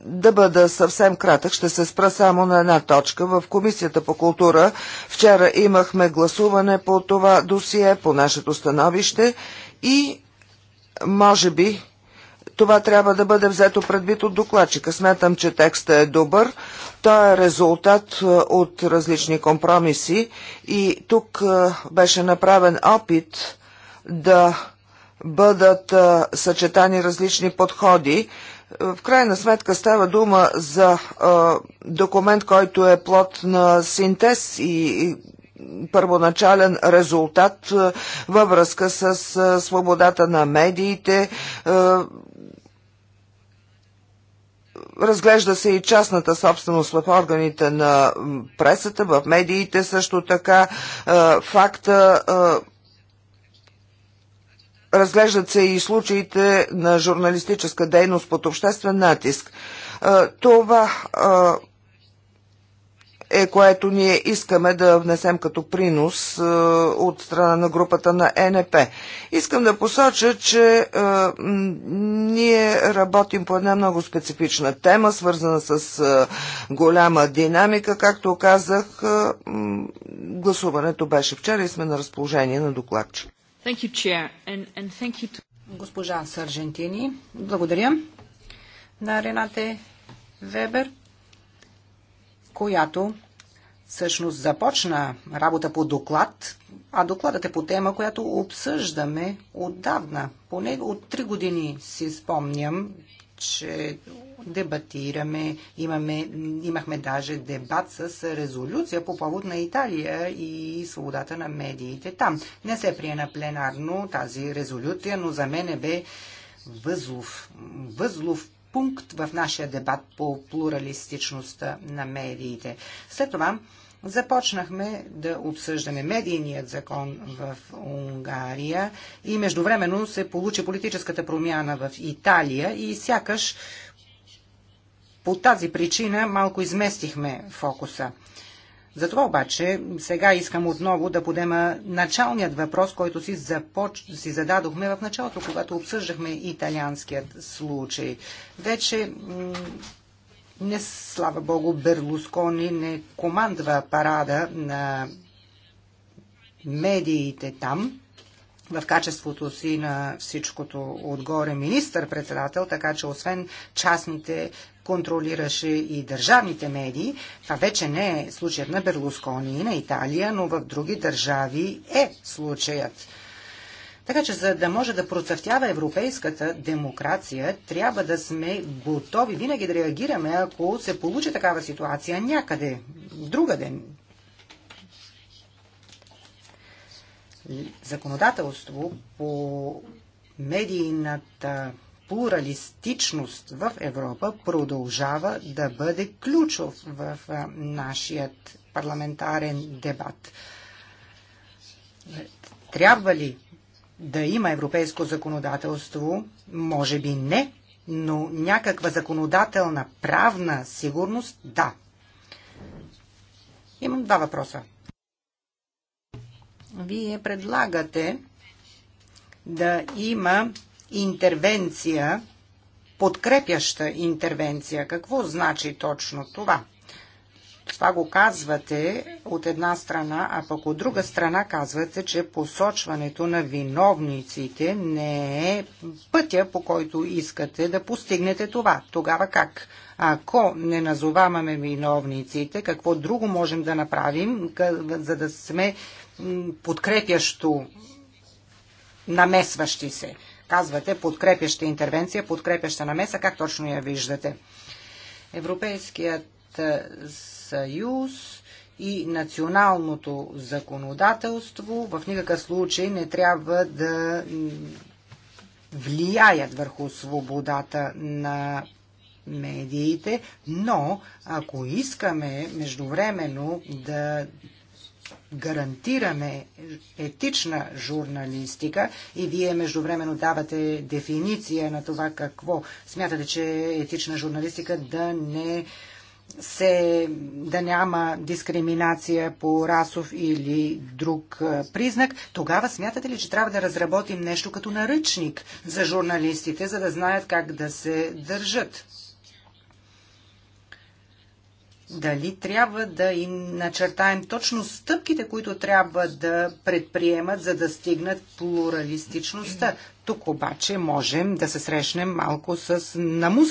да бъда съвсем кратък, ще се спра само на една точка. В Комисията по култура вчера имахме гласуване по това досие, по нашето становище и може би това трябва да бъде взето предвид от докладчика. Сметам, че текста е добър. Той е резултат е, от различни компромиси и тук е, беше направен опит да бъдат е, съчетани различни подходи. В крайна сметка става дума за документ, който е плод на синтез и първоначален резултат във връзка с свободата на медиите, Разглежда се и частната собственост в органите на пресата, в медиите също така. Е, факта е, разглеждат се и случаите на журналистическа дейност под обществен натиск. Е, това е което ние искаме да внесем като принос е, от страна на групата на е НП. Искам да посоча, че е, ние работим по една много специфична тема, свързана с е, голяма динамика. Както казах, е, гласуването беше вчера и сме на разположение на докладчик. To... Госпожа Сържентини, благодаря на Ренате Вебер която всъщност започна работа по доклад, а докладът е по тема, която обсъждаме отдавна. Поне от три години си спомням, че дебатираме, имаме, имахме даже дебат с резолюция по повод на Италия и свободата на медиите там. Не се прие на пленарно тази резолюция, но за мен е бе възлов, възлов пункт в нашия дебат по плуралистичността на медиите. След това започнахме да обсъждаме медийният закон в Унгария и междувременно се получи политическата промяна в Италия и сякаш по тази причина малко изместихме фокуса. Затова обаче сега искам отново да подема началният въпрос, който си, започ... си зададохме в началото, когато обсъждахме италианският случай. Вече не слава богу Берлускони не командва парада на медиите там, в качеството си на всичкото отгоре министър-председател, така че освен частните контролираше и държавните медии. Това вече не е случаят на Берлускони и на Италия, но в други държави е случаят. Така че, за да може да процъфтява европейската демокрация, трябва да сме готови винаги да реагираме, ако се получи такава ситуация някъде, другаде. Законодателство по медийната плуралистичност в Европа продължава да бъде ключов в нашият парламентарен дебат. Трябва ли да има европейско законодателство? Може би не, но някаква законодателна правна сигурност – да. Имам два въпроса. Вие предлагате да има интервенция, подкрепяща интервенция. Какво значи точно това? Това го казвате от една страна, а пък от друга страна казвате, че посочването на виновниците не е пътя, по който искате да постигнете това. Тогава как? Ако не назоваваме виновниците, какво друго можем да направим, за да сме подкрепящо намесващи се? казвате подкрепяща интервенция, подкрепяща намеса, как точно я виждате? Европейският е, съюз и националното законодателство в никакъв случай не трябва да влияят върху свободата на медиите, но ако искаме междувременно да гарантираме етична журналистика и вие междувременно давате дефиниция на това какво смятате, че етична журналистика да не се, да няма дискриминация по расов или друг признак, тогава смятате ли, че трябва да разработим нещо като наръчник за журналистите, за да знаят как да се държат? дали трябва да им начертаем точно стъпките, които трябва да предприемат, за да стигнат плуралистичността. Тук обаче можем да се срещнем малко с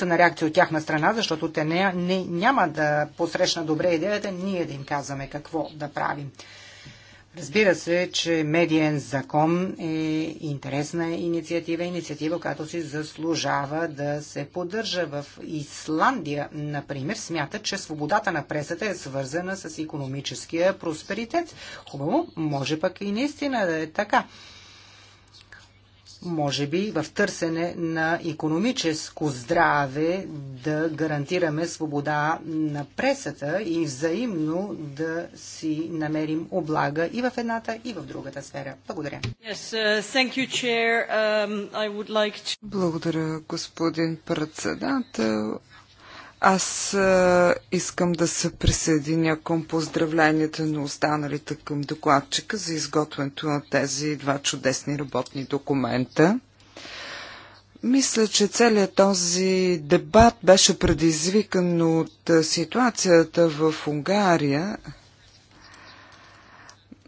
на реакция от тяхна страна, защото те не, не, няма да посрещна добре идеята ние да им казваме какво да правим. Разбира се, че медиен закон е интересна инициатива, инициатива, която си заслужава да се поддържа. В Исландия, например, смята, че свободата на пресата е свързана с економическия просперитет. Хубаво, може пък и наистина да е така може би в търсене на економическо здраве да гарантираме свобода на пресата и взаимно да си намерим облага и в едната, и в другата сфера. Благодаря. Yes, uh, you, um, like to... Благодаря, господин председател. Аз а, искам да се присъединя към поздравленията на останалите към докладчика за изготвянето на тези два чудесни работни документа. Мисля, че целият този дебат беше предизвикан от ситуацията в Унгария,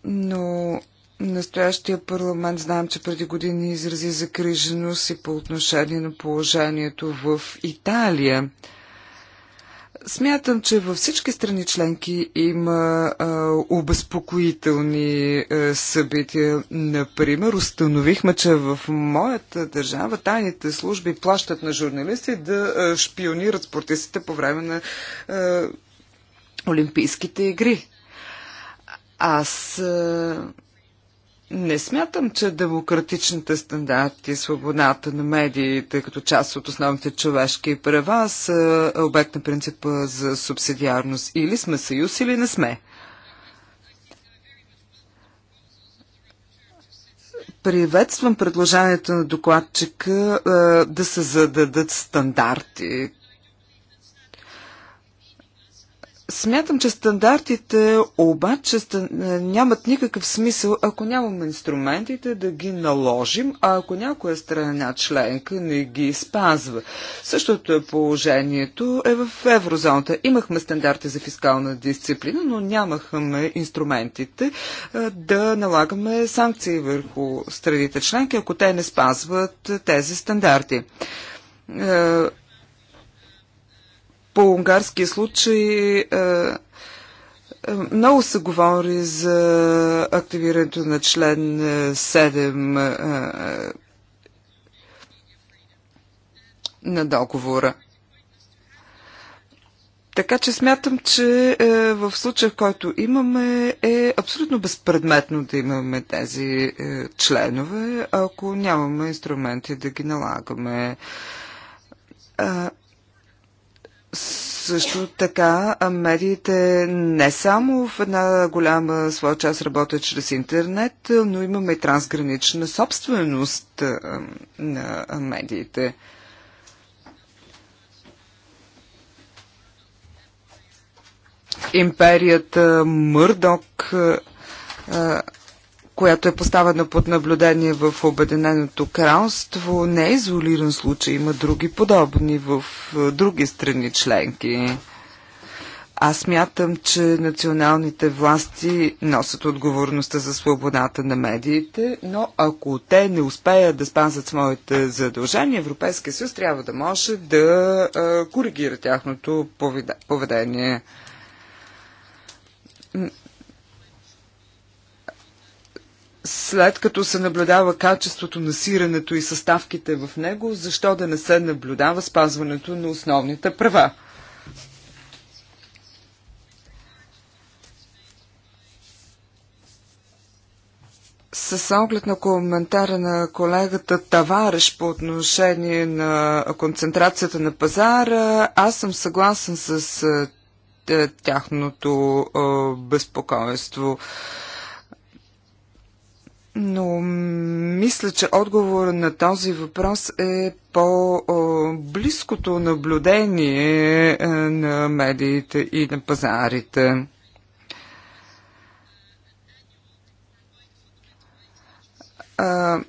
но Настоящия парламент знаем, че преди години изрази закриженост и по отношение на положението в Италия. Смятам, че във всички страни членки има а, обезпокоителни а, е, събития. Например, установихме, че в моята държава тайните служби плащат на журналисти да а, е, шпионират спортистите по време на а, е, Олимпийските игри. Аз а, не смятам, че демократичните стандарти, свободата на медиите като част от основните човешки права са обект на принципа за субсидиарност. Или сме съюз, или не сме. приветствам предложението на докладчика е, да се зададат стандарти Смятам, че стандартите обаче е, нямат никакъв смисъл, ако нямаме инструментите да ги наложим, а ако някоя страна членка не ги спазва. Същото е положението е в еврозоната. Имахме стандарти за фискална дисциплина, но нямахме инструментите е, да налагаме санкции върху страните членки, ако те не спазват тези стандарти е, по-унгарски случай е, е, много се говори за активирането на член 7 е, на договора. Така че смятам, че е, в случая, в който имаме, е абсолютно безпредметно да имаме тези е, членове, ако нямаме инструменти да ги налагаме. Също така медиите не само в една голяма своя част работят чрез интернет, но имаме и трансгранична собственост на медиите. Империята Мърдок която е поставена под наблюдение в Обединеното кралство, не е изолиран случай. Има други подобни в други страни членки. Аз мятам, че националните власти носят отговорността за свободата на медиите, но ако те не успеят да спазят своите задължения, Европейския съюз трябва да може да коригира тяхното поведение след като се наблюдава качеството на сирането и съставките в него, защо да не се наблюдава спазването на основните права? С оглед на коментара на колегата Тавареш по отношение на концентрацията на пазара, аз съм съгласен с е, тяхното е, безпокойство. Но мисля, че отговор на този въпрос е по-близкото наблюдение е, на медиите и на пазарите. А,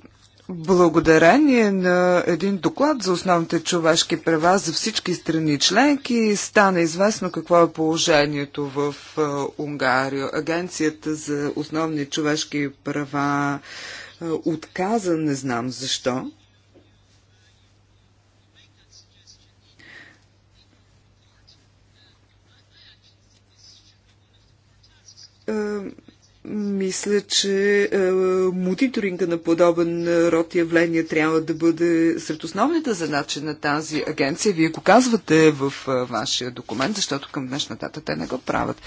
благодарение на един доклад за основните човешки права за всички страни членки стана известно какво е положението в е, Унгария. Агенцията за основни човешки права е, отказа, не знам защо. Е, мисля, че е, мониторинга на подобен род явления трябва да бъде сред основните задачи на тази агенция. Вие го казвате в е, вашия документ, защото към днешна дата те не го правят.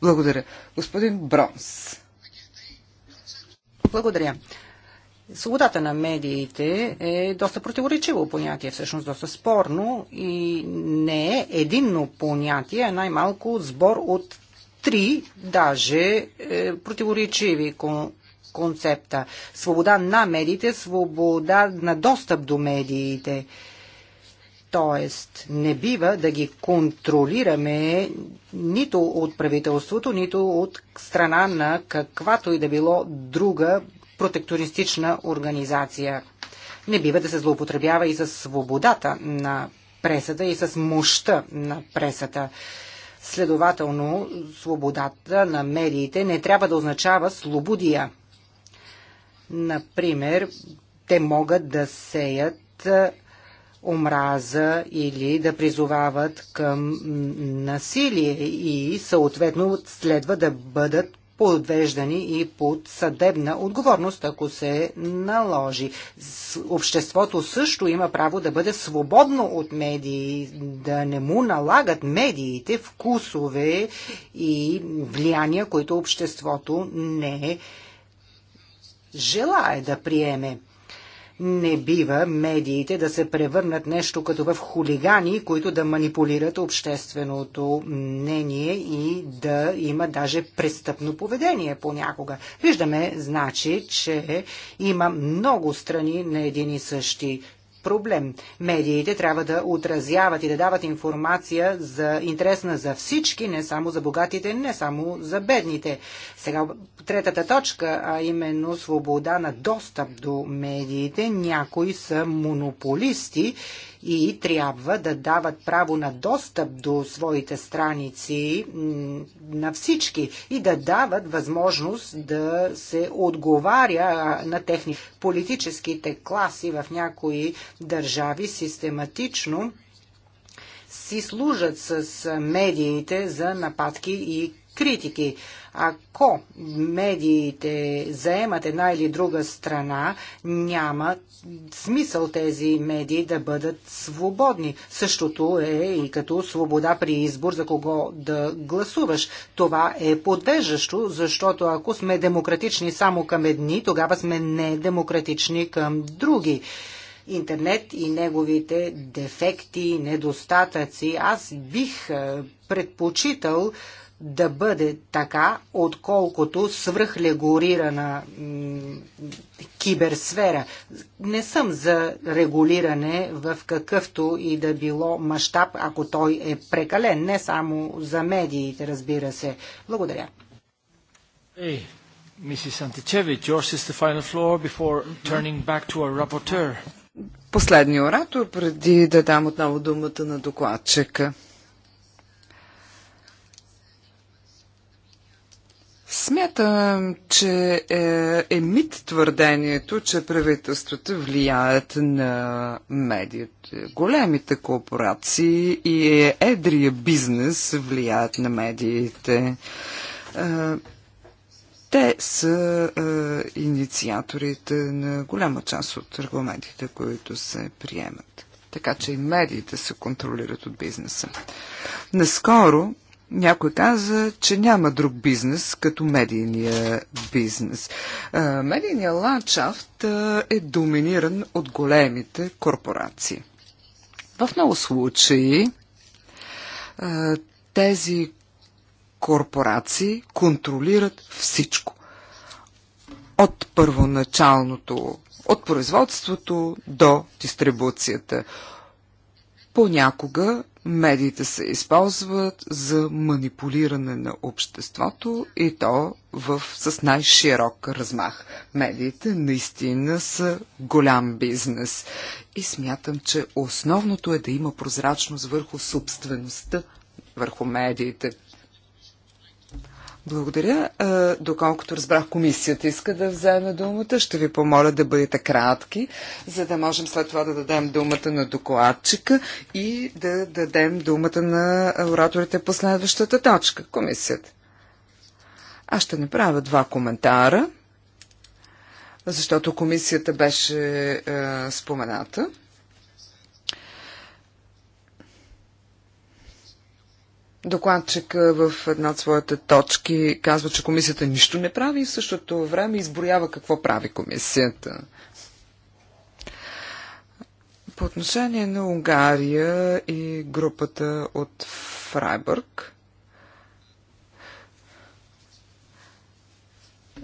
Благодаря. Господин Бронс. Благодаря. Свободата на медиите е доста противоречиво понятие, всъщност доста спорно и не е единно понятие, а най-малко сбор от три даже е, противоречиви кон, концепта. Свобода на медиите, свобода на достъп до медиите. Тоест, не бива да ги контролираме нито от правителството, нито от страна на каквато и да било друга протектористична организация. Не бива да се злоупотребява и с свободата на пресата и с мощта на пресата. Следователно, свободата на медиите не трябва да означава слободия. Например, те могат да сеят омраза или да призовават към насилие и съответно следва да бъдат подвеждани и под съдебна отговорност, ако се наложи. Обществото също има право да бъде свободно от медии, да не му налагат медиите вкусове и влияния, които обществото не желае да приеме. Не бива медиите да се превърнат нещо като в хулигани, които да манипулират общественото мнение и да има даже престъпно поведение понякога. Виждаме, значи, че има много страни на един и същи проблем. Медиите трябва да отразяват и да дават информация за интересна за всички, не само за богатите, не само за бедните. Сега третата точка, а именно свобода на достъп до медиите. Някои са монополисти и трябва да дават право на достъп до своите страници на всички и да дават възможност да се отговаря на техни политическите класи в някои държави систематично си служат с медиите за нападки и критики. Ако медиите заемат една или друга страна, няма смисъл тези медии да бъдат свободни. Същото е и като свобода при избор за кого да гласуваш. Това е подвеждащо, защото ако сме демократични само към едни, тогава сме недемократични към други интернет и неговите дефекти, недостатъци. Аз бих предпочитал да бъде така, отколкото свръхрегулирана киберсфера. Не съм за регулиране в какъвто и да било мащаб, ако той е прекален, не само за медиите, разбира се. Благодаря. Hey, Mrs. Antichevich, the final floor before turning back to our rapporteur. Последният оратор, преди да дам отново думата на докладчика. Смятам, че е, е мит твърдението, че правителствата влияят на медиите. Големите корпорации и едрия бизнес влияят на медиите. Е, те са е, инициаторите на голяма част от регламентите, които се приемат. Така че и медиите се контролират от бизнеса. Наскоро някой каза, че няма друг бизнес като медийния бизнес. Медийният ландшафт е доминиран от големите корпорации. В много случаи тези корпорации контролират всичко. От първоначалното, от производството до дистрибуцията. Понякога Медиите се използват за манипулиране на обществото и то в, с най-широк размах. Медиите наистина са голям бизнес. И смятам, че основното е да има прозрачност върху собствеността върху медиите. Благодаря. Доколкото разбрах, комисията иска да вземе думата. Ще ви помоля да бъдете кратки, за да можем след това да дадем думата на докладчика и да дадем думата на ораторите по следващата точка. Комисията. Аз ще направя два коментара, защото комисията беше е, спомената. Докладчика в една от своите точки казва, че комисията нищо не прави и в същото време изброява какво прави комисията. По отношение на Унгария и групата от Фрайбърг,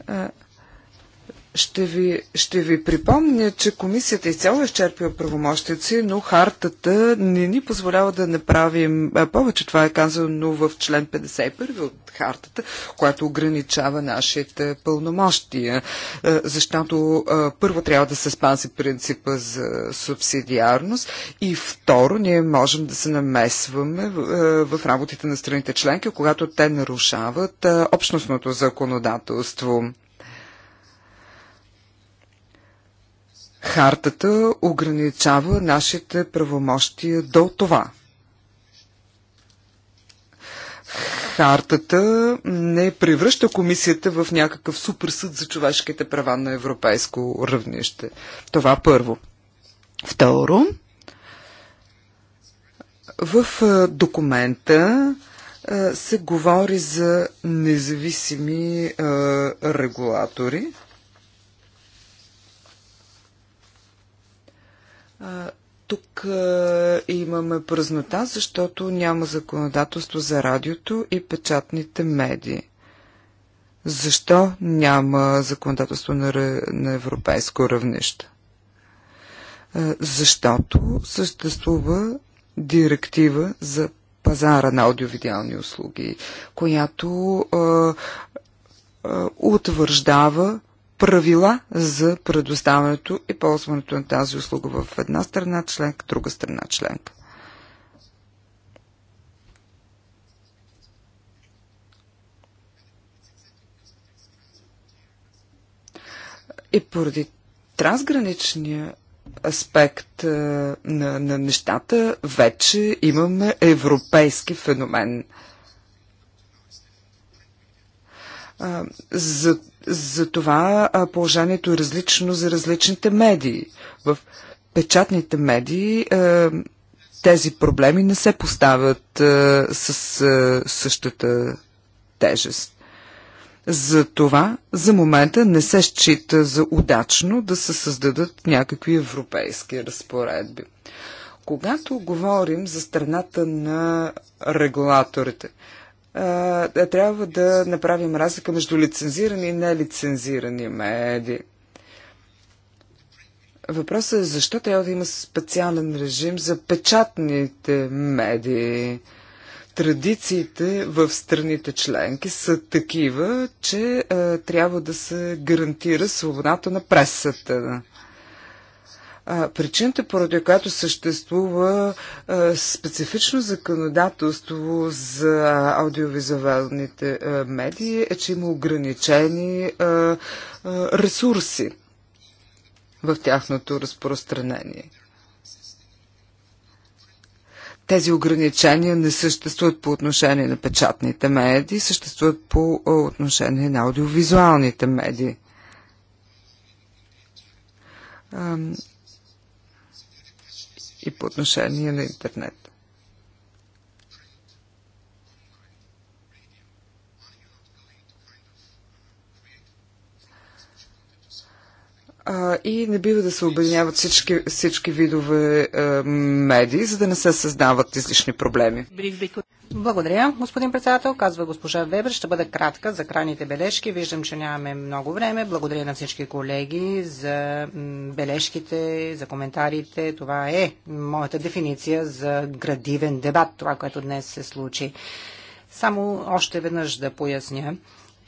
е, ще ви, ще ви припомня, че комисията изцяло изчерпила правомощите си, но хартата не ни позволява да направим повече. Това е казано в член 51 от хартата, която ограничава нашите пълномощия. Защото първо трябва да се спази принципа за субсидиарност и второ ние можем да се намесваме в работите на страните членки, когато те нарушават общностното законодателство. Хартата ограничава нашите правомощия до това. Хартата не превръща комисията в някакъв суперсъд за човешките права на европейско равнище. Това първо. Второ, в документа се говори за независими регулатори. Тук имаме празнота, защото няма законодателство за радиото и печатните медии. Защо няма законодателство на, на европейско равнище? Защото съществува директива за пазара на аудиовидеални услуги, която а, а, утвърждава правила за предоставянето и ползването на тази услуга в една страна членка, друга страна членка. И поради трансграничния аспект е, на, на нещата, вече имаме европейски феномен – за, за това положението е различно за различните медии. В печатните медии тези проблеми не се поставят с същата тежест. За това за момента не се счита за удачно да се създадат някакви европейски разпоредби. Когато говорим за страната на регулаторите, трябва да направим разлика между лицензирани и нелицензирани медии. Въпросът е защо трябва да има специален режим за печатните медии. Традициите в страните членки са такива, че а, трябва да се гарантира свободата на пресата. Причината, поради която съществува специфично законодателство за аудиовизуалните медии, е, че има ограничени ресурси в тяхното разпространение. Тези ограничения не съществуват по отношение на печатните медии, съществуват по отношение на аудиовизуалните медии и по отношение на интернет. а, и не бива да се обединяват всички, всички видове а, е, медии, за да не се създават излишни проблеми. Благодаря, господин председател. Казва госпожа Вебер. Ще бъда кратка за крайните бележки. Виждам, че нямаме много време. Благодаря на всички колеги за бележките, за коментарите. Това е моята дефиниция за градивен дебат, това, което днес се случи. Само още веднъж да поясня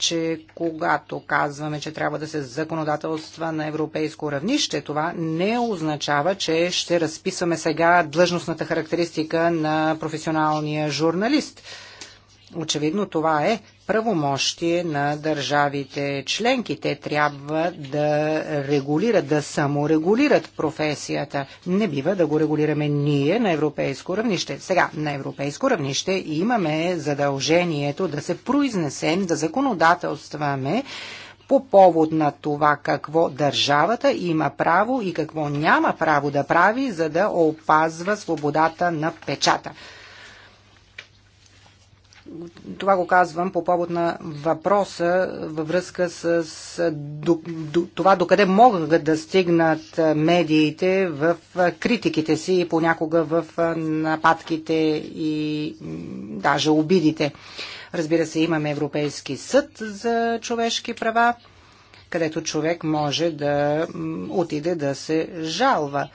че когато казваме, че трябва да се законодателства на европейско равнище, това не означава, че ще разписваме сега длъжностната характеристика на професионалния журналист. Очевидно това е правомощие на държавите членки. Те трябва да регулират, да саморегулират професията. Не бива да го регулираме ние на европейско равнище. Сега, на европейско равнище имаме задължението да се произнесем, да законодателстваме по повод на това какво държавата има право и какво няма право да прави, за да опазва свободата на печата това го казвам по повод на въпроса във връзка с до, до, това докъде могат да стигнат медиите в критиките си и понякога в нападките и даже обидите. Разбира се, имаме Европейски съд за човешки права, където човек може да отиде да се жалва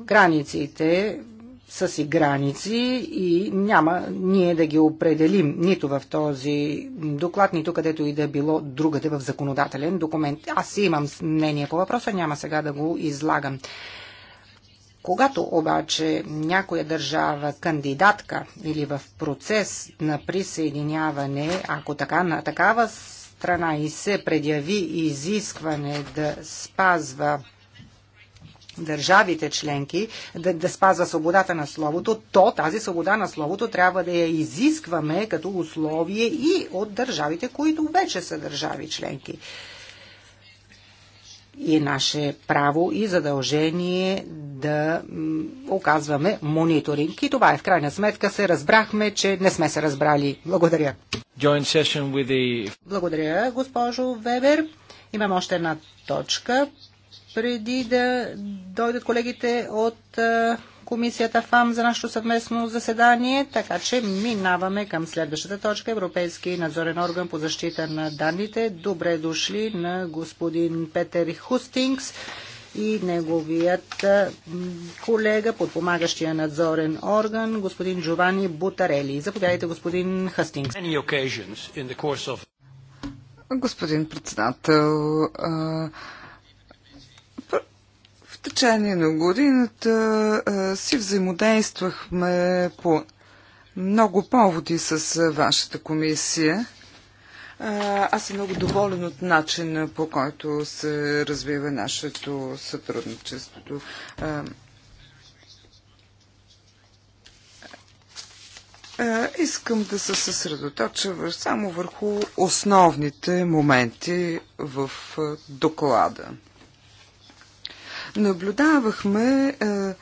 границите са си граници и няма ние да ги определим нито в този доклад, нито където и да е било другаде в законодателен документ. Аз имам мнение по въпроса, няма сега да го излагам. Когато обаче някоя държава кандидатка или в процес на присъединяване, ако така на такава страна и се предяви изискване да спазва държавите членки да, да спазва свободата на словото, то тази свобода на словото трябва да я изискваме като условие и от държавите, които вече са държави членки. И е наше право и задължение да оказваме мониторинг. И това е в крайна сметка се разбрахме, че не сме се разбрали. Благодаря. The... Благодаря, госпожо Вебер. Имам още една точка преди да дойдат колегите от комисията ФАМ за нашето съвместно заседание, така че минаваме към следващата точка Европейски надзорен орган по защита на данните. Добре дошли на господин Петер Хустингс и неговият колега, подпомагащия надзорен орган, господин Джовани Бутарели. Заповядайте, господин Хастингс. Господин председател, течение на годината си взаимодействахме по много поводи с вашата комисия. Аз съм много доволен от начина по който се развива нашето сътрудничество. Искам да се съсредоточа само върху основните моменти в доклада наблюдавахме а, е, е,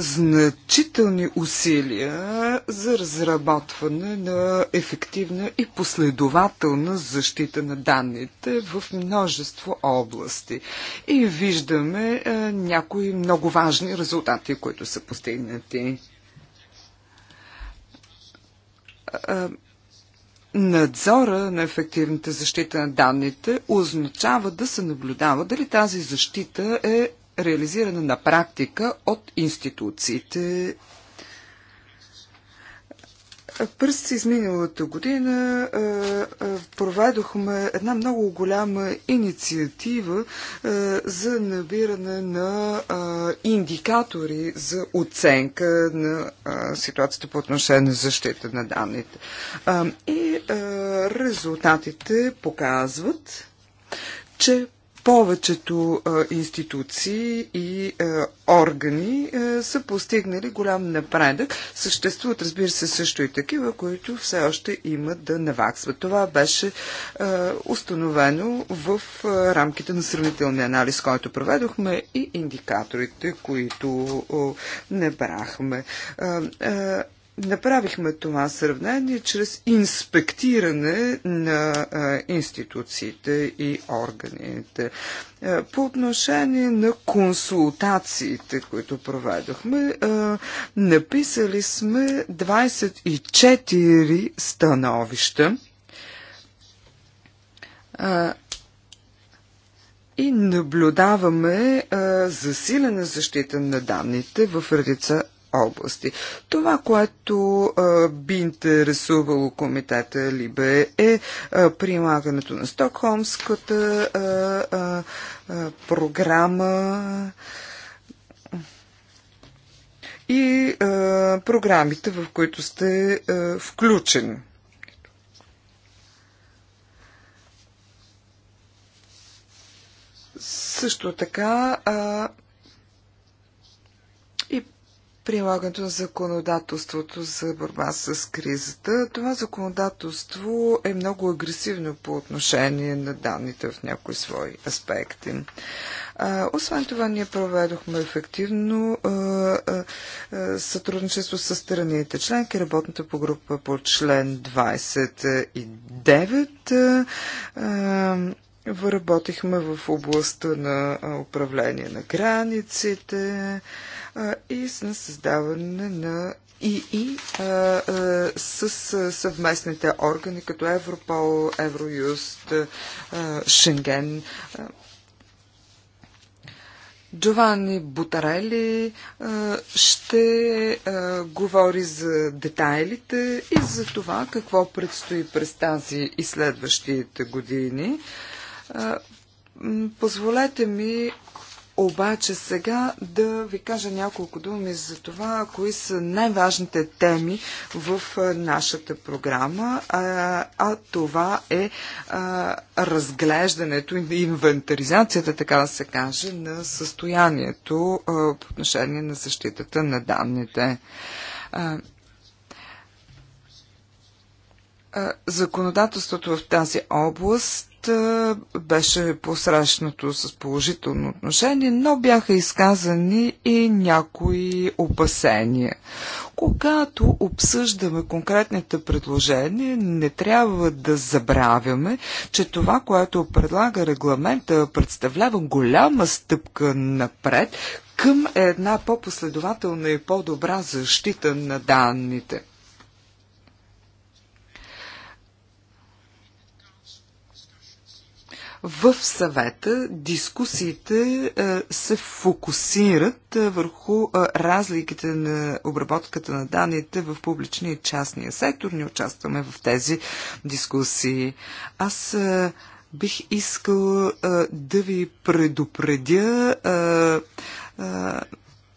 значителни усилия за разработване на ефективна и последователна защита на данните в множество области. И виждаме а, е, някои много важни резултати, които са постигнати. надзора на ефективната защита на данните означава да се наблюдава дали тази защита е реализирана на практика от институциите. През изминалата година проведохме една много голяма инициатива за набиране на индикатори за оценка на ситуацията по отношение на защита на данните. И резултатите показват, че повечето институции и органи са постигнали голям напредък. Съществуват, разбира се, също и такива, които все още имат да наваксват. Това беше установено в рамките на сравнителния анализ, който проведохме и индикаторите, които набрахме Направихме това сравнение чрез инспектиране на институциите и органите. По отношение на консултациите, които проведохме, написали сме 24 становища и наблюдаваме а, засилена защита на данните в редица области. Това, което а, би интересувало комитета Либе е а, прилагането на Стокхолмската а, а, а, програма и а, програмите, в които сте а, включени. Също така а, прилагането на законодателството за борба с кризата. Това законодателство е много агресивно по отношение на данните в някои свои аспекти. освен това, ние проведохме ефективно сътрудничество с страните членки, работната по група по член 29. Работихме в областта на управление на границите, и с създаване на и, и а, а, с съвместните органи, като Европол, Евроюст, а, Шенген. Джовани Бутарели ще а, говори за детайлите и за това какво предстои през тази и следващите години. А, позволете ми обаче сега да ви кажа няколко думи за това, кои са най-важните теми в нашата програма, а, а това е а, разглеждането инвентаризацията, така да се каже, на състоянието а, по отношение на защитата на данните. А, законодателството в тази област беше посрещнато с положително отношение, но бяха изказани и някои опасения. Когато обсъждаме конкретните предложения, не трябва да забравяме, че това, което предлага регламента, представлява голяма стъпка напред към една по-последователна и по-добра защита на данните. В съвета дискусиите е, се фокусират е, върху е, разликите на обработката на данните в публичния и частния сектор. Ние участваме в тези дискусии. Аз бих искал да ви предупредя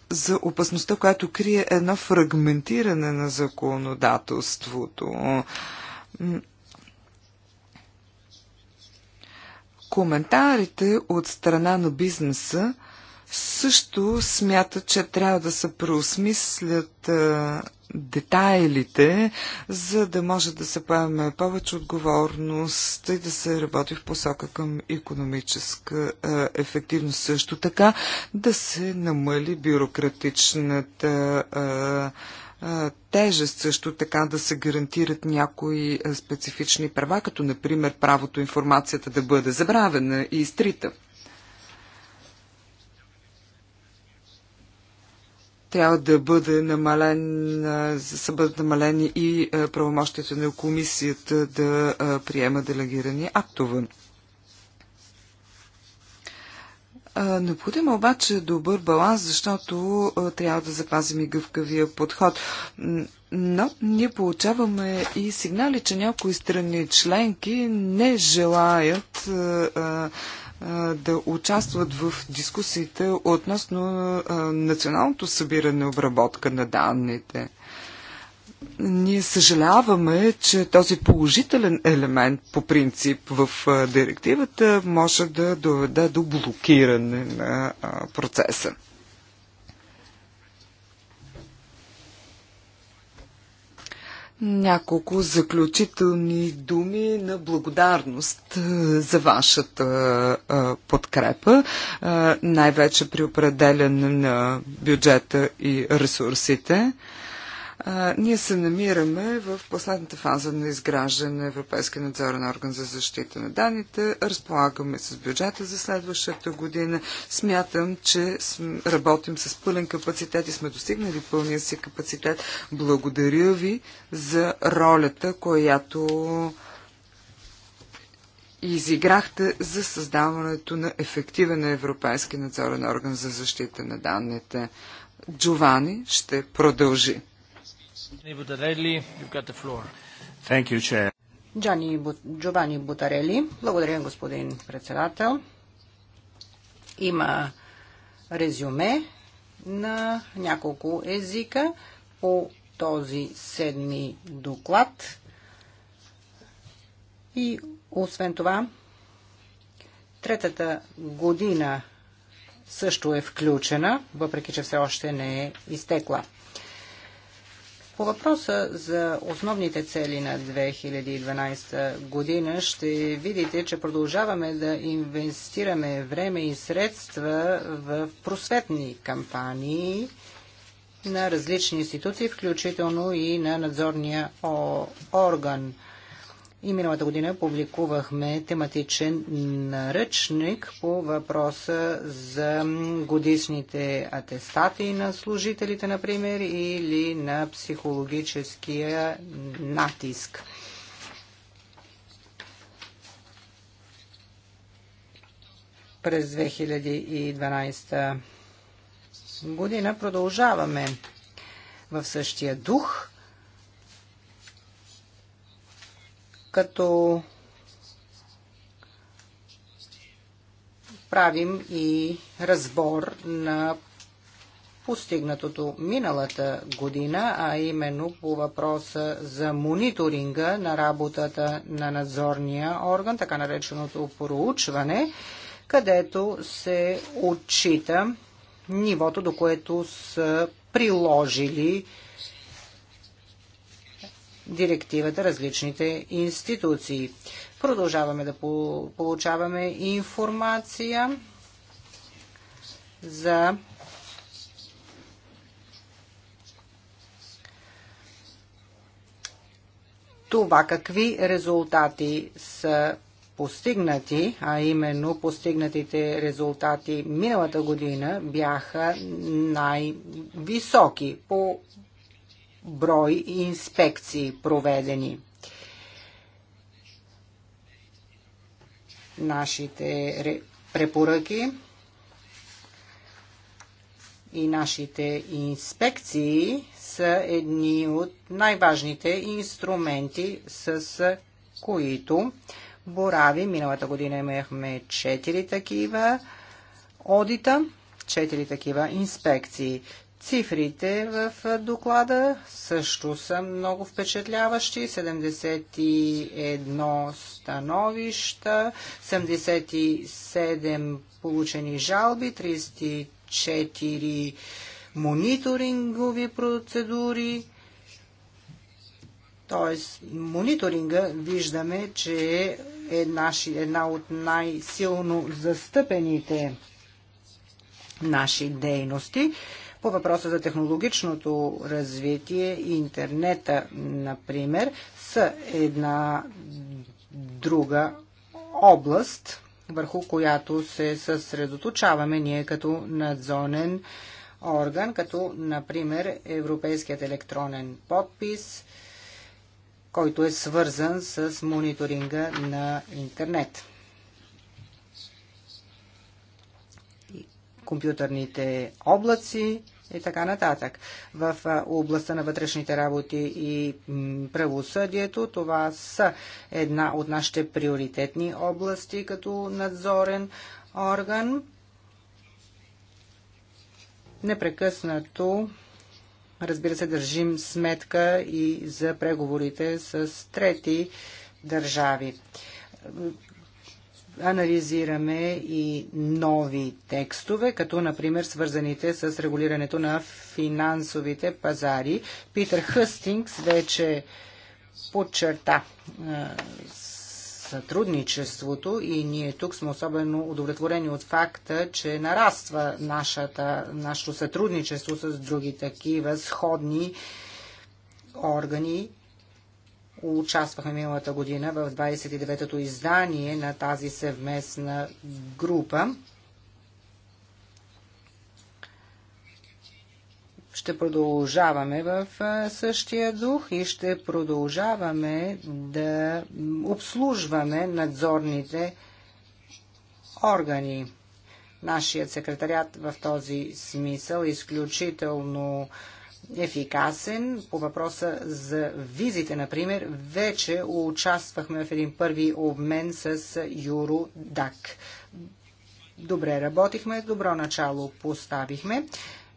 за опасността, която крие едно фрагментиране на законодателството. Коментарите от страна на бизнеса също смятат, че трябва да се преосмислят а, детайлите, за да може да се поеме повече отговорност и да се работи в посока към економическа а, ефективност. Също така да се намали бюрократичната а, тежест също така да се гарантират някои специфични права, като например правото информацията да бъде забравена и изтрита. трябва да бъде намален, са бъдат намалени и правомощите на комисията да приема делегирани актове. Необходимо е обаче добър баланс, защото трябва да запазим и гъвкавия подход. Но ние получаваме и сигнали, че някои страни членки не желаят да участват в дискусиите относно националното събиране обработка на данните. Ние съжаляваме, че този положителен елемент по принцип в директивата може да доведе до блокиране на процеса. Няколко заключителни думи на благодарност за вашата подкрепа, най-вече при определен на бюджета и ресурсите. А, ние се намираме в последната фаза на изграждане на Европейския надзорен орган за защита на данните. Разполагаме с бюджета за следващата година. Смятам, че работим с пълен капацитет и сме достигнали пълния си капацитет. Благодаря ви за ролята, която изиграхте за създаването на ефективен европейски надзорен орган за защита на данните. Джовани ще продължи. Джани Бутарели. Благодаря, господин председател. Има резюме на няколко езика по този седми доклад. И освен това, третата година също е включена, въпреки че все още не е изтекла. По въпроса за основните цели на 2012 година ще видите, че продължаваме да инвестираме време и средства в просветни кампании на различни институции, включително и на надзорния орган. И миналата година публикувахме тематичен наръчник по въпроса за годишните атестати на служителите, например, или на психологическия натиск. През 2012 година продължаваме в същия дух – като правим и разбор на постигнатото миналата година, а именно по въпроса за мониторинга на работата на надзорния орган, така нареченото проучване, където се отчита нивото, до което са приложили директивата различните институции. Продължаваме да получаваме информация за това какви резултати са постигнати, а именно постигнатите резултати миналата година бяха най-високи по брой инспекции проведени. Нашите препоръки и нашите инспекции са едни от най-важните инструменти, с които борави. Миналата година имахме 4 такива одита, 4 такива инспекции. Цифрите в доклада също са много впечатляващи. 71 становища, 77 получени жалби, 34 мониторингови процедури. Тоест, мониторинга виждаме, че е наши, една от най-силно застъпените наши дейности по въпроса за технологичното развитие и интернета, например, са една друга област, върху която се съсредоточаваме ние като надзонен орган, като, например, Европейският електронен подпис, който е свързан с мониторинга на интернет. Компютърните облаци и така нататък. В областта на вътрешните работи и правосъдието това са една от нашите приоритетни области като надзорен орган. Непрекъснато разбира се, държим сметка и за преговорите с трети държави анализираме и нови текстове, като например свързаните с регулирането на финансовите пазари. Питър Хъстингс вече подчерта сътрудничеството и ние тук сме особено удовлетворени от факта, че нараства нашата, нашето сътрудничество с други такива сходни органи участвахме миналата година в 29-то издание на тази съвместна група. Ще продължаваме в същия дух и ще продължаваме да обслужваме надзорните органи. Нашият секретарят в този смисъл е изключително ефикасен. По въпроса за визите, например, вече участвахме в един първи обмен с ДАК. Добре работихме, добро начало поставихме.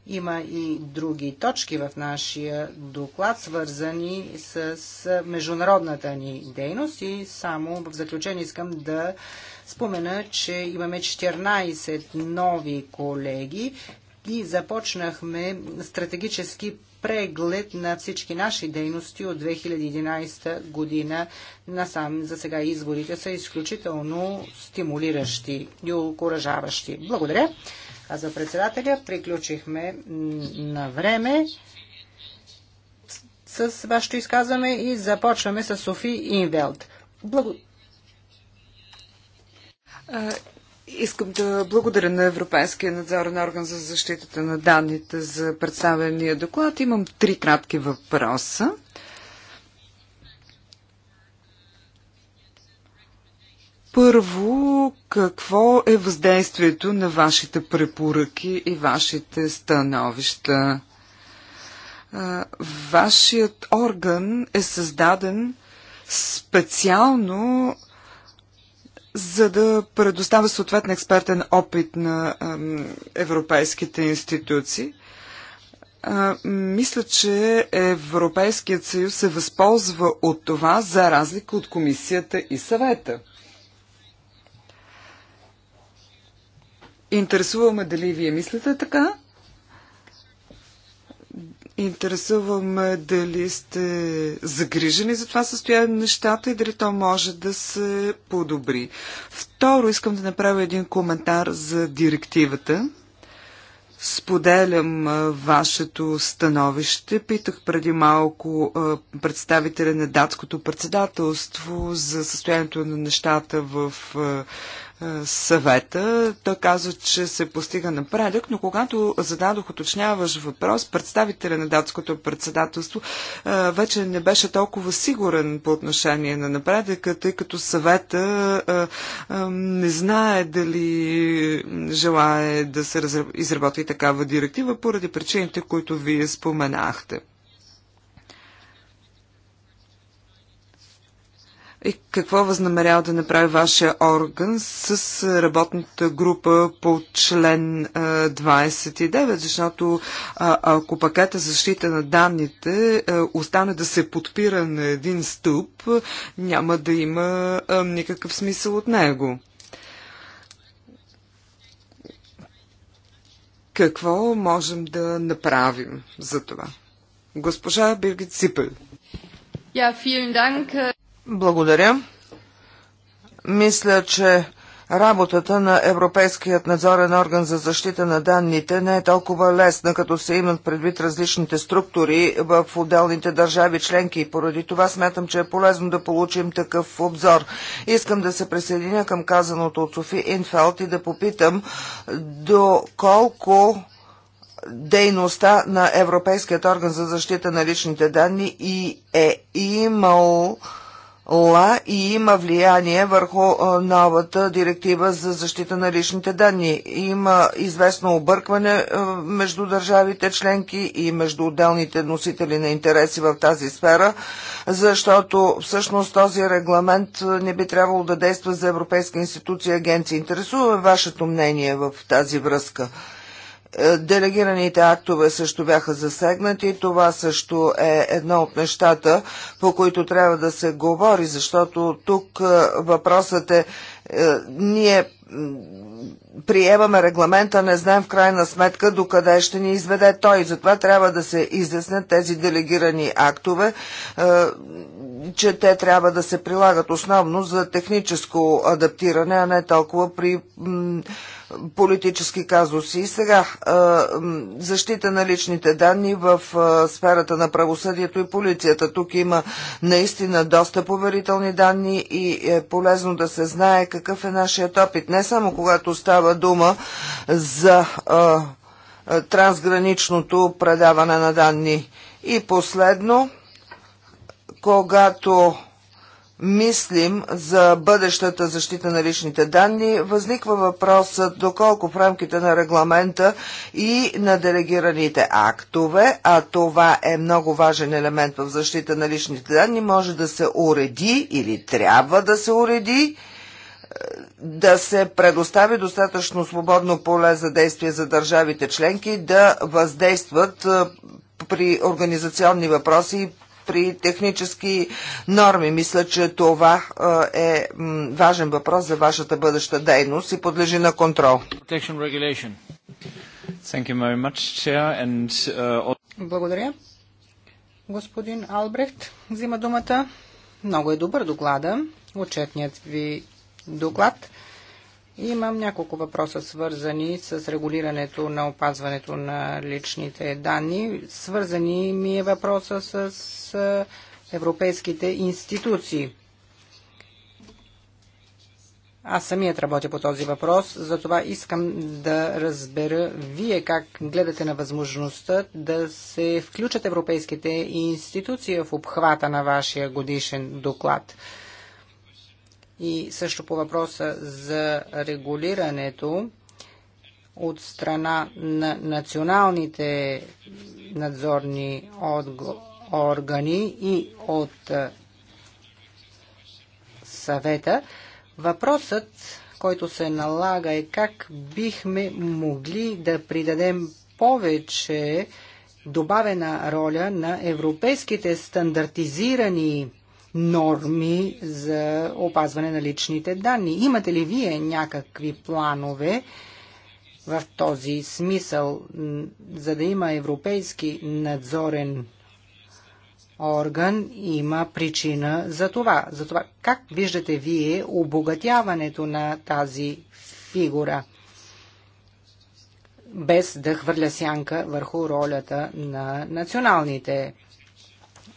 Има и други точки в нашия доклад, свързани с международната ни дейност и само в заключение искам да спомена, че имаме 14 нови колеги, и започнахме стратегически преглед на всички наши дейности от 2011 година насам. За сега изборите са изключително стимулиращи и окоръжаващи. Благодаря. А за председателя приключихме на време с вашето изказване и започваме с Софи Инвелд. Благодаря. Искам да благодаря на Европейския надзорен орган за защитата на данните за представения доклад. Имам три кратки въпроса. Първо, какво е въздействието на вашите препоръки и вашите становища? Вашият орган е създаден специално за да предоставя съответно експертен опит на европейските институции. Мисля, че Европейският съюз се възползва от това, за разлика от комисията и съвета. Интересуваме дали вие мислите така интересуваме дали сте загрижени за това състояние на нещата и дали то може да се подобри. Второ, искам да направя един коментар за директивата. Споделям е, вашето становище. Питах преди малко е, представителя на датското председателство за състоянието на нещата в е, е, съвета. Той каза, че се постига напредък, но когато зададох уточняваш въпрос, представителя на датското председателство е, вече не беше толкова сигурен по отношение на напредъка, тъй като съвета е, не знае дали желае да се изработи такава директива поради причините, които вие споменахте. И какво възнамерява да направи вашия орган с работната група по член 29? Защото ако пакета защита на данните остане да се подпира на един стълб, няма да има никакъв смисъл от него. Какво можем да направим за това? Госпожа Биргит Сипел. Ja, vielen Dank. Благодаря. Мисля, че Работата на Европейският надзорен орган за защита на данните не е толкова лесна, като се имат предвид различните структури в отделните държави членки и поради това смятам, че е полезно да получим такъв обзор. Искам да се присъединя към казаното от Софи Инфелд и да попитам доколко дейността на Европейският орган за защита на личните данни и е имал ла и има влияние върху новата директива за защита на личните данни. Има известно объркване между държавите членки и между отделните носители на интереси в тази сфера, защото всъщност този регламент не би трябвало да действа за Европейска институция агенция. Интересува вашето мнение в тази връзка. Е, делегираните актове също бяха засегнати. Това също е едно от нещата, по които трябва да се говори, защото тук е, въпросът е, е ние приемаме регламента, не знаем в крайна сметка до къде ще ни изведе той. Затова трябва да се изяснят тези делегирани актове, че те трябва да се прилагат основно за техническо адаптиране, а не толкова при политически казуси. И сега, защита на личните данни в сферата на правосъдието и полицията. Тук има наистина доста поверителни данни и е полезно да се знае какъв е нашият опит. Не само когато става дума за трансграничното предаване на данни. И последно, когато мислим за бъдещата защита на личните данни, възниква въпросът доколко в рамките на регламента и на делегираните актове, а това е много важен елемент в защита на личните данни, може да се уреди или трябва да се уреди е, да се предостави достатъчно свободно поле за действие за държавите членки да въздействат е, при организационни въпроси и при технически норми. Мисля, че това е важен въпрос за вашата бъдеща дейност и подлежи на контрол. Uh, Благодаря. Господин Албрехт взима думата. Много е добър доклада, отчетният ви доклад. Имам няколко въпроса свързани с регулирането на опазването на личните данни. Свързани ми е въпроса с европейските институции. Аз самият работя по този въпрос, затова искам да разбера вие как гледате на възможността да се включат европейските институции в обхвата на вашия годишен доклад. И също по въпроса за регулирането от страна на националните надзорни органи и от съвета, въпросът, който се налага е как бихме могли да придадем повече добавена роля на европейските стандартизирани норми за опазване на личните данни. Имате ли вие някакви планове в този смисъл, за да има европейски надзорен орган има причина за това. За това как виждате вие обогатяването на тази фигура, без да хвърля сянка върху ролята на националните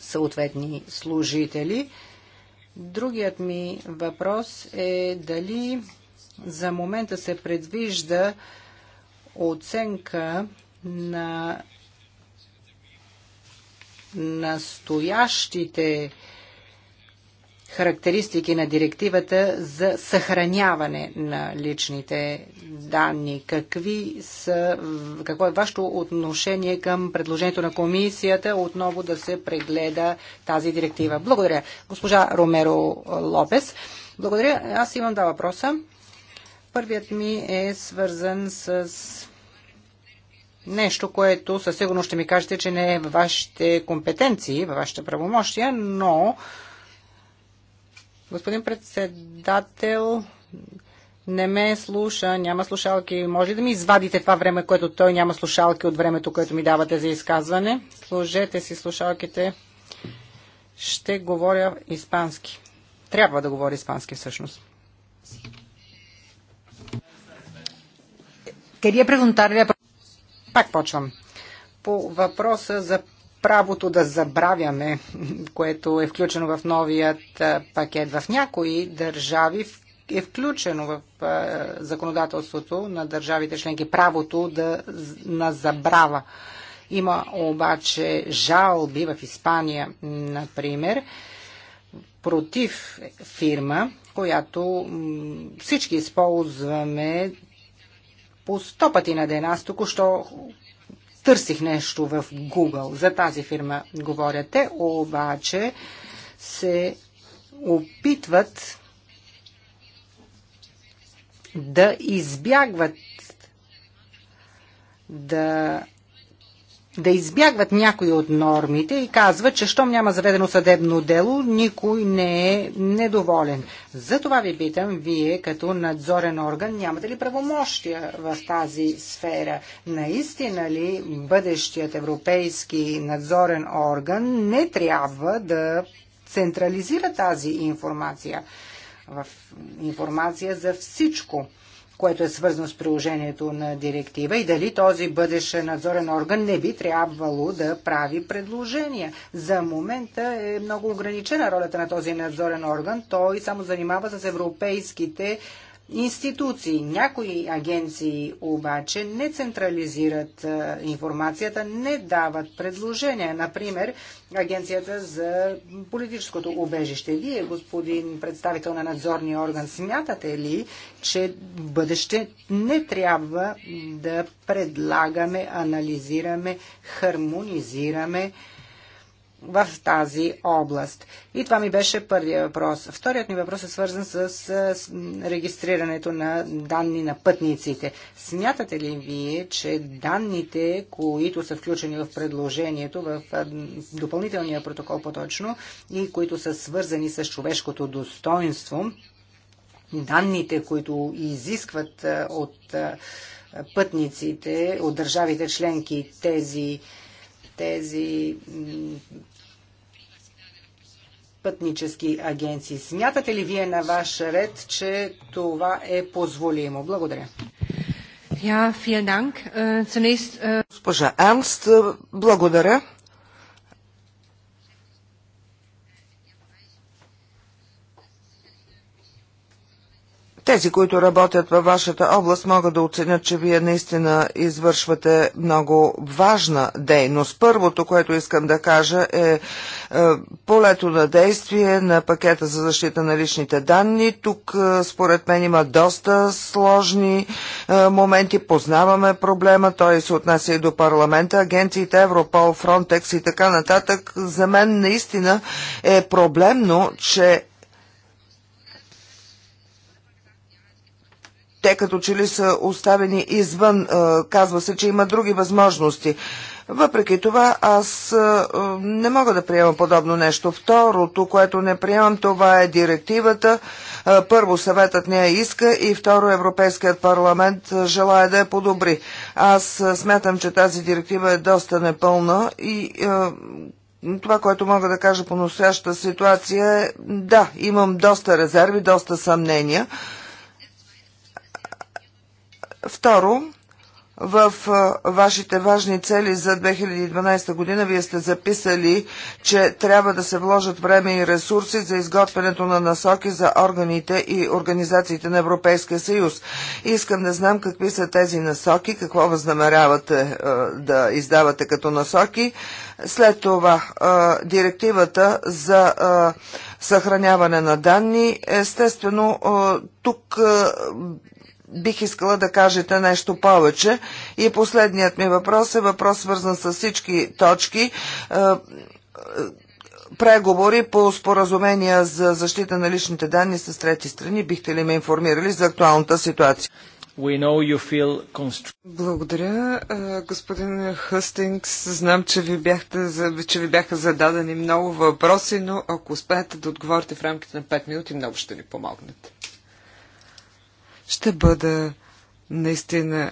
съответни служители. Другият ми въпрос е дали за момента се предвижда оценка на настоящите характеристики на директивата за съхраняване на личните данни. Какви са, какво е вашето отношение към предложението на комисията отново да се прегледа тази директива? Благодаря. Госпожа Ромеро Лопес. Благодаря. Аз имам два въпроса. Първият ми е свързан с нещо, което със сигурност ще ми кажете, че не е във вашите компетенции, във вашите правомощия, но Господин председател, не ме слуша, няма слушалки. Може ли да ми извадите това време, което той няма слушалки от времето, което ми давате за изказване? Сложете си слушалките. Ще говоря испански. Трябва да говоря испански всъщност. Пак почвам. По въпроса за правото да забравяме, което е включено в новият пакет. В някои държави е включено в законодателството на държавите членки правото да, на забрава. Има обаче жалби в Испания, например, против фирма, която всички използваме по сто пъти на ден. Аз току-що търсих нещо в Google. За тази фирма говоря. Те обаче се опитват да избягват да да избягват някои от нормите и казват, че щом няма заведено съдебно дело, никой не е недоволен. За това ви питам, вие като надзорен орган нямате ли правомощия в тази сфера? Наистина ли бъдещият европейски надзорен орган не трябва да централизира тази информация? в информация за всичко което е свързано с приложението на директива и дали този бъдещ надзорен орган не би трябвало да прави предложения. За момента е много ограничена ролята на този надзорен орган. Той само занимава с европейските институции. Някои агенции обаче не централизират информацията, не дават предложения. Например, Агенцията за политическото убежище. Вие, господин представител на надзорния орган, смятате ли, че бъдеще не трябва да предлагаме, анализираме, хармонизираме в тази област? И това ми беше първия въпрос. Вторият ми въпрос е свързан с, с регистрирането на данни на пътниците. Смятате ли вие, че данните, които са включени в предложението, в допълнителния протокол по-точно и които са свързани с човешкото достоинство, данните, които изискват от пътниците, от държавите членки тези тези пътнически агенции. Смятате ли вие на ваш ред, че това е позволимо? Благодаря. Äh, äh, Госпожа Ернст, благодаря. Тези, които работят във вашата област, могат да оценят, че вие наистина извършвате много важна дейност. Първото, което искам да кажа е, е полето на действие на пакета за защита на личните данни. Тук, е, според мен, има доста сложни е, моменти. Познаваме проблема. Той се отнася и до парламента. Агенциите Европол, Фронтекс и така нататък. За мен наистина е проблемно, че те като че ли са оставени извън. Е, казва се, че има други възможности. Въпреки това, аз е, е, не мога да приемам подобно нещо. Второто, което не приемам, това е директивата. Първо, съветът не я иска и второ, Европейският парламент желая да я подобри. Аз смятам, че тази директива е доста непълна и това, което мога да кажа по настоящата ситуация е да, имам доста резерви, доста съмнения. Второ, в вашите важни цели за 2012 година вие сте записали, че трябва да се вложат време и ресурси за изготвянето на насоки за органите и организациите на Европейския съюз. Искам да знам какви са тези насоки, какво възнамерявате да издавате като насоки. След това директивата за съхраняване на данни. Естествено, тук бих искала да кажете нещо повече. И последният ми въпрос е въпрос свързан с всички точки е, е, преговори по споразумения за защита на личните данни с трети страни. Бихте ли ме информирали за актуалната ситуация? Благодаря, е, господин Хъстингс. Знам, че ви, бяхте, че ви бяха зададени много въпроси, но ако успеете да отговорите в рамките на 5 минути, много ще ни помогнете. Ще бъда наистина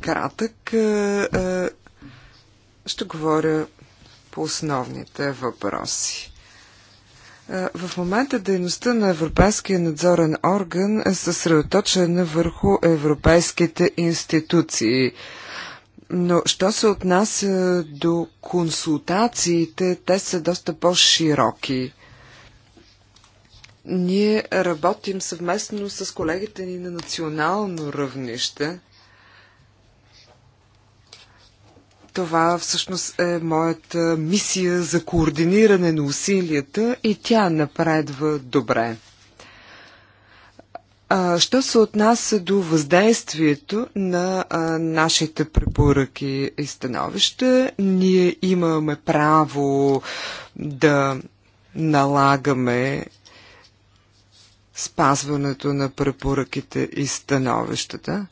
кратък. Е, е, ще говоря по основните въпроси. Е, в момента дейността на Европейския надзорен орган е съсредоточена върху европейските институции. Но що се отнася до консултациите, те са доста по-широки. Ние работим съвместно с колегите ни на национално равнище. Това всъщност е моята мисия за координиране на усилията и тя напредва добре. Що се отнася до въздействието на нашите препоръки и становища, ние имаме право да налагаме спазването на препоръките и становищата.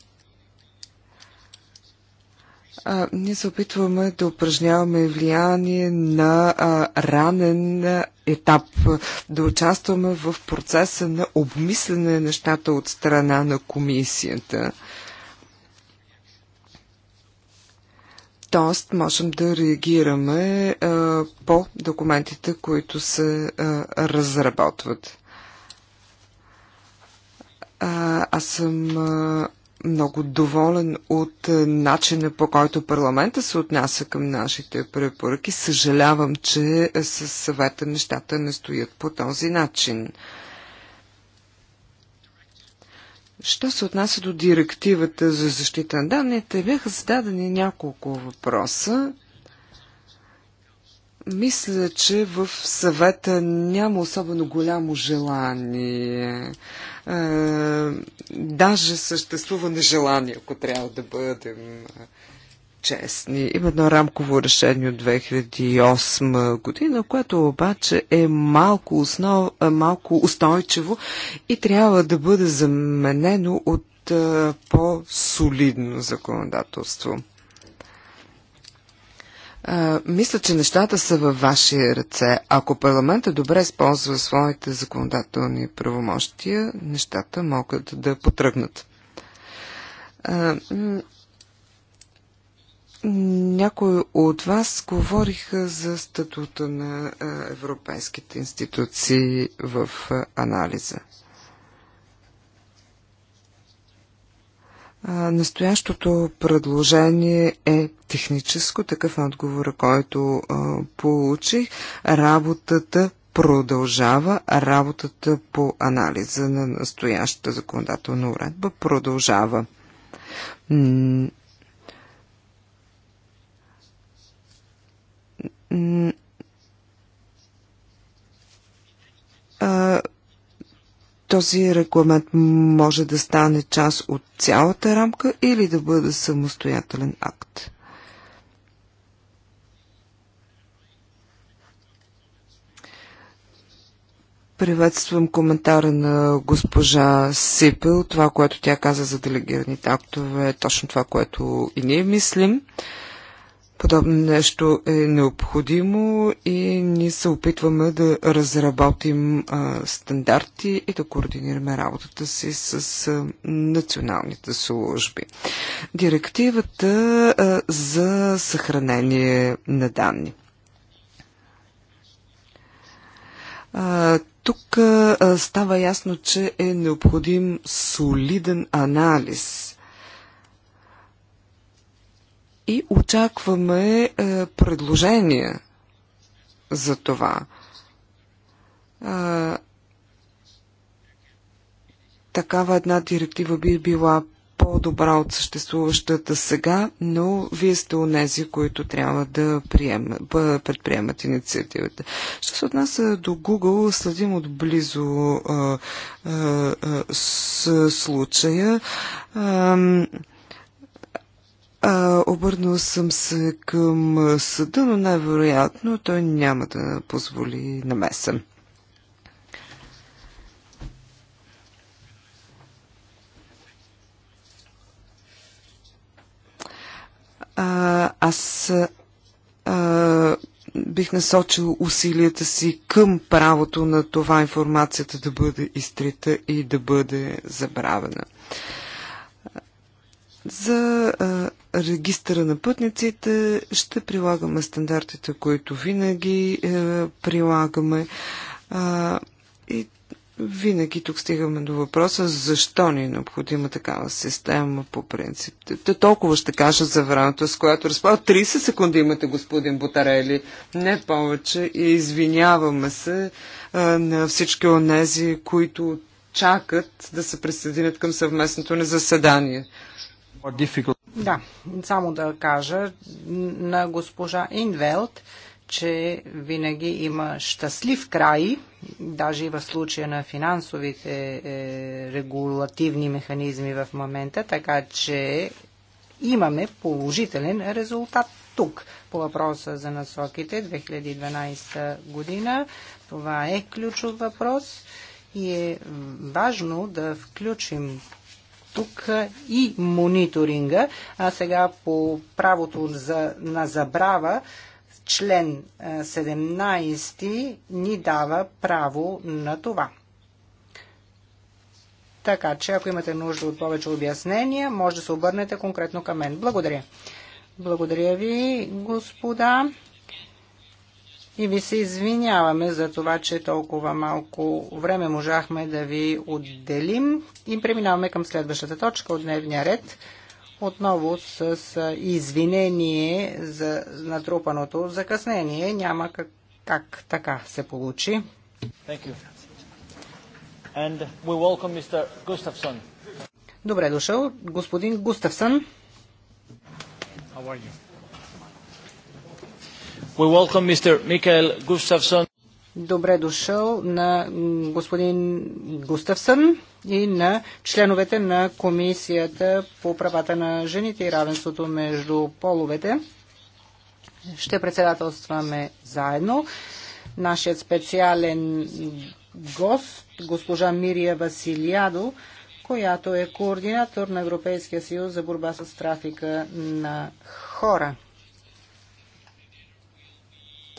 А, ние се опитваме да упражняваме влияние на а, ранен етап, да участваме в процеса на обмислене на нещата от страна на комисията. Тоест, можем да реагираме а, по документите, които се а, разработват. А, аз съм а, много доволен от начина по който парламента се отнася към нашите препоръки. Съжалявам, че с съвета нещата не стоят по този начин. Що се отнася до директивата за защита на данните, бяха зададени няколко въпроса. Мисля, че в съвета няма особено голямо желание. Е, даже съществува нежелание, ако трябва да бъдем е, честни. Има едно рамково решение от 2008 година, което обаче е малко, основ, е, малко устойчиво и трябва да бъде заменено от е, по-солидно законодателство. А, мисля, че нещата са във ваши ръце. Ако парламентът добре използва своите законодателни правомощия, нещата могат да потръгнат. някои от вас говориха за статута на европейските институции в анализа. Настоящото предложение е техническо, такъв е отговор, който а, получих. Работата продължава, работата по анализа на настоящата законодателна уредба продължава. А, този регламент може да стане част от цялата рамка или да бъде самостоятелен акт. Приветствам коментара на госпожа Сипел. Това, което тя каза за делегираните актове е точно това, което и ние мислим. Подобно нещо е необходимо и ние се опитваме да разработим а, стандарти и да координираме работата си с а, националните служби. Директивата а, за съхранение на данни. А, тук а, става ясно, че е необходим солиден анализ и очакваме е, предложения за това. Е, такава една директива би била по-добра от съществуващата сега, но вие сте онези, които трябва да приема, предприемат инициативата. Що се отнася до Google, следим отблизо а, а, а, с случая. А, а, обърнал съм се към съда, но най-вероятно той няма да позволи намеса. А, аз а, бих насочил усилията си към правото на това информацията да бъде изтрита и да бъде забравена. За а, регистъра на пътниците ще прилагаме стандартите, които винаги е, прилагаме. А, и винаги тук стигаме до въпроса защо ни е необходима такава система по принцип. Те толкова ще кажа за времето, с което разполага. 30 секунди имате, господин Бутарели, не повече. И извиняваме се а, е, на всички онези, които чакат да се присъединят към съвместното ни заседание. Да, само да кажа на госпожа Инвелт, че винаги има щастлив край, даже и в случая на финансовите е, регулативни механизми в момента, така че имаме положителен резултат тук по въпроса за насоките 2012 година. Това е ключов въпрос и е важно да включим тук и мониторинга, а сега по правото за, на забрава член 17 ни дава право на това. Така че, ако имате нужда от повече обяснения, може да се обърнете конкретно към мен. Благодаря. Благодаря ви, господа и ви се извиняваме за това, че толкова малко време можахме да ви отделим и преминаваме към следващата точка от дневния ред. Отново с извинение за натрупаното закъснение. Няма как, как така се получи. Добре дошъл, господин Густавсън. How are you? We welcome Mr. Mikael Gustafsson. Добре дошъл на господин Густавсън и на членовете на Комисията по правата на жените и равенството между половете. Ще председателстваме заедно. Нашият специален гост, госпожа Мирия Василиадо, която е координатор на Европейския съюз за борба с трафика на хора.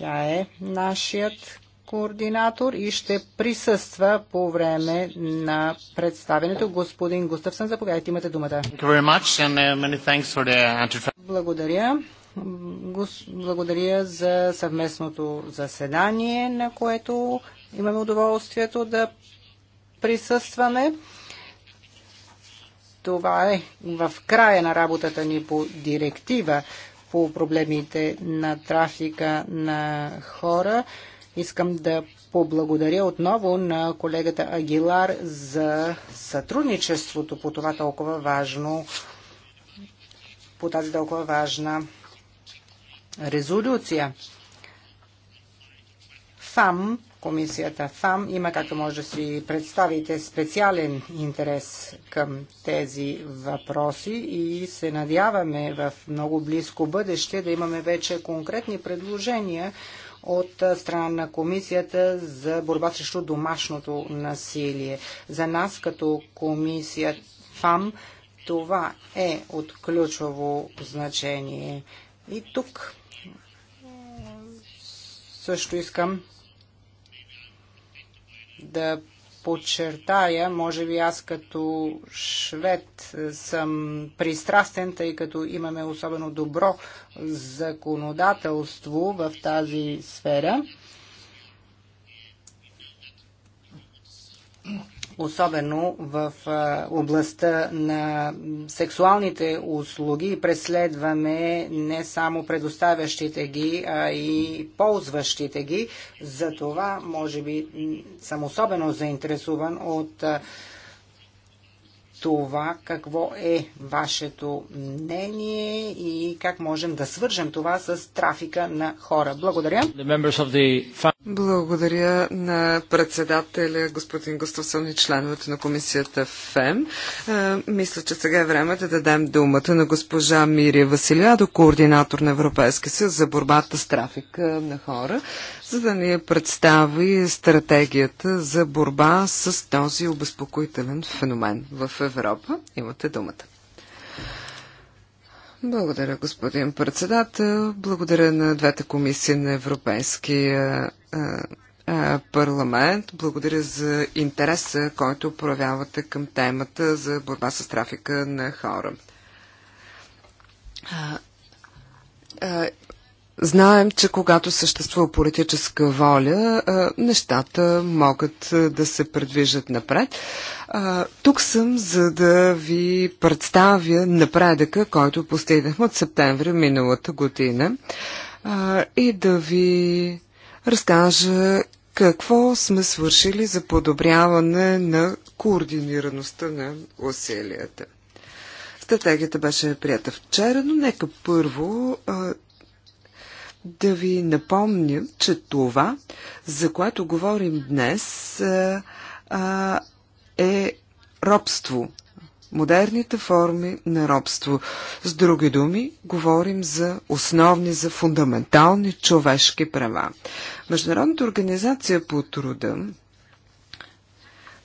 Тя е нашият координатор и ще присъства по време на представенето. Господин Густавсън, заповядайте, имате думата. Uh, благодаря. Благодаря за съвместното заседание, на което имаме удоволствието да присъстваме. Това е в края на работата ни по директива по проблемите на трафика на хора. Искам да поблагодаря отново на колегата Агилар за сътрудничеството по това толкова важно, по тази толкова важна резолюция. ФАМ Комисията ФАМ има, както може да си представите, специален интерес към тези въпроси и се надяваме в много близко бъдеще да имаме вече конкретни предложения от страна на Комисията за борба срещу домашното насилие. За нас като Комисия ФАМ това е от ключово значение. И тук също искам да подчертая, може би аз като швед съм пристрастен, тъй като имаме особено добро законодателство в тази сфера особено в областта на сексуалните услуги. Преследваме не само предоставящите ги, а и ползващите ги. За това, може би, съм особено заинтересован от това какво е вашето мнение и как можем да свържем това с трафика на хора. Благодаря. Благодаря на председателя господин Густавсон и членовете на комисията ФЕМ. Е, мисля, че сега е време да дадем думата на госпожа Мирия Василиадо, координатор на Европейския съюз за борбата с трафика на хора за да ни представи стратегията за борба с този обезпокоителен феномен в Европа. Имате думата. Благодаря, господин председател. Благодаря на двете комисии на Европейския парламент. Благодаря за интереса, който проявявате към темата за борба с трафика на хора. Знаем, че когато съществува политическа воля, нещата могат да се предвижат напред. Тук съм, за да ви представя напредъка, който постигнахме от септември миналата година и да ви разкажа какво сме свършили за подобряване на координираността на усилията. Стратегията беше прията вчера, но нека първо да ви напомня, че това, за което говорим днес, е, е робство. Модерните форми на робство. С други думи, говорим за основни, за фундаментални човешки права. Международната организация по труда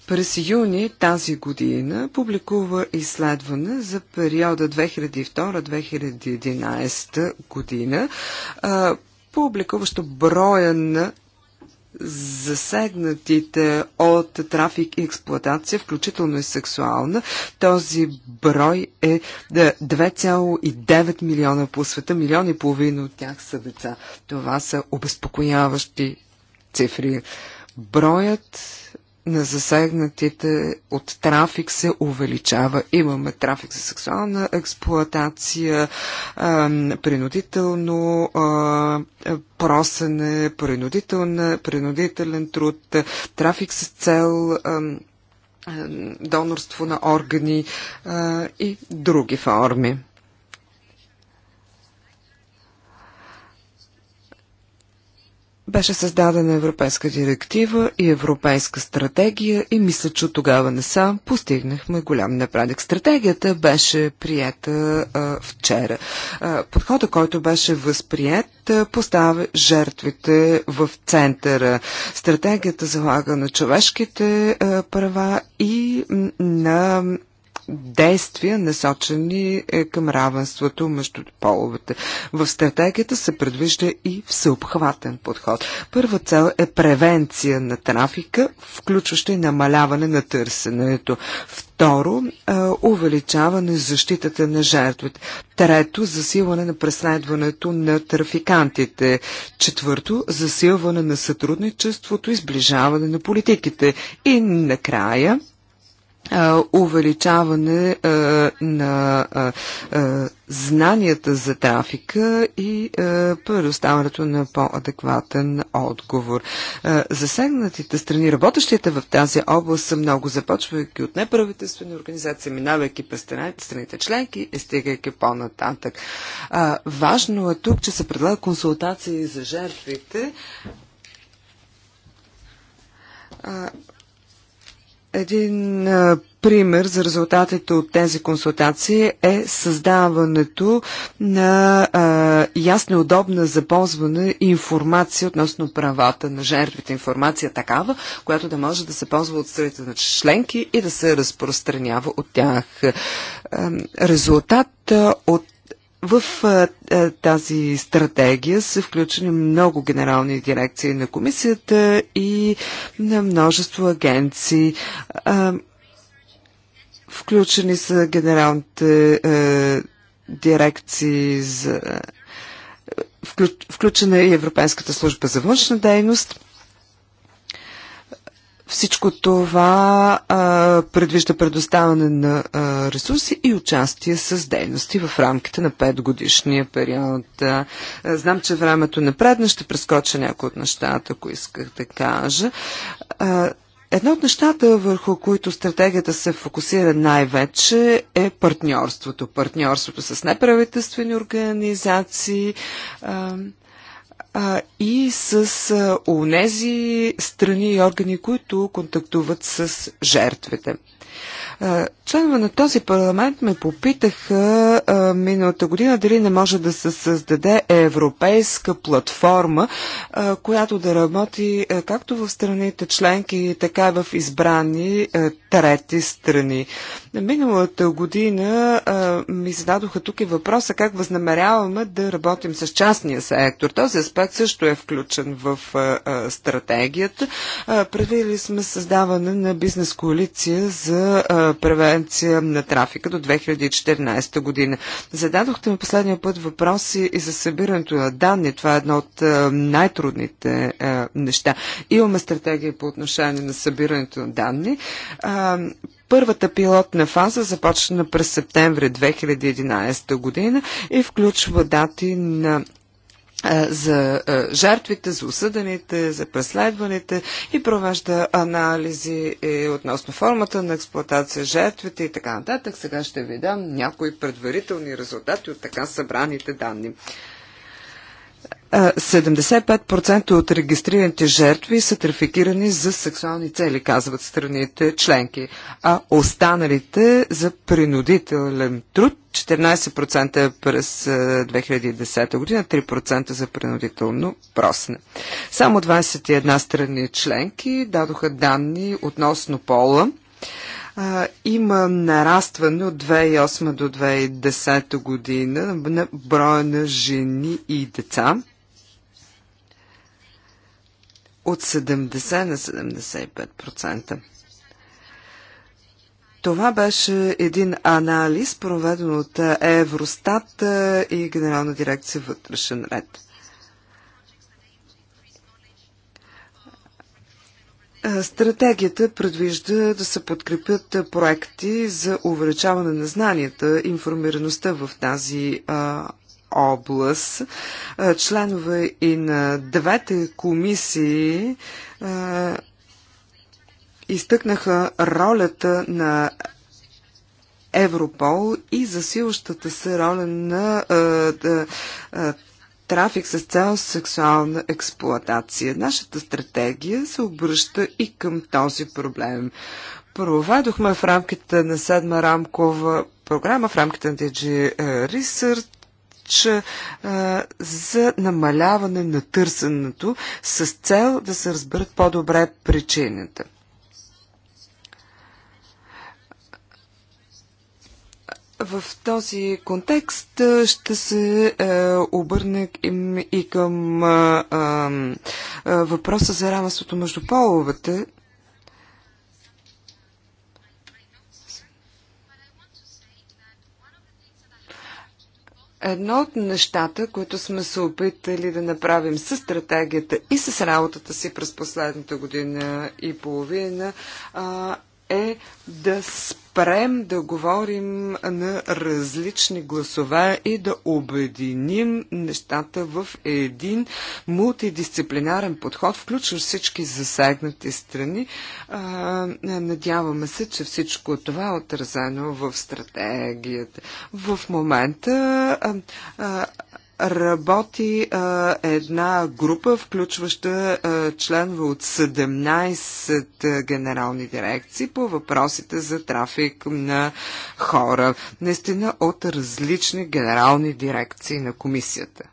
през юни тази година публикува изследване за периода 2002-2011 година, публикуващо броя на засегнатите от трафик и експлоатация, включително и сексуална. Този брой е 2,9 милиона по света, милиони и половина от тях са деца. Това са обезпокояващи цифри. Броят на засегнатите от трафик се увеличава. Имаме трафик за сексуална експлоатация, принудително просене, принудителен труд, трафик с цел донорство на органи и други форми. беше създадена Европейска директива и Европейска стратегия и мисля, че тогава не сам постигнахме голям напредък. Стратегията беше прията а, вчера. А, подходът, който беше възприят, поставя жертвите в центъра. Стратегията залага на човешките а, права и на действия, насочени е, към равенството между половете. В стратегията се предвижда и всеобхватен подход. Първа цел е превенция на трафика, включваща и намаляване на търсенето. Второ, е, увеличаване защитата на жертвите. Трето, засилване на преследването на трафикантите. Четвърто, засилване на сътрудничеството и сближаване на политиките. И накрая, увеличаване на знанията за трафика и предоставянето на по-адекватен отговор. Засегнатите страни, работещите в тази област са много, започвайки от неправителствени организации, минавайки през страните членки и стигайки по-нататък. Важно е тук, че се предлага консултации за жертвите един а, пример за резултатите от тези консултации е създаването на а, ясна и удобна за ползване информация относно правата на жертвите. Информация такава, която да може да се ползва от страните на членки и да се разпространява от тях. А, резултат от в тази стратегия са включени много генерални дирекции на комисията и на множество агенции. Включени са генералните дирекции за включена и Европейската служба за външна дейност. Всичко това а, предвижда предоставяне на а, ресурси и участие с дейности в рамките на 5 годишния период. А, знам, че времето напредна, ще прескоча някои от нещата, ако исках да кажа. А, Едно от нещата, върху които стратегията се фокусира най-вече е партньорството. Партньорството с неправителствени организации. А, а, и с онези страни и органи, които контактуват с жертвите. Е, членове на този парламент ме попитаха а, е, миналата година дали не може да се създаде европейска платформа, а, е, която да работи а, както в страните членки, така и в избрани трети страни. Миналата година ми зададоха тук и въпроса как възнамеряваме да работим с частния сектор. Този аспект също е включен в стратегията. предвидили сме създаване на бизнес коалиция за превенция на трафика до 2014 година. Зададохте ми последния път въпроси и за събирането на данни. Това е едно от е, най-трудните е, неща. Имаме стратегия по отношение на събирането на данни. Е, първата пилотна фаза започна през септември 2011 година и включва дати на за жертвите, за осъдените, за преследваните и провежда анализи относно формата на експлуатация, жертвите и така нататък. Сега ще ви дам някои предварителни резултати от така събраните данни. 75% от регистрираните жертви са трафикирани за сексуални цели, казват страните членки, а останалите за принудителен труд 14% през 2010 година, 3% за принудително просне. Само 21 страни членки дадоха данни относно пола има нарастване от 2008 до 2010 година на броя на жени и деца от 70 на 75%. Това беше един анализ, проведен от Евростат и Генерална дирекция вътрешен ред. Стратегията предвижда да се подкрепят проекти за увеличаване на знанията, информираността в тази а, област, е, членове и на двете комисии е, изтъкнаха ролята на Европол и засилващата се роля на е, трафик с цел сексуална експлоатация. Нашата стратегия се обръща и към този проблем. Проведохме в рамките на седма рамкова програма, в рамките на DG Research а, за намаляване на търсенето с цел да се разберат по-добре причините. В този контекст ще се е, обърне и към е, е, въпроса за равенството между половете. Едно от нещата, които сме се опитали да направим с стратегията и с работата си през последната година и половина, е да спрем спрем да говорим на различни гласове и да обединим нещата в един мултидисциплинарен подход, включва всички засегнати страни. Надяваме се, че всичко това е отразено в стратегията. В момента работи а, една група, включваща а, членове от 17 а, генерални дирекции по въпросите за трафик на хора. Наистина от различни генерални дирекции на комисията.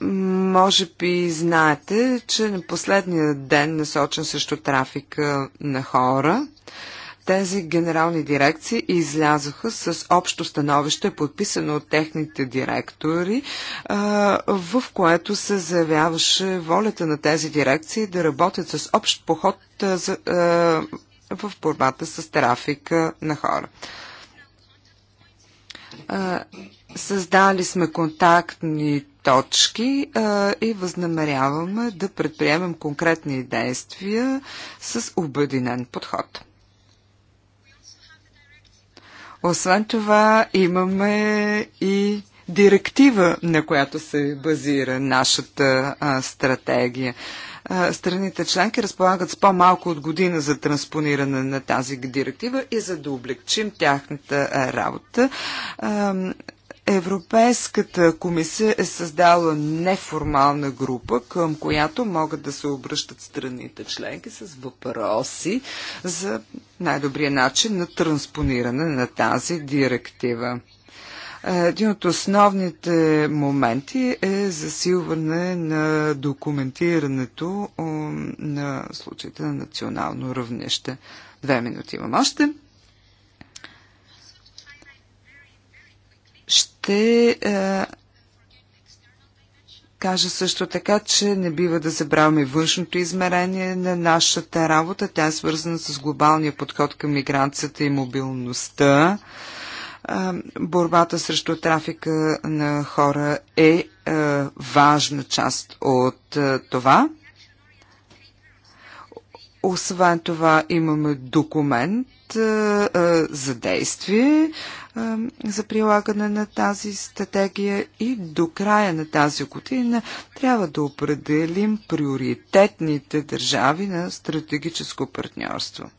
Може би знаете, че на последния ден, насочен срещу трафика на хора, а, тези генерални дирекции излязоха с общо становище, подписано от техните директори, в което се заявяваше волята на тези дирекции да работят с общ поход в борбата с трафика на хора. Създали сме контактни точки а, и възнамеряваме да предприемем конкретни действия с обединен подход. Освен това, имаме и директива, на която се базира нашата а, стратегия. А, страните членки разполагат с по-малко от година за транспониране на тази директива и за да облегчим тяхната а, работа. А, Европейската комисия е създала неформална група, към която могат да се обръщат страните членки с въпроси за най-добрия начин на транспониране на тази директива. Един от основните моменти е засилване на документирането на случаите на национално равнище. Две минути имам още. Ще е, кажа също така, че не бива да забравяме външното измерение на нашата работа. Тя е свързана с глобалния подход към миграцията и мобилността. Е, борбата срещу трафика на хора е, е важна част от е, това. Освен това имаме документ е, е, за действие, за прилагане на тази стратегия и до края на тази година трябва да определим приоритетните държави на стратегическо партньорство.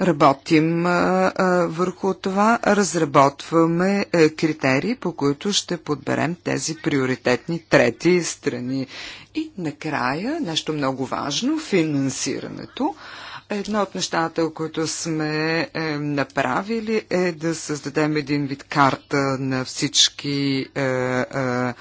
Работим върху това, разработваме е, критерии, по които ще подберем тези приоритетни трети страни. И накрая, нещо много важно, финансирането. Едно от нещата, които сме е, направили е да създадем един вид карта на всички е, е, е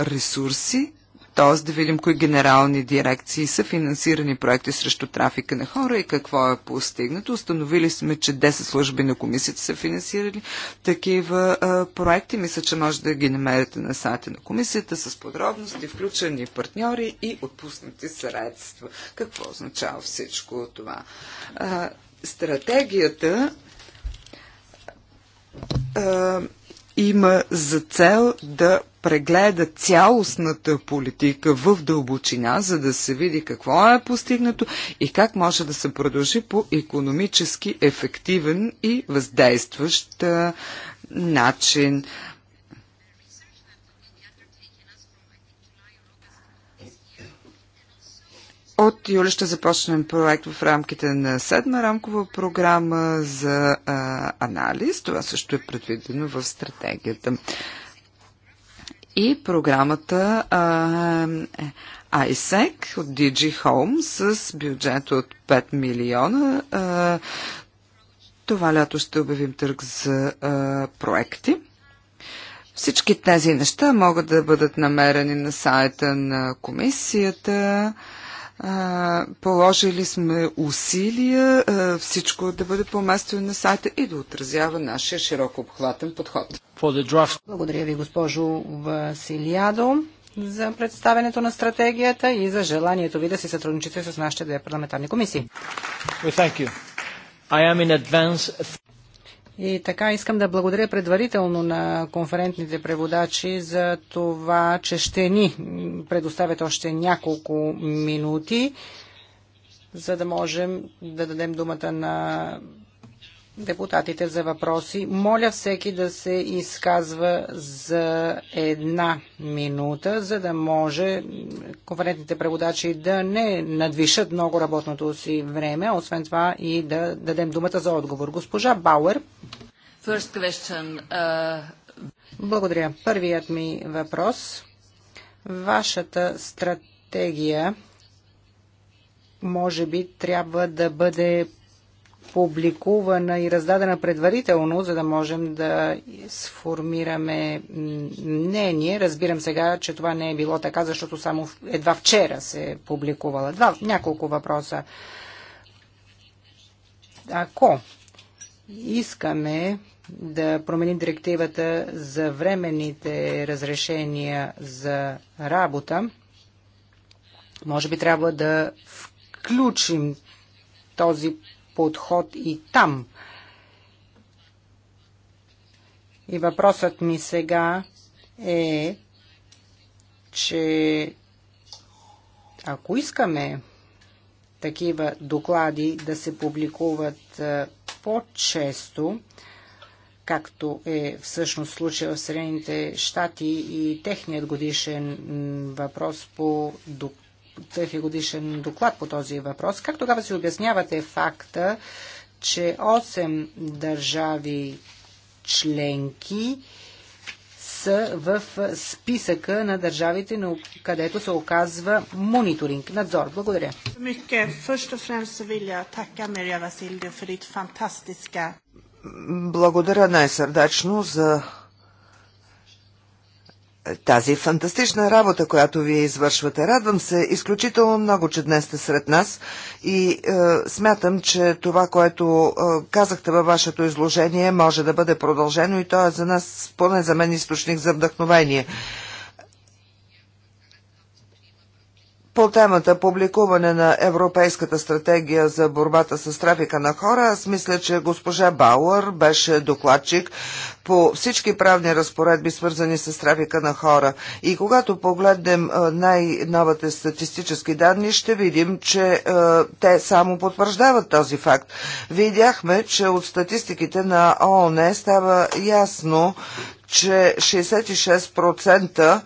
ресурси, т.е. да видим кои генерални дирекции са финансирани проекти срещу трафика на хора и какво е постигнато. Установили сме, че 10 служби на комисията са финансирали такива а, проекти. Мисля, че може да ги намерите на сайта на комисията с подробности, включени партньори и отпуснати средства. Какво означава всичко това? А, стратегията а, има за цел да прегледа цялостната политика в дълбочина, за да се види какво е постигнато и как може да се продължи по економически ефективен и въздействащ начин. От юли ще започнем проект в рамките на седма рамкова програма за а, анализ. Това също е предвидено в стратегията и програмата а, ISEC е, от DG Home с бюджет от 5 милиона. А, това лято ще обявим търг за а, проекти. Всички тези неща могат да бъдат намерени на сайта на комисията положили сме усилия всичко да бъде по место на сайта и да отразява нашия широко обхватен подход. Благодаря ви, госпожо Василиадо за представенето на стратегията и за желанието ви да се сътрудничите с нашите две парламентарни комисии. Well, и така искам да благодаря предварително на конферентните преводачи за това, че ще ни предоставят още няколко минути, за да можем да дадем думата на депутатите за въпроси. Моля всеки да се изказва за една минута, за да може конферентните преводачи да не надвишат много работното си време, освен това и да дадем думата за отговор. Госпожа Бауер. First question, uh... Благодаря. Първият ми въпрос. Вашата стратегия може би трябва да бъде публикувана и раздадена предварително, за да можем да сформираме мнение. Разбирам сега, че това не е било така, защото само едва вчера се е публикувала. Два, няколко въпроса. Ако искаме да променим директивата за временните разрешения за работа, може би трябва да включим този подход и там. И въпросът ми сега е, че ако искаме такива доклади да се публикуват е, по-често, както е всъщност случая в Средните щати и техният годишен въпрос по, е годишен доклад по този въпрос. Как тогава си обяснявате факта, че 8 държави членки са в списъка на държавите, където се оказва мониторинг, надзор. Благодаря. Благодаря най-сърдачно за тази фантастична работа, която вие извършвате. Радвам се изключително много, че днес сте сред нас и е, смятам, че това, което е, казахте във вашето изложение, може да бъде продължено и то е за нас, поне за мен, източник за вдъхновение. По темата публикуване на Европейската стратегия за борбата с трафика на хора, аз мисля, че госпожа Бауър беше докладчик по всички правни разпоредби, свързани с трафика на хора. И когато погледнем най-новите статистически данни, ще видим, че е, те само потвърждават този факт. Видяхме, че от статистиките на ООН става ясно, че 66%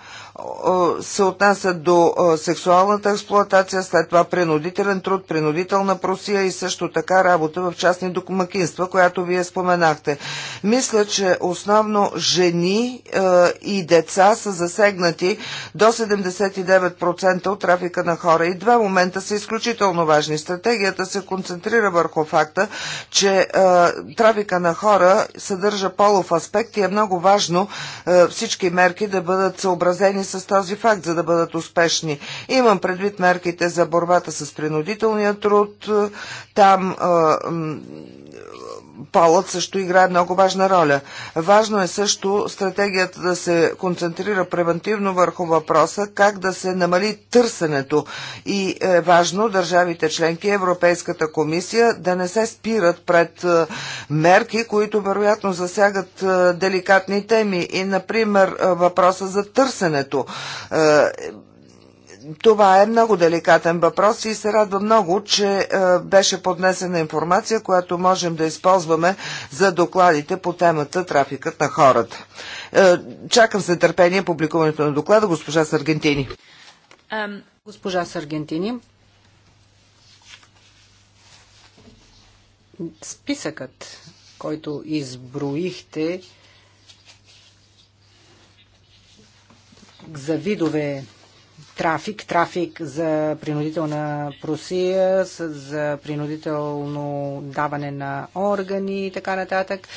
се отнася до сексуалната експлоатация, след това принудителен труд, принудителна просия и също така работа в частни домакинства, която вие споменахте. Мисля, че основно жени е, и деца са засегнати до 79% от трафика на хора. И два момента са изключително важни. Стратегията се концентрира върху факта, че е, трафика на хора съдържа полов аспект и е много важно е, всички мерки да бъдат съобразени с този факт, за да бъдат успешни. Имам предвид мерките за борбата с принудителния труд. Там полът също играе много важна роля. Важно е също стратегията да се концентрира превентивно върху въпроса как да се намали търсенето и е важно държавите членки Европейската комисия да не се спират пред е, мерки, които вероятно засягат е, деликатни теми и например е, въпроса за търсенето. Това е много деликатен въпрос и се радва много, че е, беше поднесена информация, която можем да използваме за докладите по темата трафикът на хората. Е, чакам с нетърпение публикуването на доклада госпожа Саргентини. Госпожа Саргентини, списъкът, който изброихте за видове трафик, трафик за принудителна просия, за принудително даване на органи и така нататък.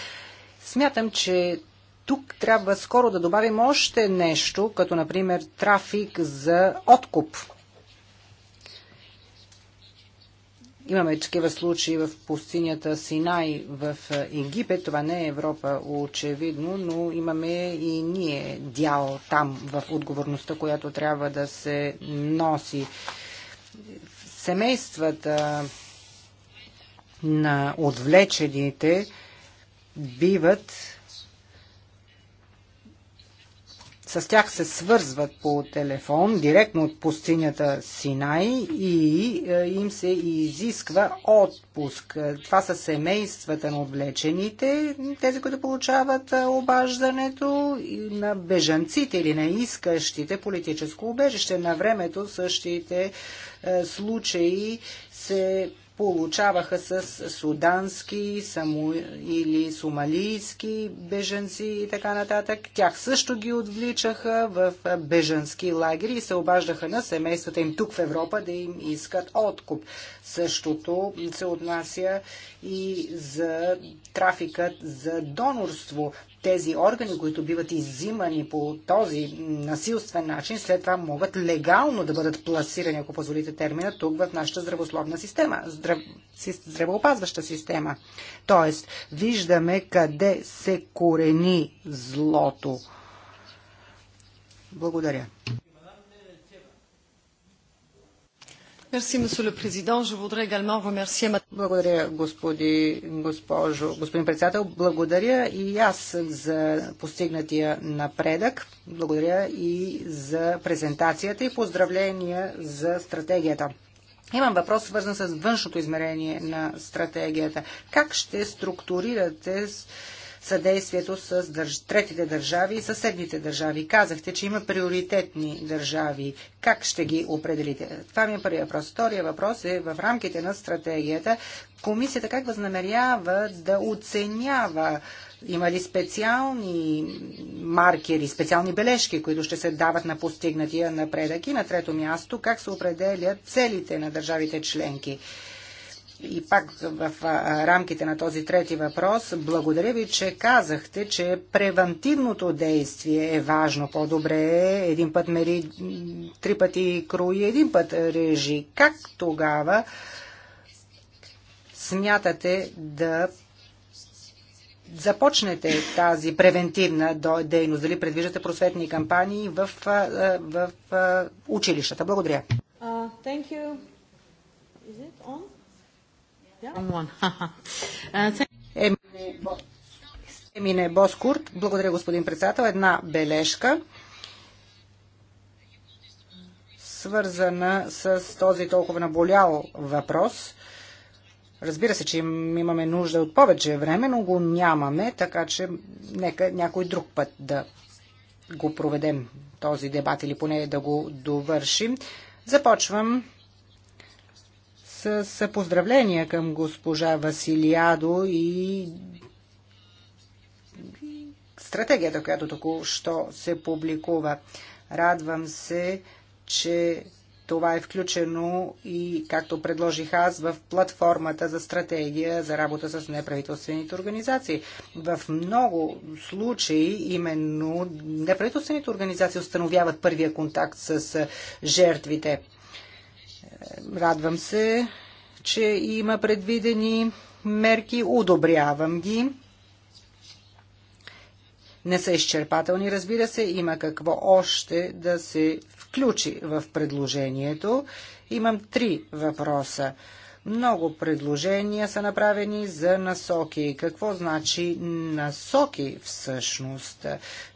Смятам, че тук трябва скоро да добавим още нещо, като например трафик за откуп Имаме такива случаи в пустинята Синай в е, Египет. Това не е Европа, очевидно, но имаме и ние дял там в отговорността, която трябва да се носи. Семействата на отвлечените биват с тях се свързват по телефон, директно от пустинята Синай и е, им се изисква отпуск. Това са семействата на отвлечените, тези, които получават е, обаждането на бежанците или на искащите политическо убежище. На времето същите е, случаи се получаваха с судански само, или сумалийски беженци и така нататък. Тях също ги отвличаха в беженски лагери и се обаждаха на семействата им тук в Европа да им искат откуп. Същото се отнася и за трафикът за донорство тези органи, които биват иззимани по този насилствен начин, след това могат легално да бъдат пласирани, ако позволите термина, тук в нашата здравословна система, здрав... здравеопазваща система. Тоест, виждаме къде се корени злото. Благодаря. Благодаря, господи, госпожо, господин председател. Благодаря и аз за постигнатия напредък. Благодаря и за презентацията и поздравления за стратегията. Имам въпрос, свързан с външното измерение на стратегията. Как ще структурирате с съдействието с държ... третите държави и съседните държави. Казахте, че има приоритетни държави. Как ще ги определите? Това ми е първият въпрос. Втория въпрос е в рамките на стратегията. Комисията как възнамерява да оценява има ли специални маркери, специални бележки, които ще се дават на постигнатия напредък? И на трето място, как се определят целите на държавите членки? И пак в рамките на този трети въпрос, благодаря ви, че казахте, че превантивното действие е важно. По-добре е един път мери, три пъти круи, един път режи. Как тогава смятате да започнете тази превентивна дейност? Дали предвиждате просветни кампании в, в, училищата? Благодаря. Uh, Емине Боскурт. Благодаря, господин председател. Една бележка свързана с този толкова наболял въпрос. Разбира се, че имаме нужда от повече време, но го нямаме, така че нека някой друг път да го проведем този дебат или поне да го довършим. Започвам с поздравления към госпожа Василиадо и стратегията, която току-що се публикува. Радвам се, че това е включено и, както предложих аз, в платформата за стратегия за работа с неправителствените организации. В много случаи именно неправителствените организации установяват първия контакт с жертвите. Радвам се, че има предвидени мерки, Удобрявам ги. Не са изчерпателни, разбира се, има какво още да се включи в предложението. Имам три въпроса. Много предложения са направени за насоки. Какво значи насоки всъщност?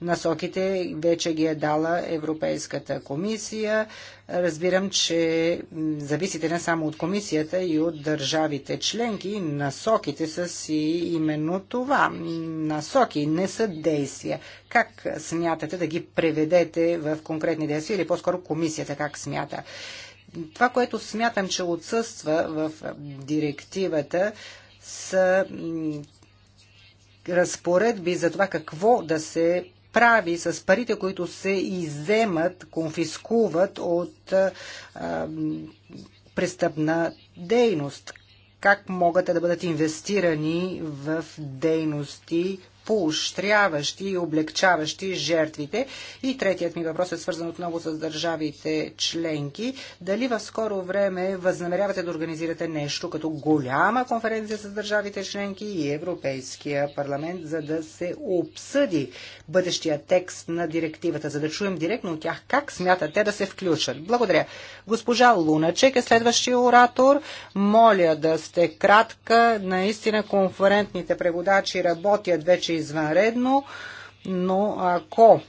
Насоките вече ги е дала Европейската комисия. Разбирам, че зависите не само от комисията и от държавите членки. Насоките са си именно това. Насоки не са действия. Как смятате да ги преведете в конкретни действия или по-скоро комисията как смята? Това, което смятам, че отсъства в директивата, са разпоредби за това какво да се прави с парите, които се иземат, конфискуват от а, престъпна дейност. Как могат да бъдат инвестирани в дейности, поощряващи и облегчаващи жертвите. И третият ми въпрос е свързан отново с държавите членки. Дали в скоро време възнамерявате да организирате нещо като голяма конференция с държавите членки и Европейския парламент, за да се обсъди бъдещия текст на директивата, за да чуем директно от тях как смятат те да се включат. Благодаря. Госпожа Луначек е следващия оратор. Моля да сте кратка. Наистина конферентните преводачи работят вече беше извънредно, но ако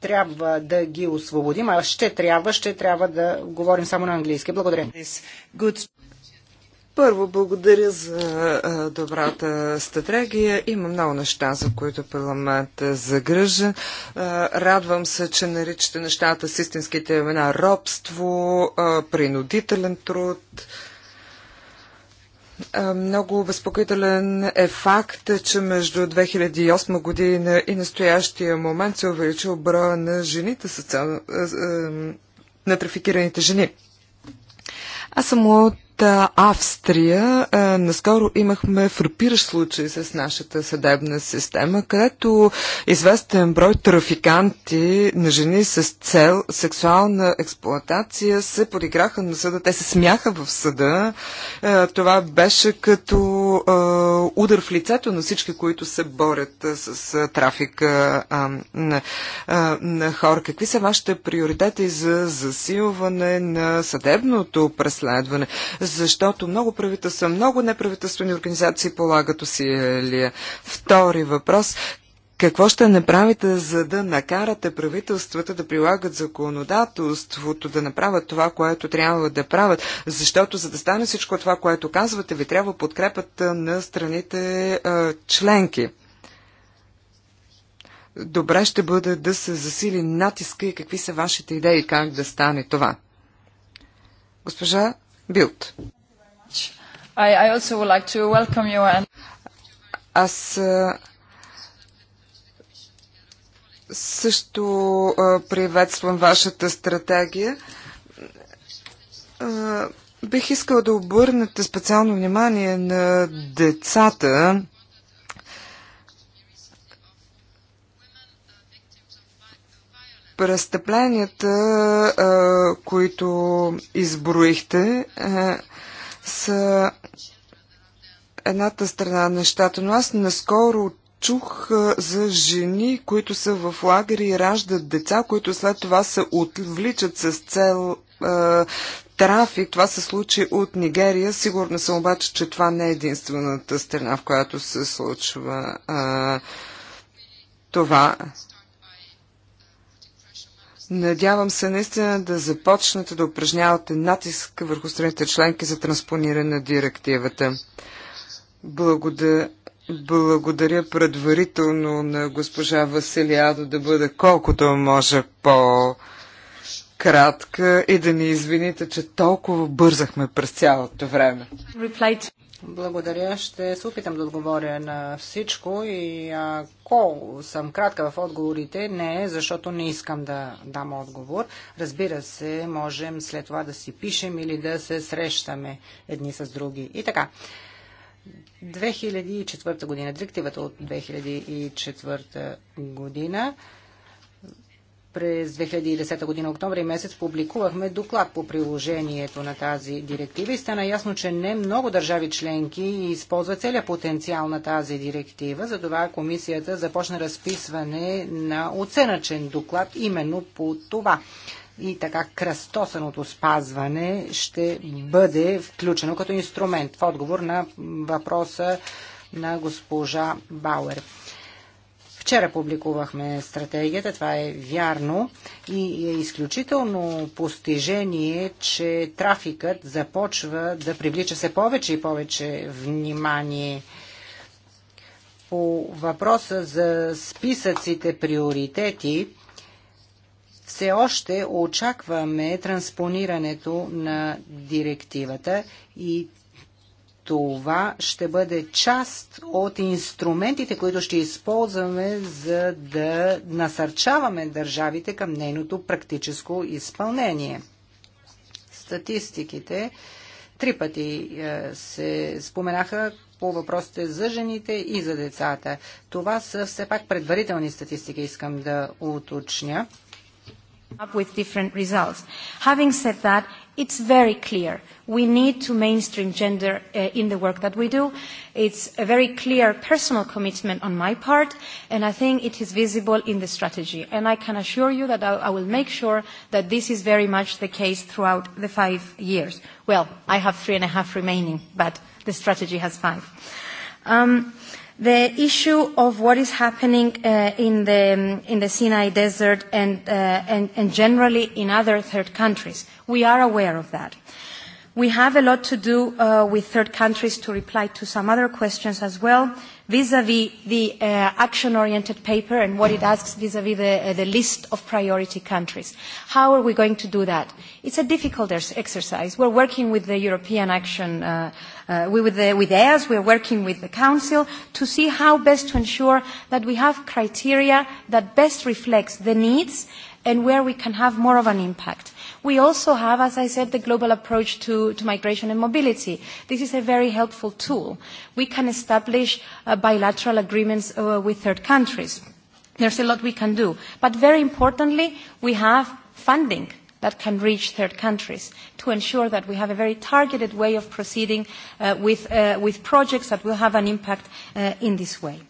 трябва да ги освободим, а ще трябва, ще трябва да говорим само на английски. Благодаря. Първо, благодаря за добрата стратегия. Има много неща, за които парламент загръжа. Радвам се, че наричате нещата с истинските имена робство, принудителен труд, много безпокоителен е факт, че между 2008 година и настоящия момент се е увеличил броя на жените социал... на трафикираните жени. Аз съм от Австрия наскоро имахме фрапиращ случай с нашата съдебна система, където известен брой трафиканти на жени с цел сексуална експлоатация се подиграха на съда. Те се смяха в съда. това беше като удар в лицето на всички, които се борят с трафик трафика на хора. Какви са вашите приоритети за засилване на съдебното преследване? защото много правителства, много неправителствени организации полагат усилия. Втори въпрос. Какво ще направите, за да накарате правителствата да прилагат законодателството, да направят това, което трябва да правят? Защото за да стане всичко това, което казвате, ви трябва подкрепата на страните а, членки. Добре ще бъде да се засили натиска и какви са вашите идеи, как да стане това. Госпожа Билт. Аз също приветствам вашата стратегия. Бих искал да обърнете специално внимание на децата, Престъпленията, които изброихте, са едната страна на нещата, но аз наскоро чух за жени, които са в лагери и раждат деца, които след това се отвличат с цел трафик. Това се случи от Нигерия. Сигурна съм обаче, че това не е единствената страна, в която се случва това. Надявам се наистина да започнете да упражнявате натиск върху страните членки за транспониране на директивата. Благодаря. Благодаря предварително на госпожа Василиадо да бъде колкото може по-кратка и да ни извините, че толкова бързахме през цялото време. Благодаря. Ще се опитам да отговоря на всичко и ако съм кратка в отговорите, не е защото не искам да дам отговор. Разбира се, можем след това да си пишем или да се срещаме едни с други. И така. 2004 година, директивата от 2004 година през 2010 година октомври месец публикувахме доклад по приложението на тази директива и стана ясно, че не много държави членки използват целият потенциал на тази директива. Затова комисията започна разписване на оценъчен доклад именно по това. И така кръстосаното спазване ще бъде включено като инструмент в отговор на въпроса на госпожа Бауер. Вчера публикувахме стратегията, това е вярно и е изключително постижение, че трафикът започва да привлича се повече и повече внимание по въпроса за списъците приоритети все още очакваме транспонирането на директивата и това ще бъде част от инструментите, които ще използваме, за да насърчаваме държавите към нейното практическо изпълнение. Статистиките три пъти е, се споменаха по въпросите за жените и за децата. Това са все пак предварителни статистики, искам да уточня. That, It's very clear. We need to mainstream gender uh, in the work that we do. It's a very clear personal commitment on my part, and I think it is visible in the strategy. And I can assure you that I, I will make sure that this is very much the case throughout the five years. Well, I have three and a half remaining, but the strategy has five. Um, The issue of what is happening uh, in, the, um, in the Sinai Desert and, uh, and, and generally in other third countries, we are aware of that. We have a lot to do uh, with third countries to reply to some other questions as well, vis-à-vis the uh, action-oriented paper and what it asks vis-à-vis the, uh, the list of priority countries. How are we going to do that? It's a difficult exercise. We're working with the European Action, uh, uh, with, the, with EAS, we're working with the Council to see how best to ensure that we have criteria that best reflects the needs and where we can have more of an impact. We also have, as I said, the global approach to, to migration and mobility. This is a very helpful tool. We can establish uh, bilateral agreements uh, with third countries. There's a lot we can do. But very importantly, we have funding that can reach third countries to ensure that we have a very targeted way of proceeding uh, with, uh, with projects that will have an impact uh, in this way. Uh,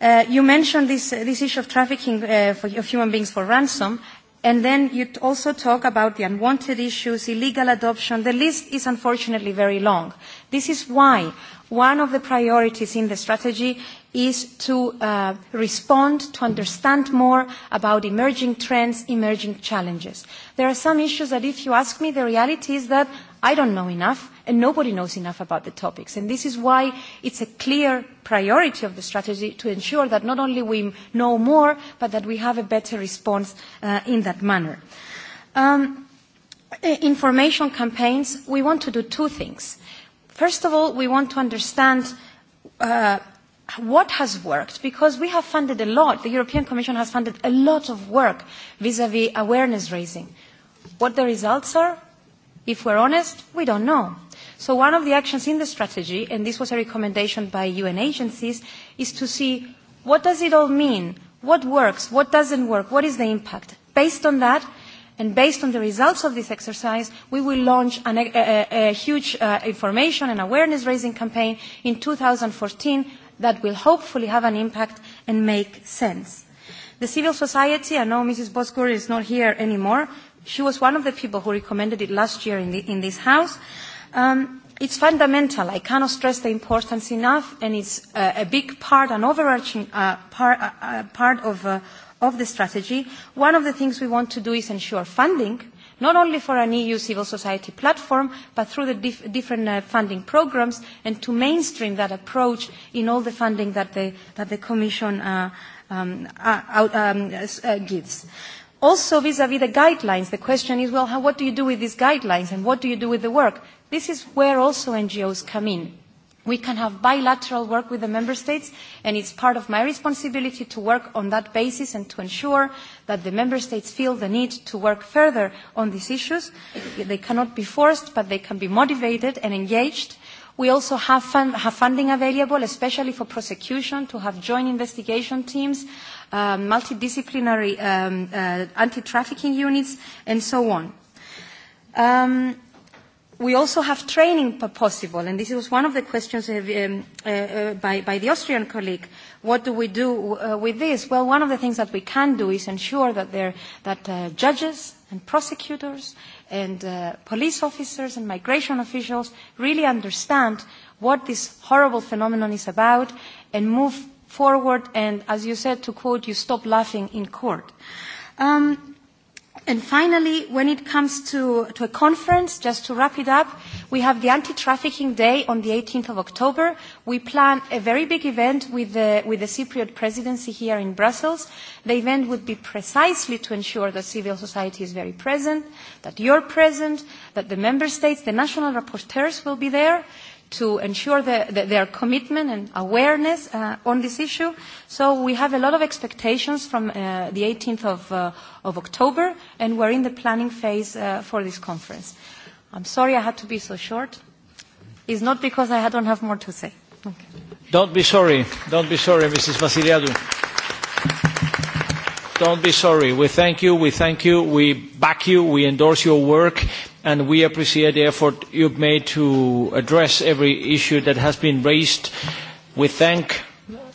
Uh, you mentioned this, this issue of trafficking uh, for, of human beings for ransom, and then you also talk about the unwanted issues, illegal adoption. The list is unfortunately very long. This is why one of the priorities in the strategy is to uh, respond, to understand more about emerging trends, emerging challenges. There are some issues that if you ask me, the reality is that I don't know enough, and nobody knows enough about the topics. And this is why it's a clear priority of the strategy to ensure that not only we know more, but that we have a better response uh, in that manner. Um, information campaigns, we want to do two things. First of all, we want to understand uh, what has worked because we have funded a lot the european commission has funded a lot of work vis-à-vis awareness raising what the results are If we're honest, we don't know. So one of the actions in the strategy, and this was a recommendation by UN agencies, is to see what does it all mean? What works? What doesn't work? What is the impact? Based on that, and based on the results of this exercise, we will launch an, a, a, a huge uh, information and awareness-raising campaign in 2014 that will hopefully have an impact and make sense. The civil society, I know Mrs. Boscour is not here anymore, She was one of the people who recommended it last year in, the, in this House. Um, it's fundamental. I cannot stress the importance enough, and it's uh, a big part, an overarching uh, part, uh, part of, uh, of the strategy. One of the things we want to do is ensure funding not only for an EU civil society platform, but through the dif different uh, funding programs and to mainstream that approach in all the funding that the, that the Commission uh, um, out, um, uh, gives. Uh, Also vis-à-vis -vis the guidelines, the question is, well, how, what do you do with these guidelines and what do you do with the work? This is where also NGOs come in. We can have bilateral work with the member states, and it's part of my responsibility to work on that basis and to ensure that the member states feel the need to work further on these issues. They cannot be forced, but they can be motivated and engaged. We also have, fund, have funding available, especially for prosecution, to have joint investigation teams, multidisciplinary um, uh, anti-trafficking units, and so on. Um, we also have training possible, and this was one of the questions um, uh, uh, by, by the Austrian colleague. What do we do uh, with this? Well, one of the things that we can do is ensure that, there, that uh, judges and prosecutors and uh, police officers and migration officials really understand what this horrible phenomenon is about and move forward and, as you said, to quote, you stop laughing in court. Um, and finally, when it comes to, to a conference, just to wrap it up, we have the Anti-Trafficking Day on the 18th of October. We plan a very big event with the, with the Cypriot presidency here in Brussels. The event would be precisely to ensure that civil society is very present, that you're present, that the member states, the national rapporteurs will be there to ensure the, the, their commitment and awareness uh, on this issue. So we have a lot of expectations from uh, the 18th of, uh, of October, and we're in the planning phase uh, for this conference. I'm sorry I had to be so short. It's not because I don't have more to say. Okay. Don't be sorry. Don't be sorry, Mrs. Vasiliadou. Don't be sorry. We thank you. We thank you. We back you. We endorse your work. And we appreciate the effort you've made to address every issue that has been raised. We thank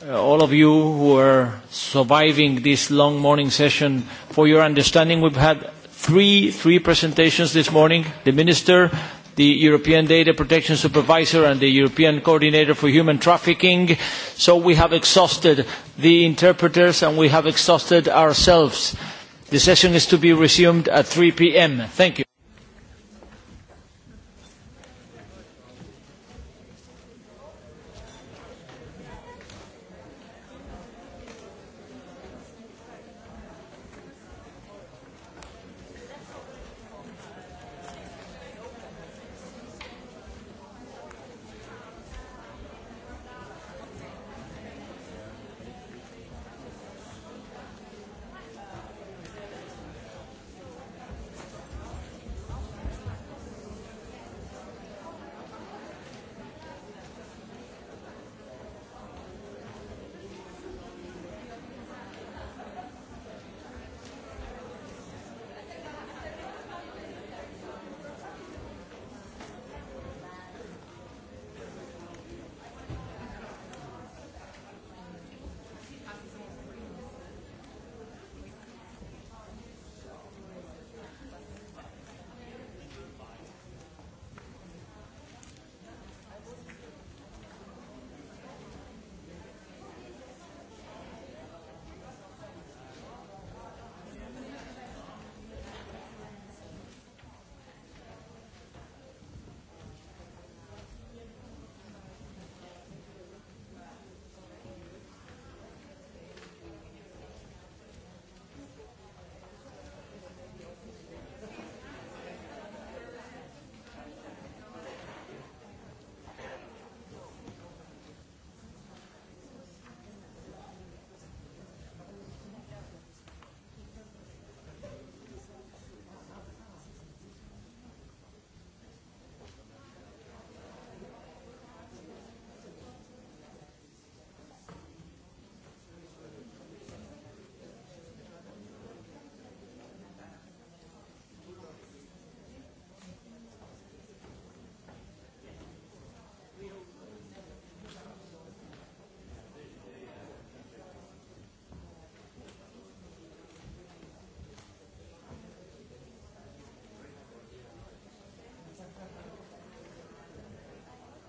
all of you who are surviving this long morning session for your understanding. We've had three, three presentations this morning. The Minister, the European Data Protection Supervisor and the European Coordinator for Human Trafficking. So we have exhausted the interpreters and we have exhausted ourselves. The session is to be resumed at 3 p.m. Thank you.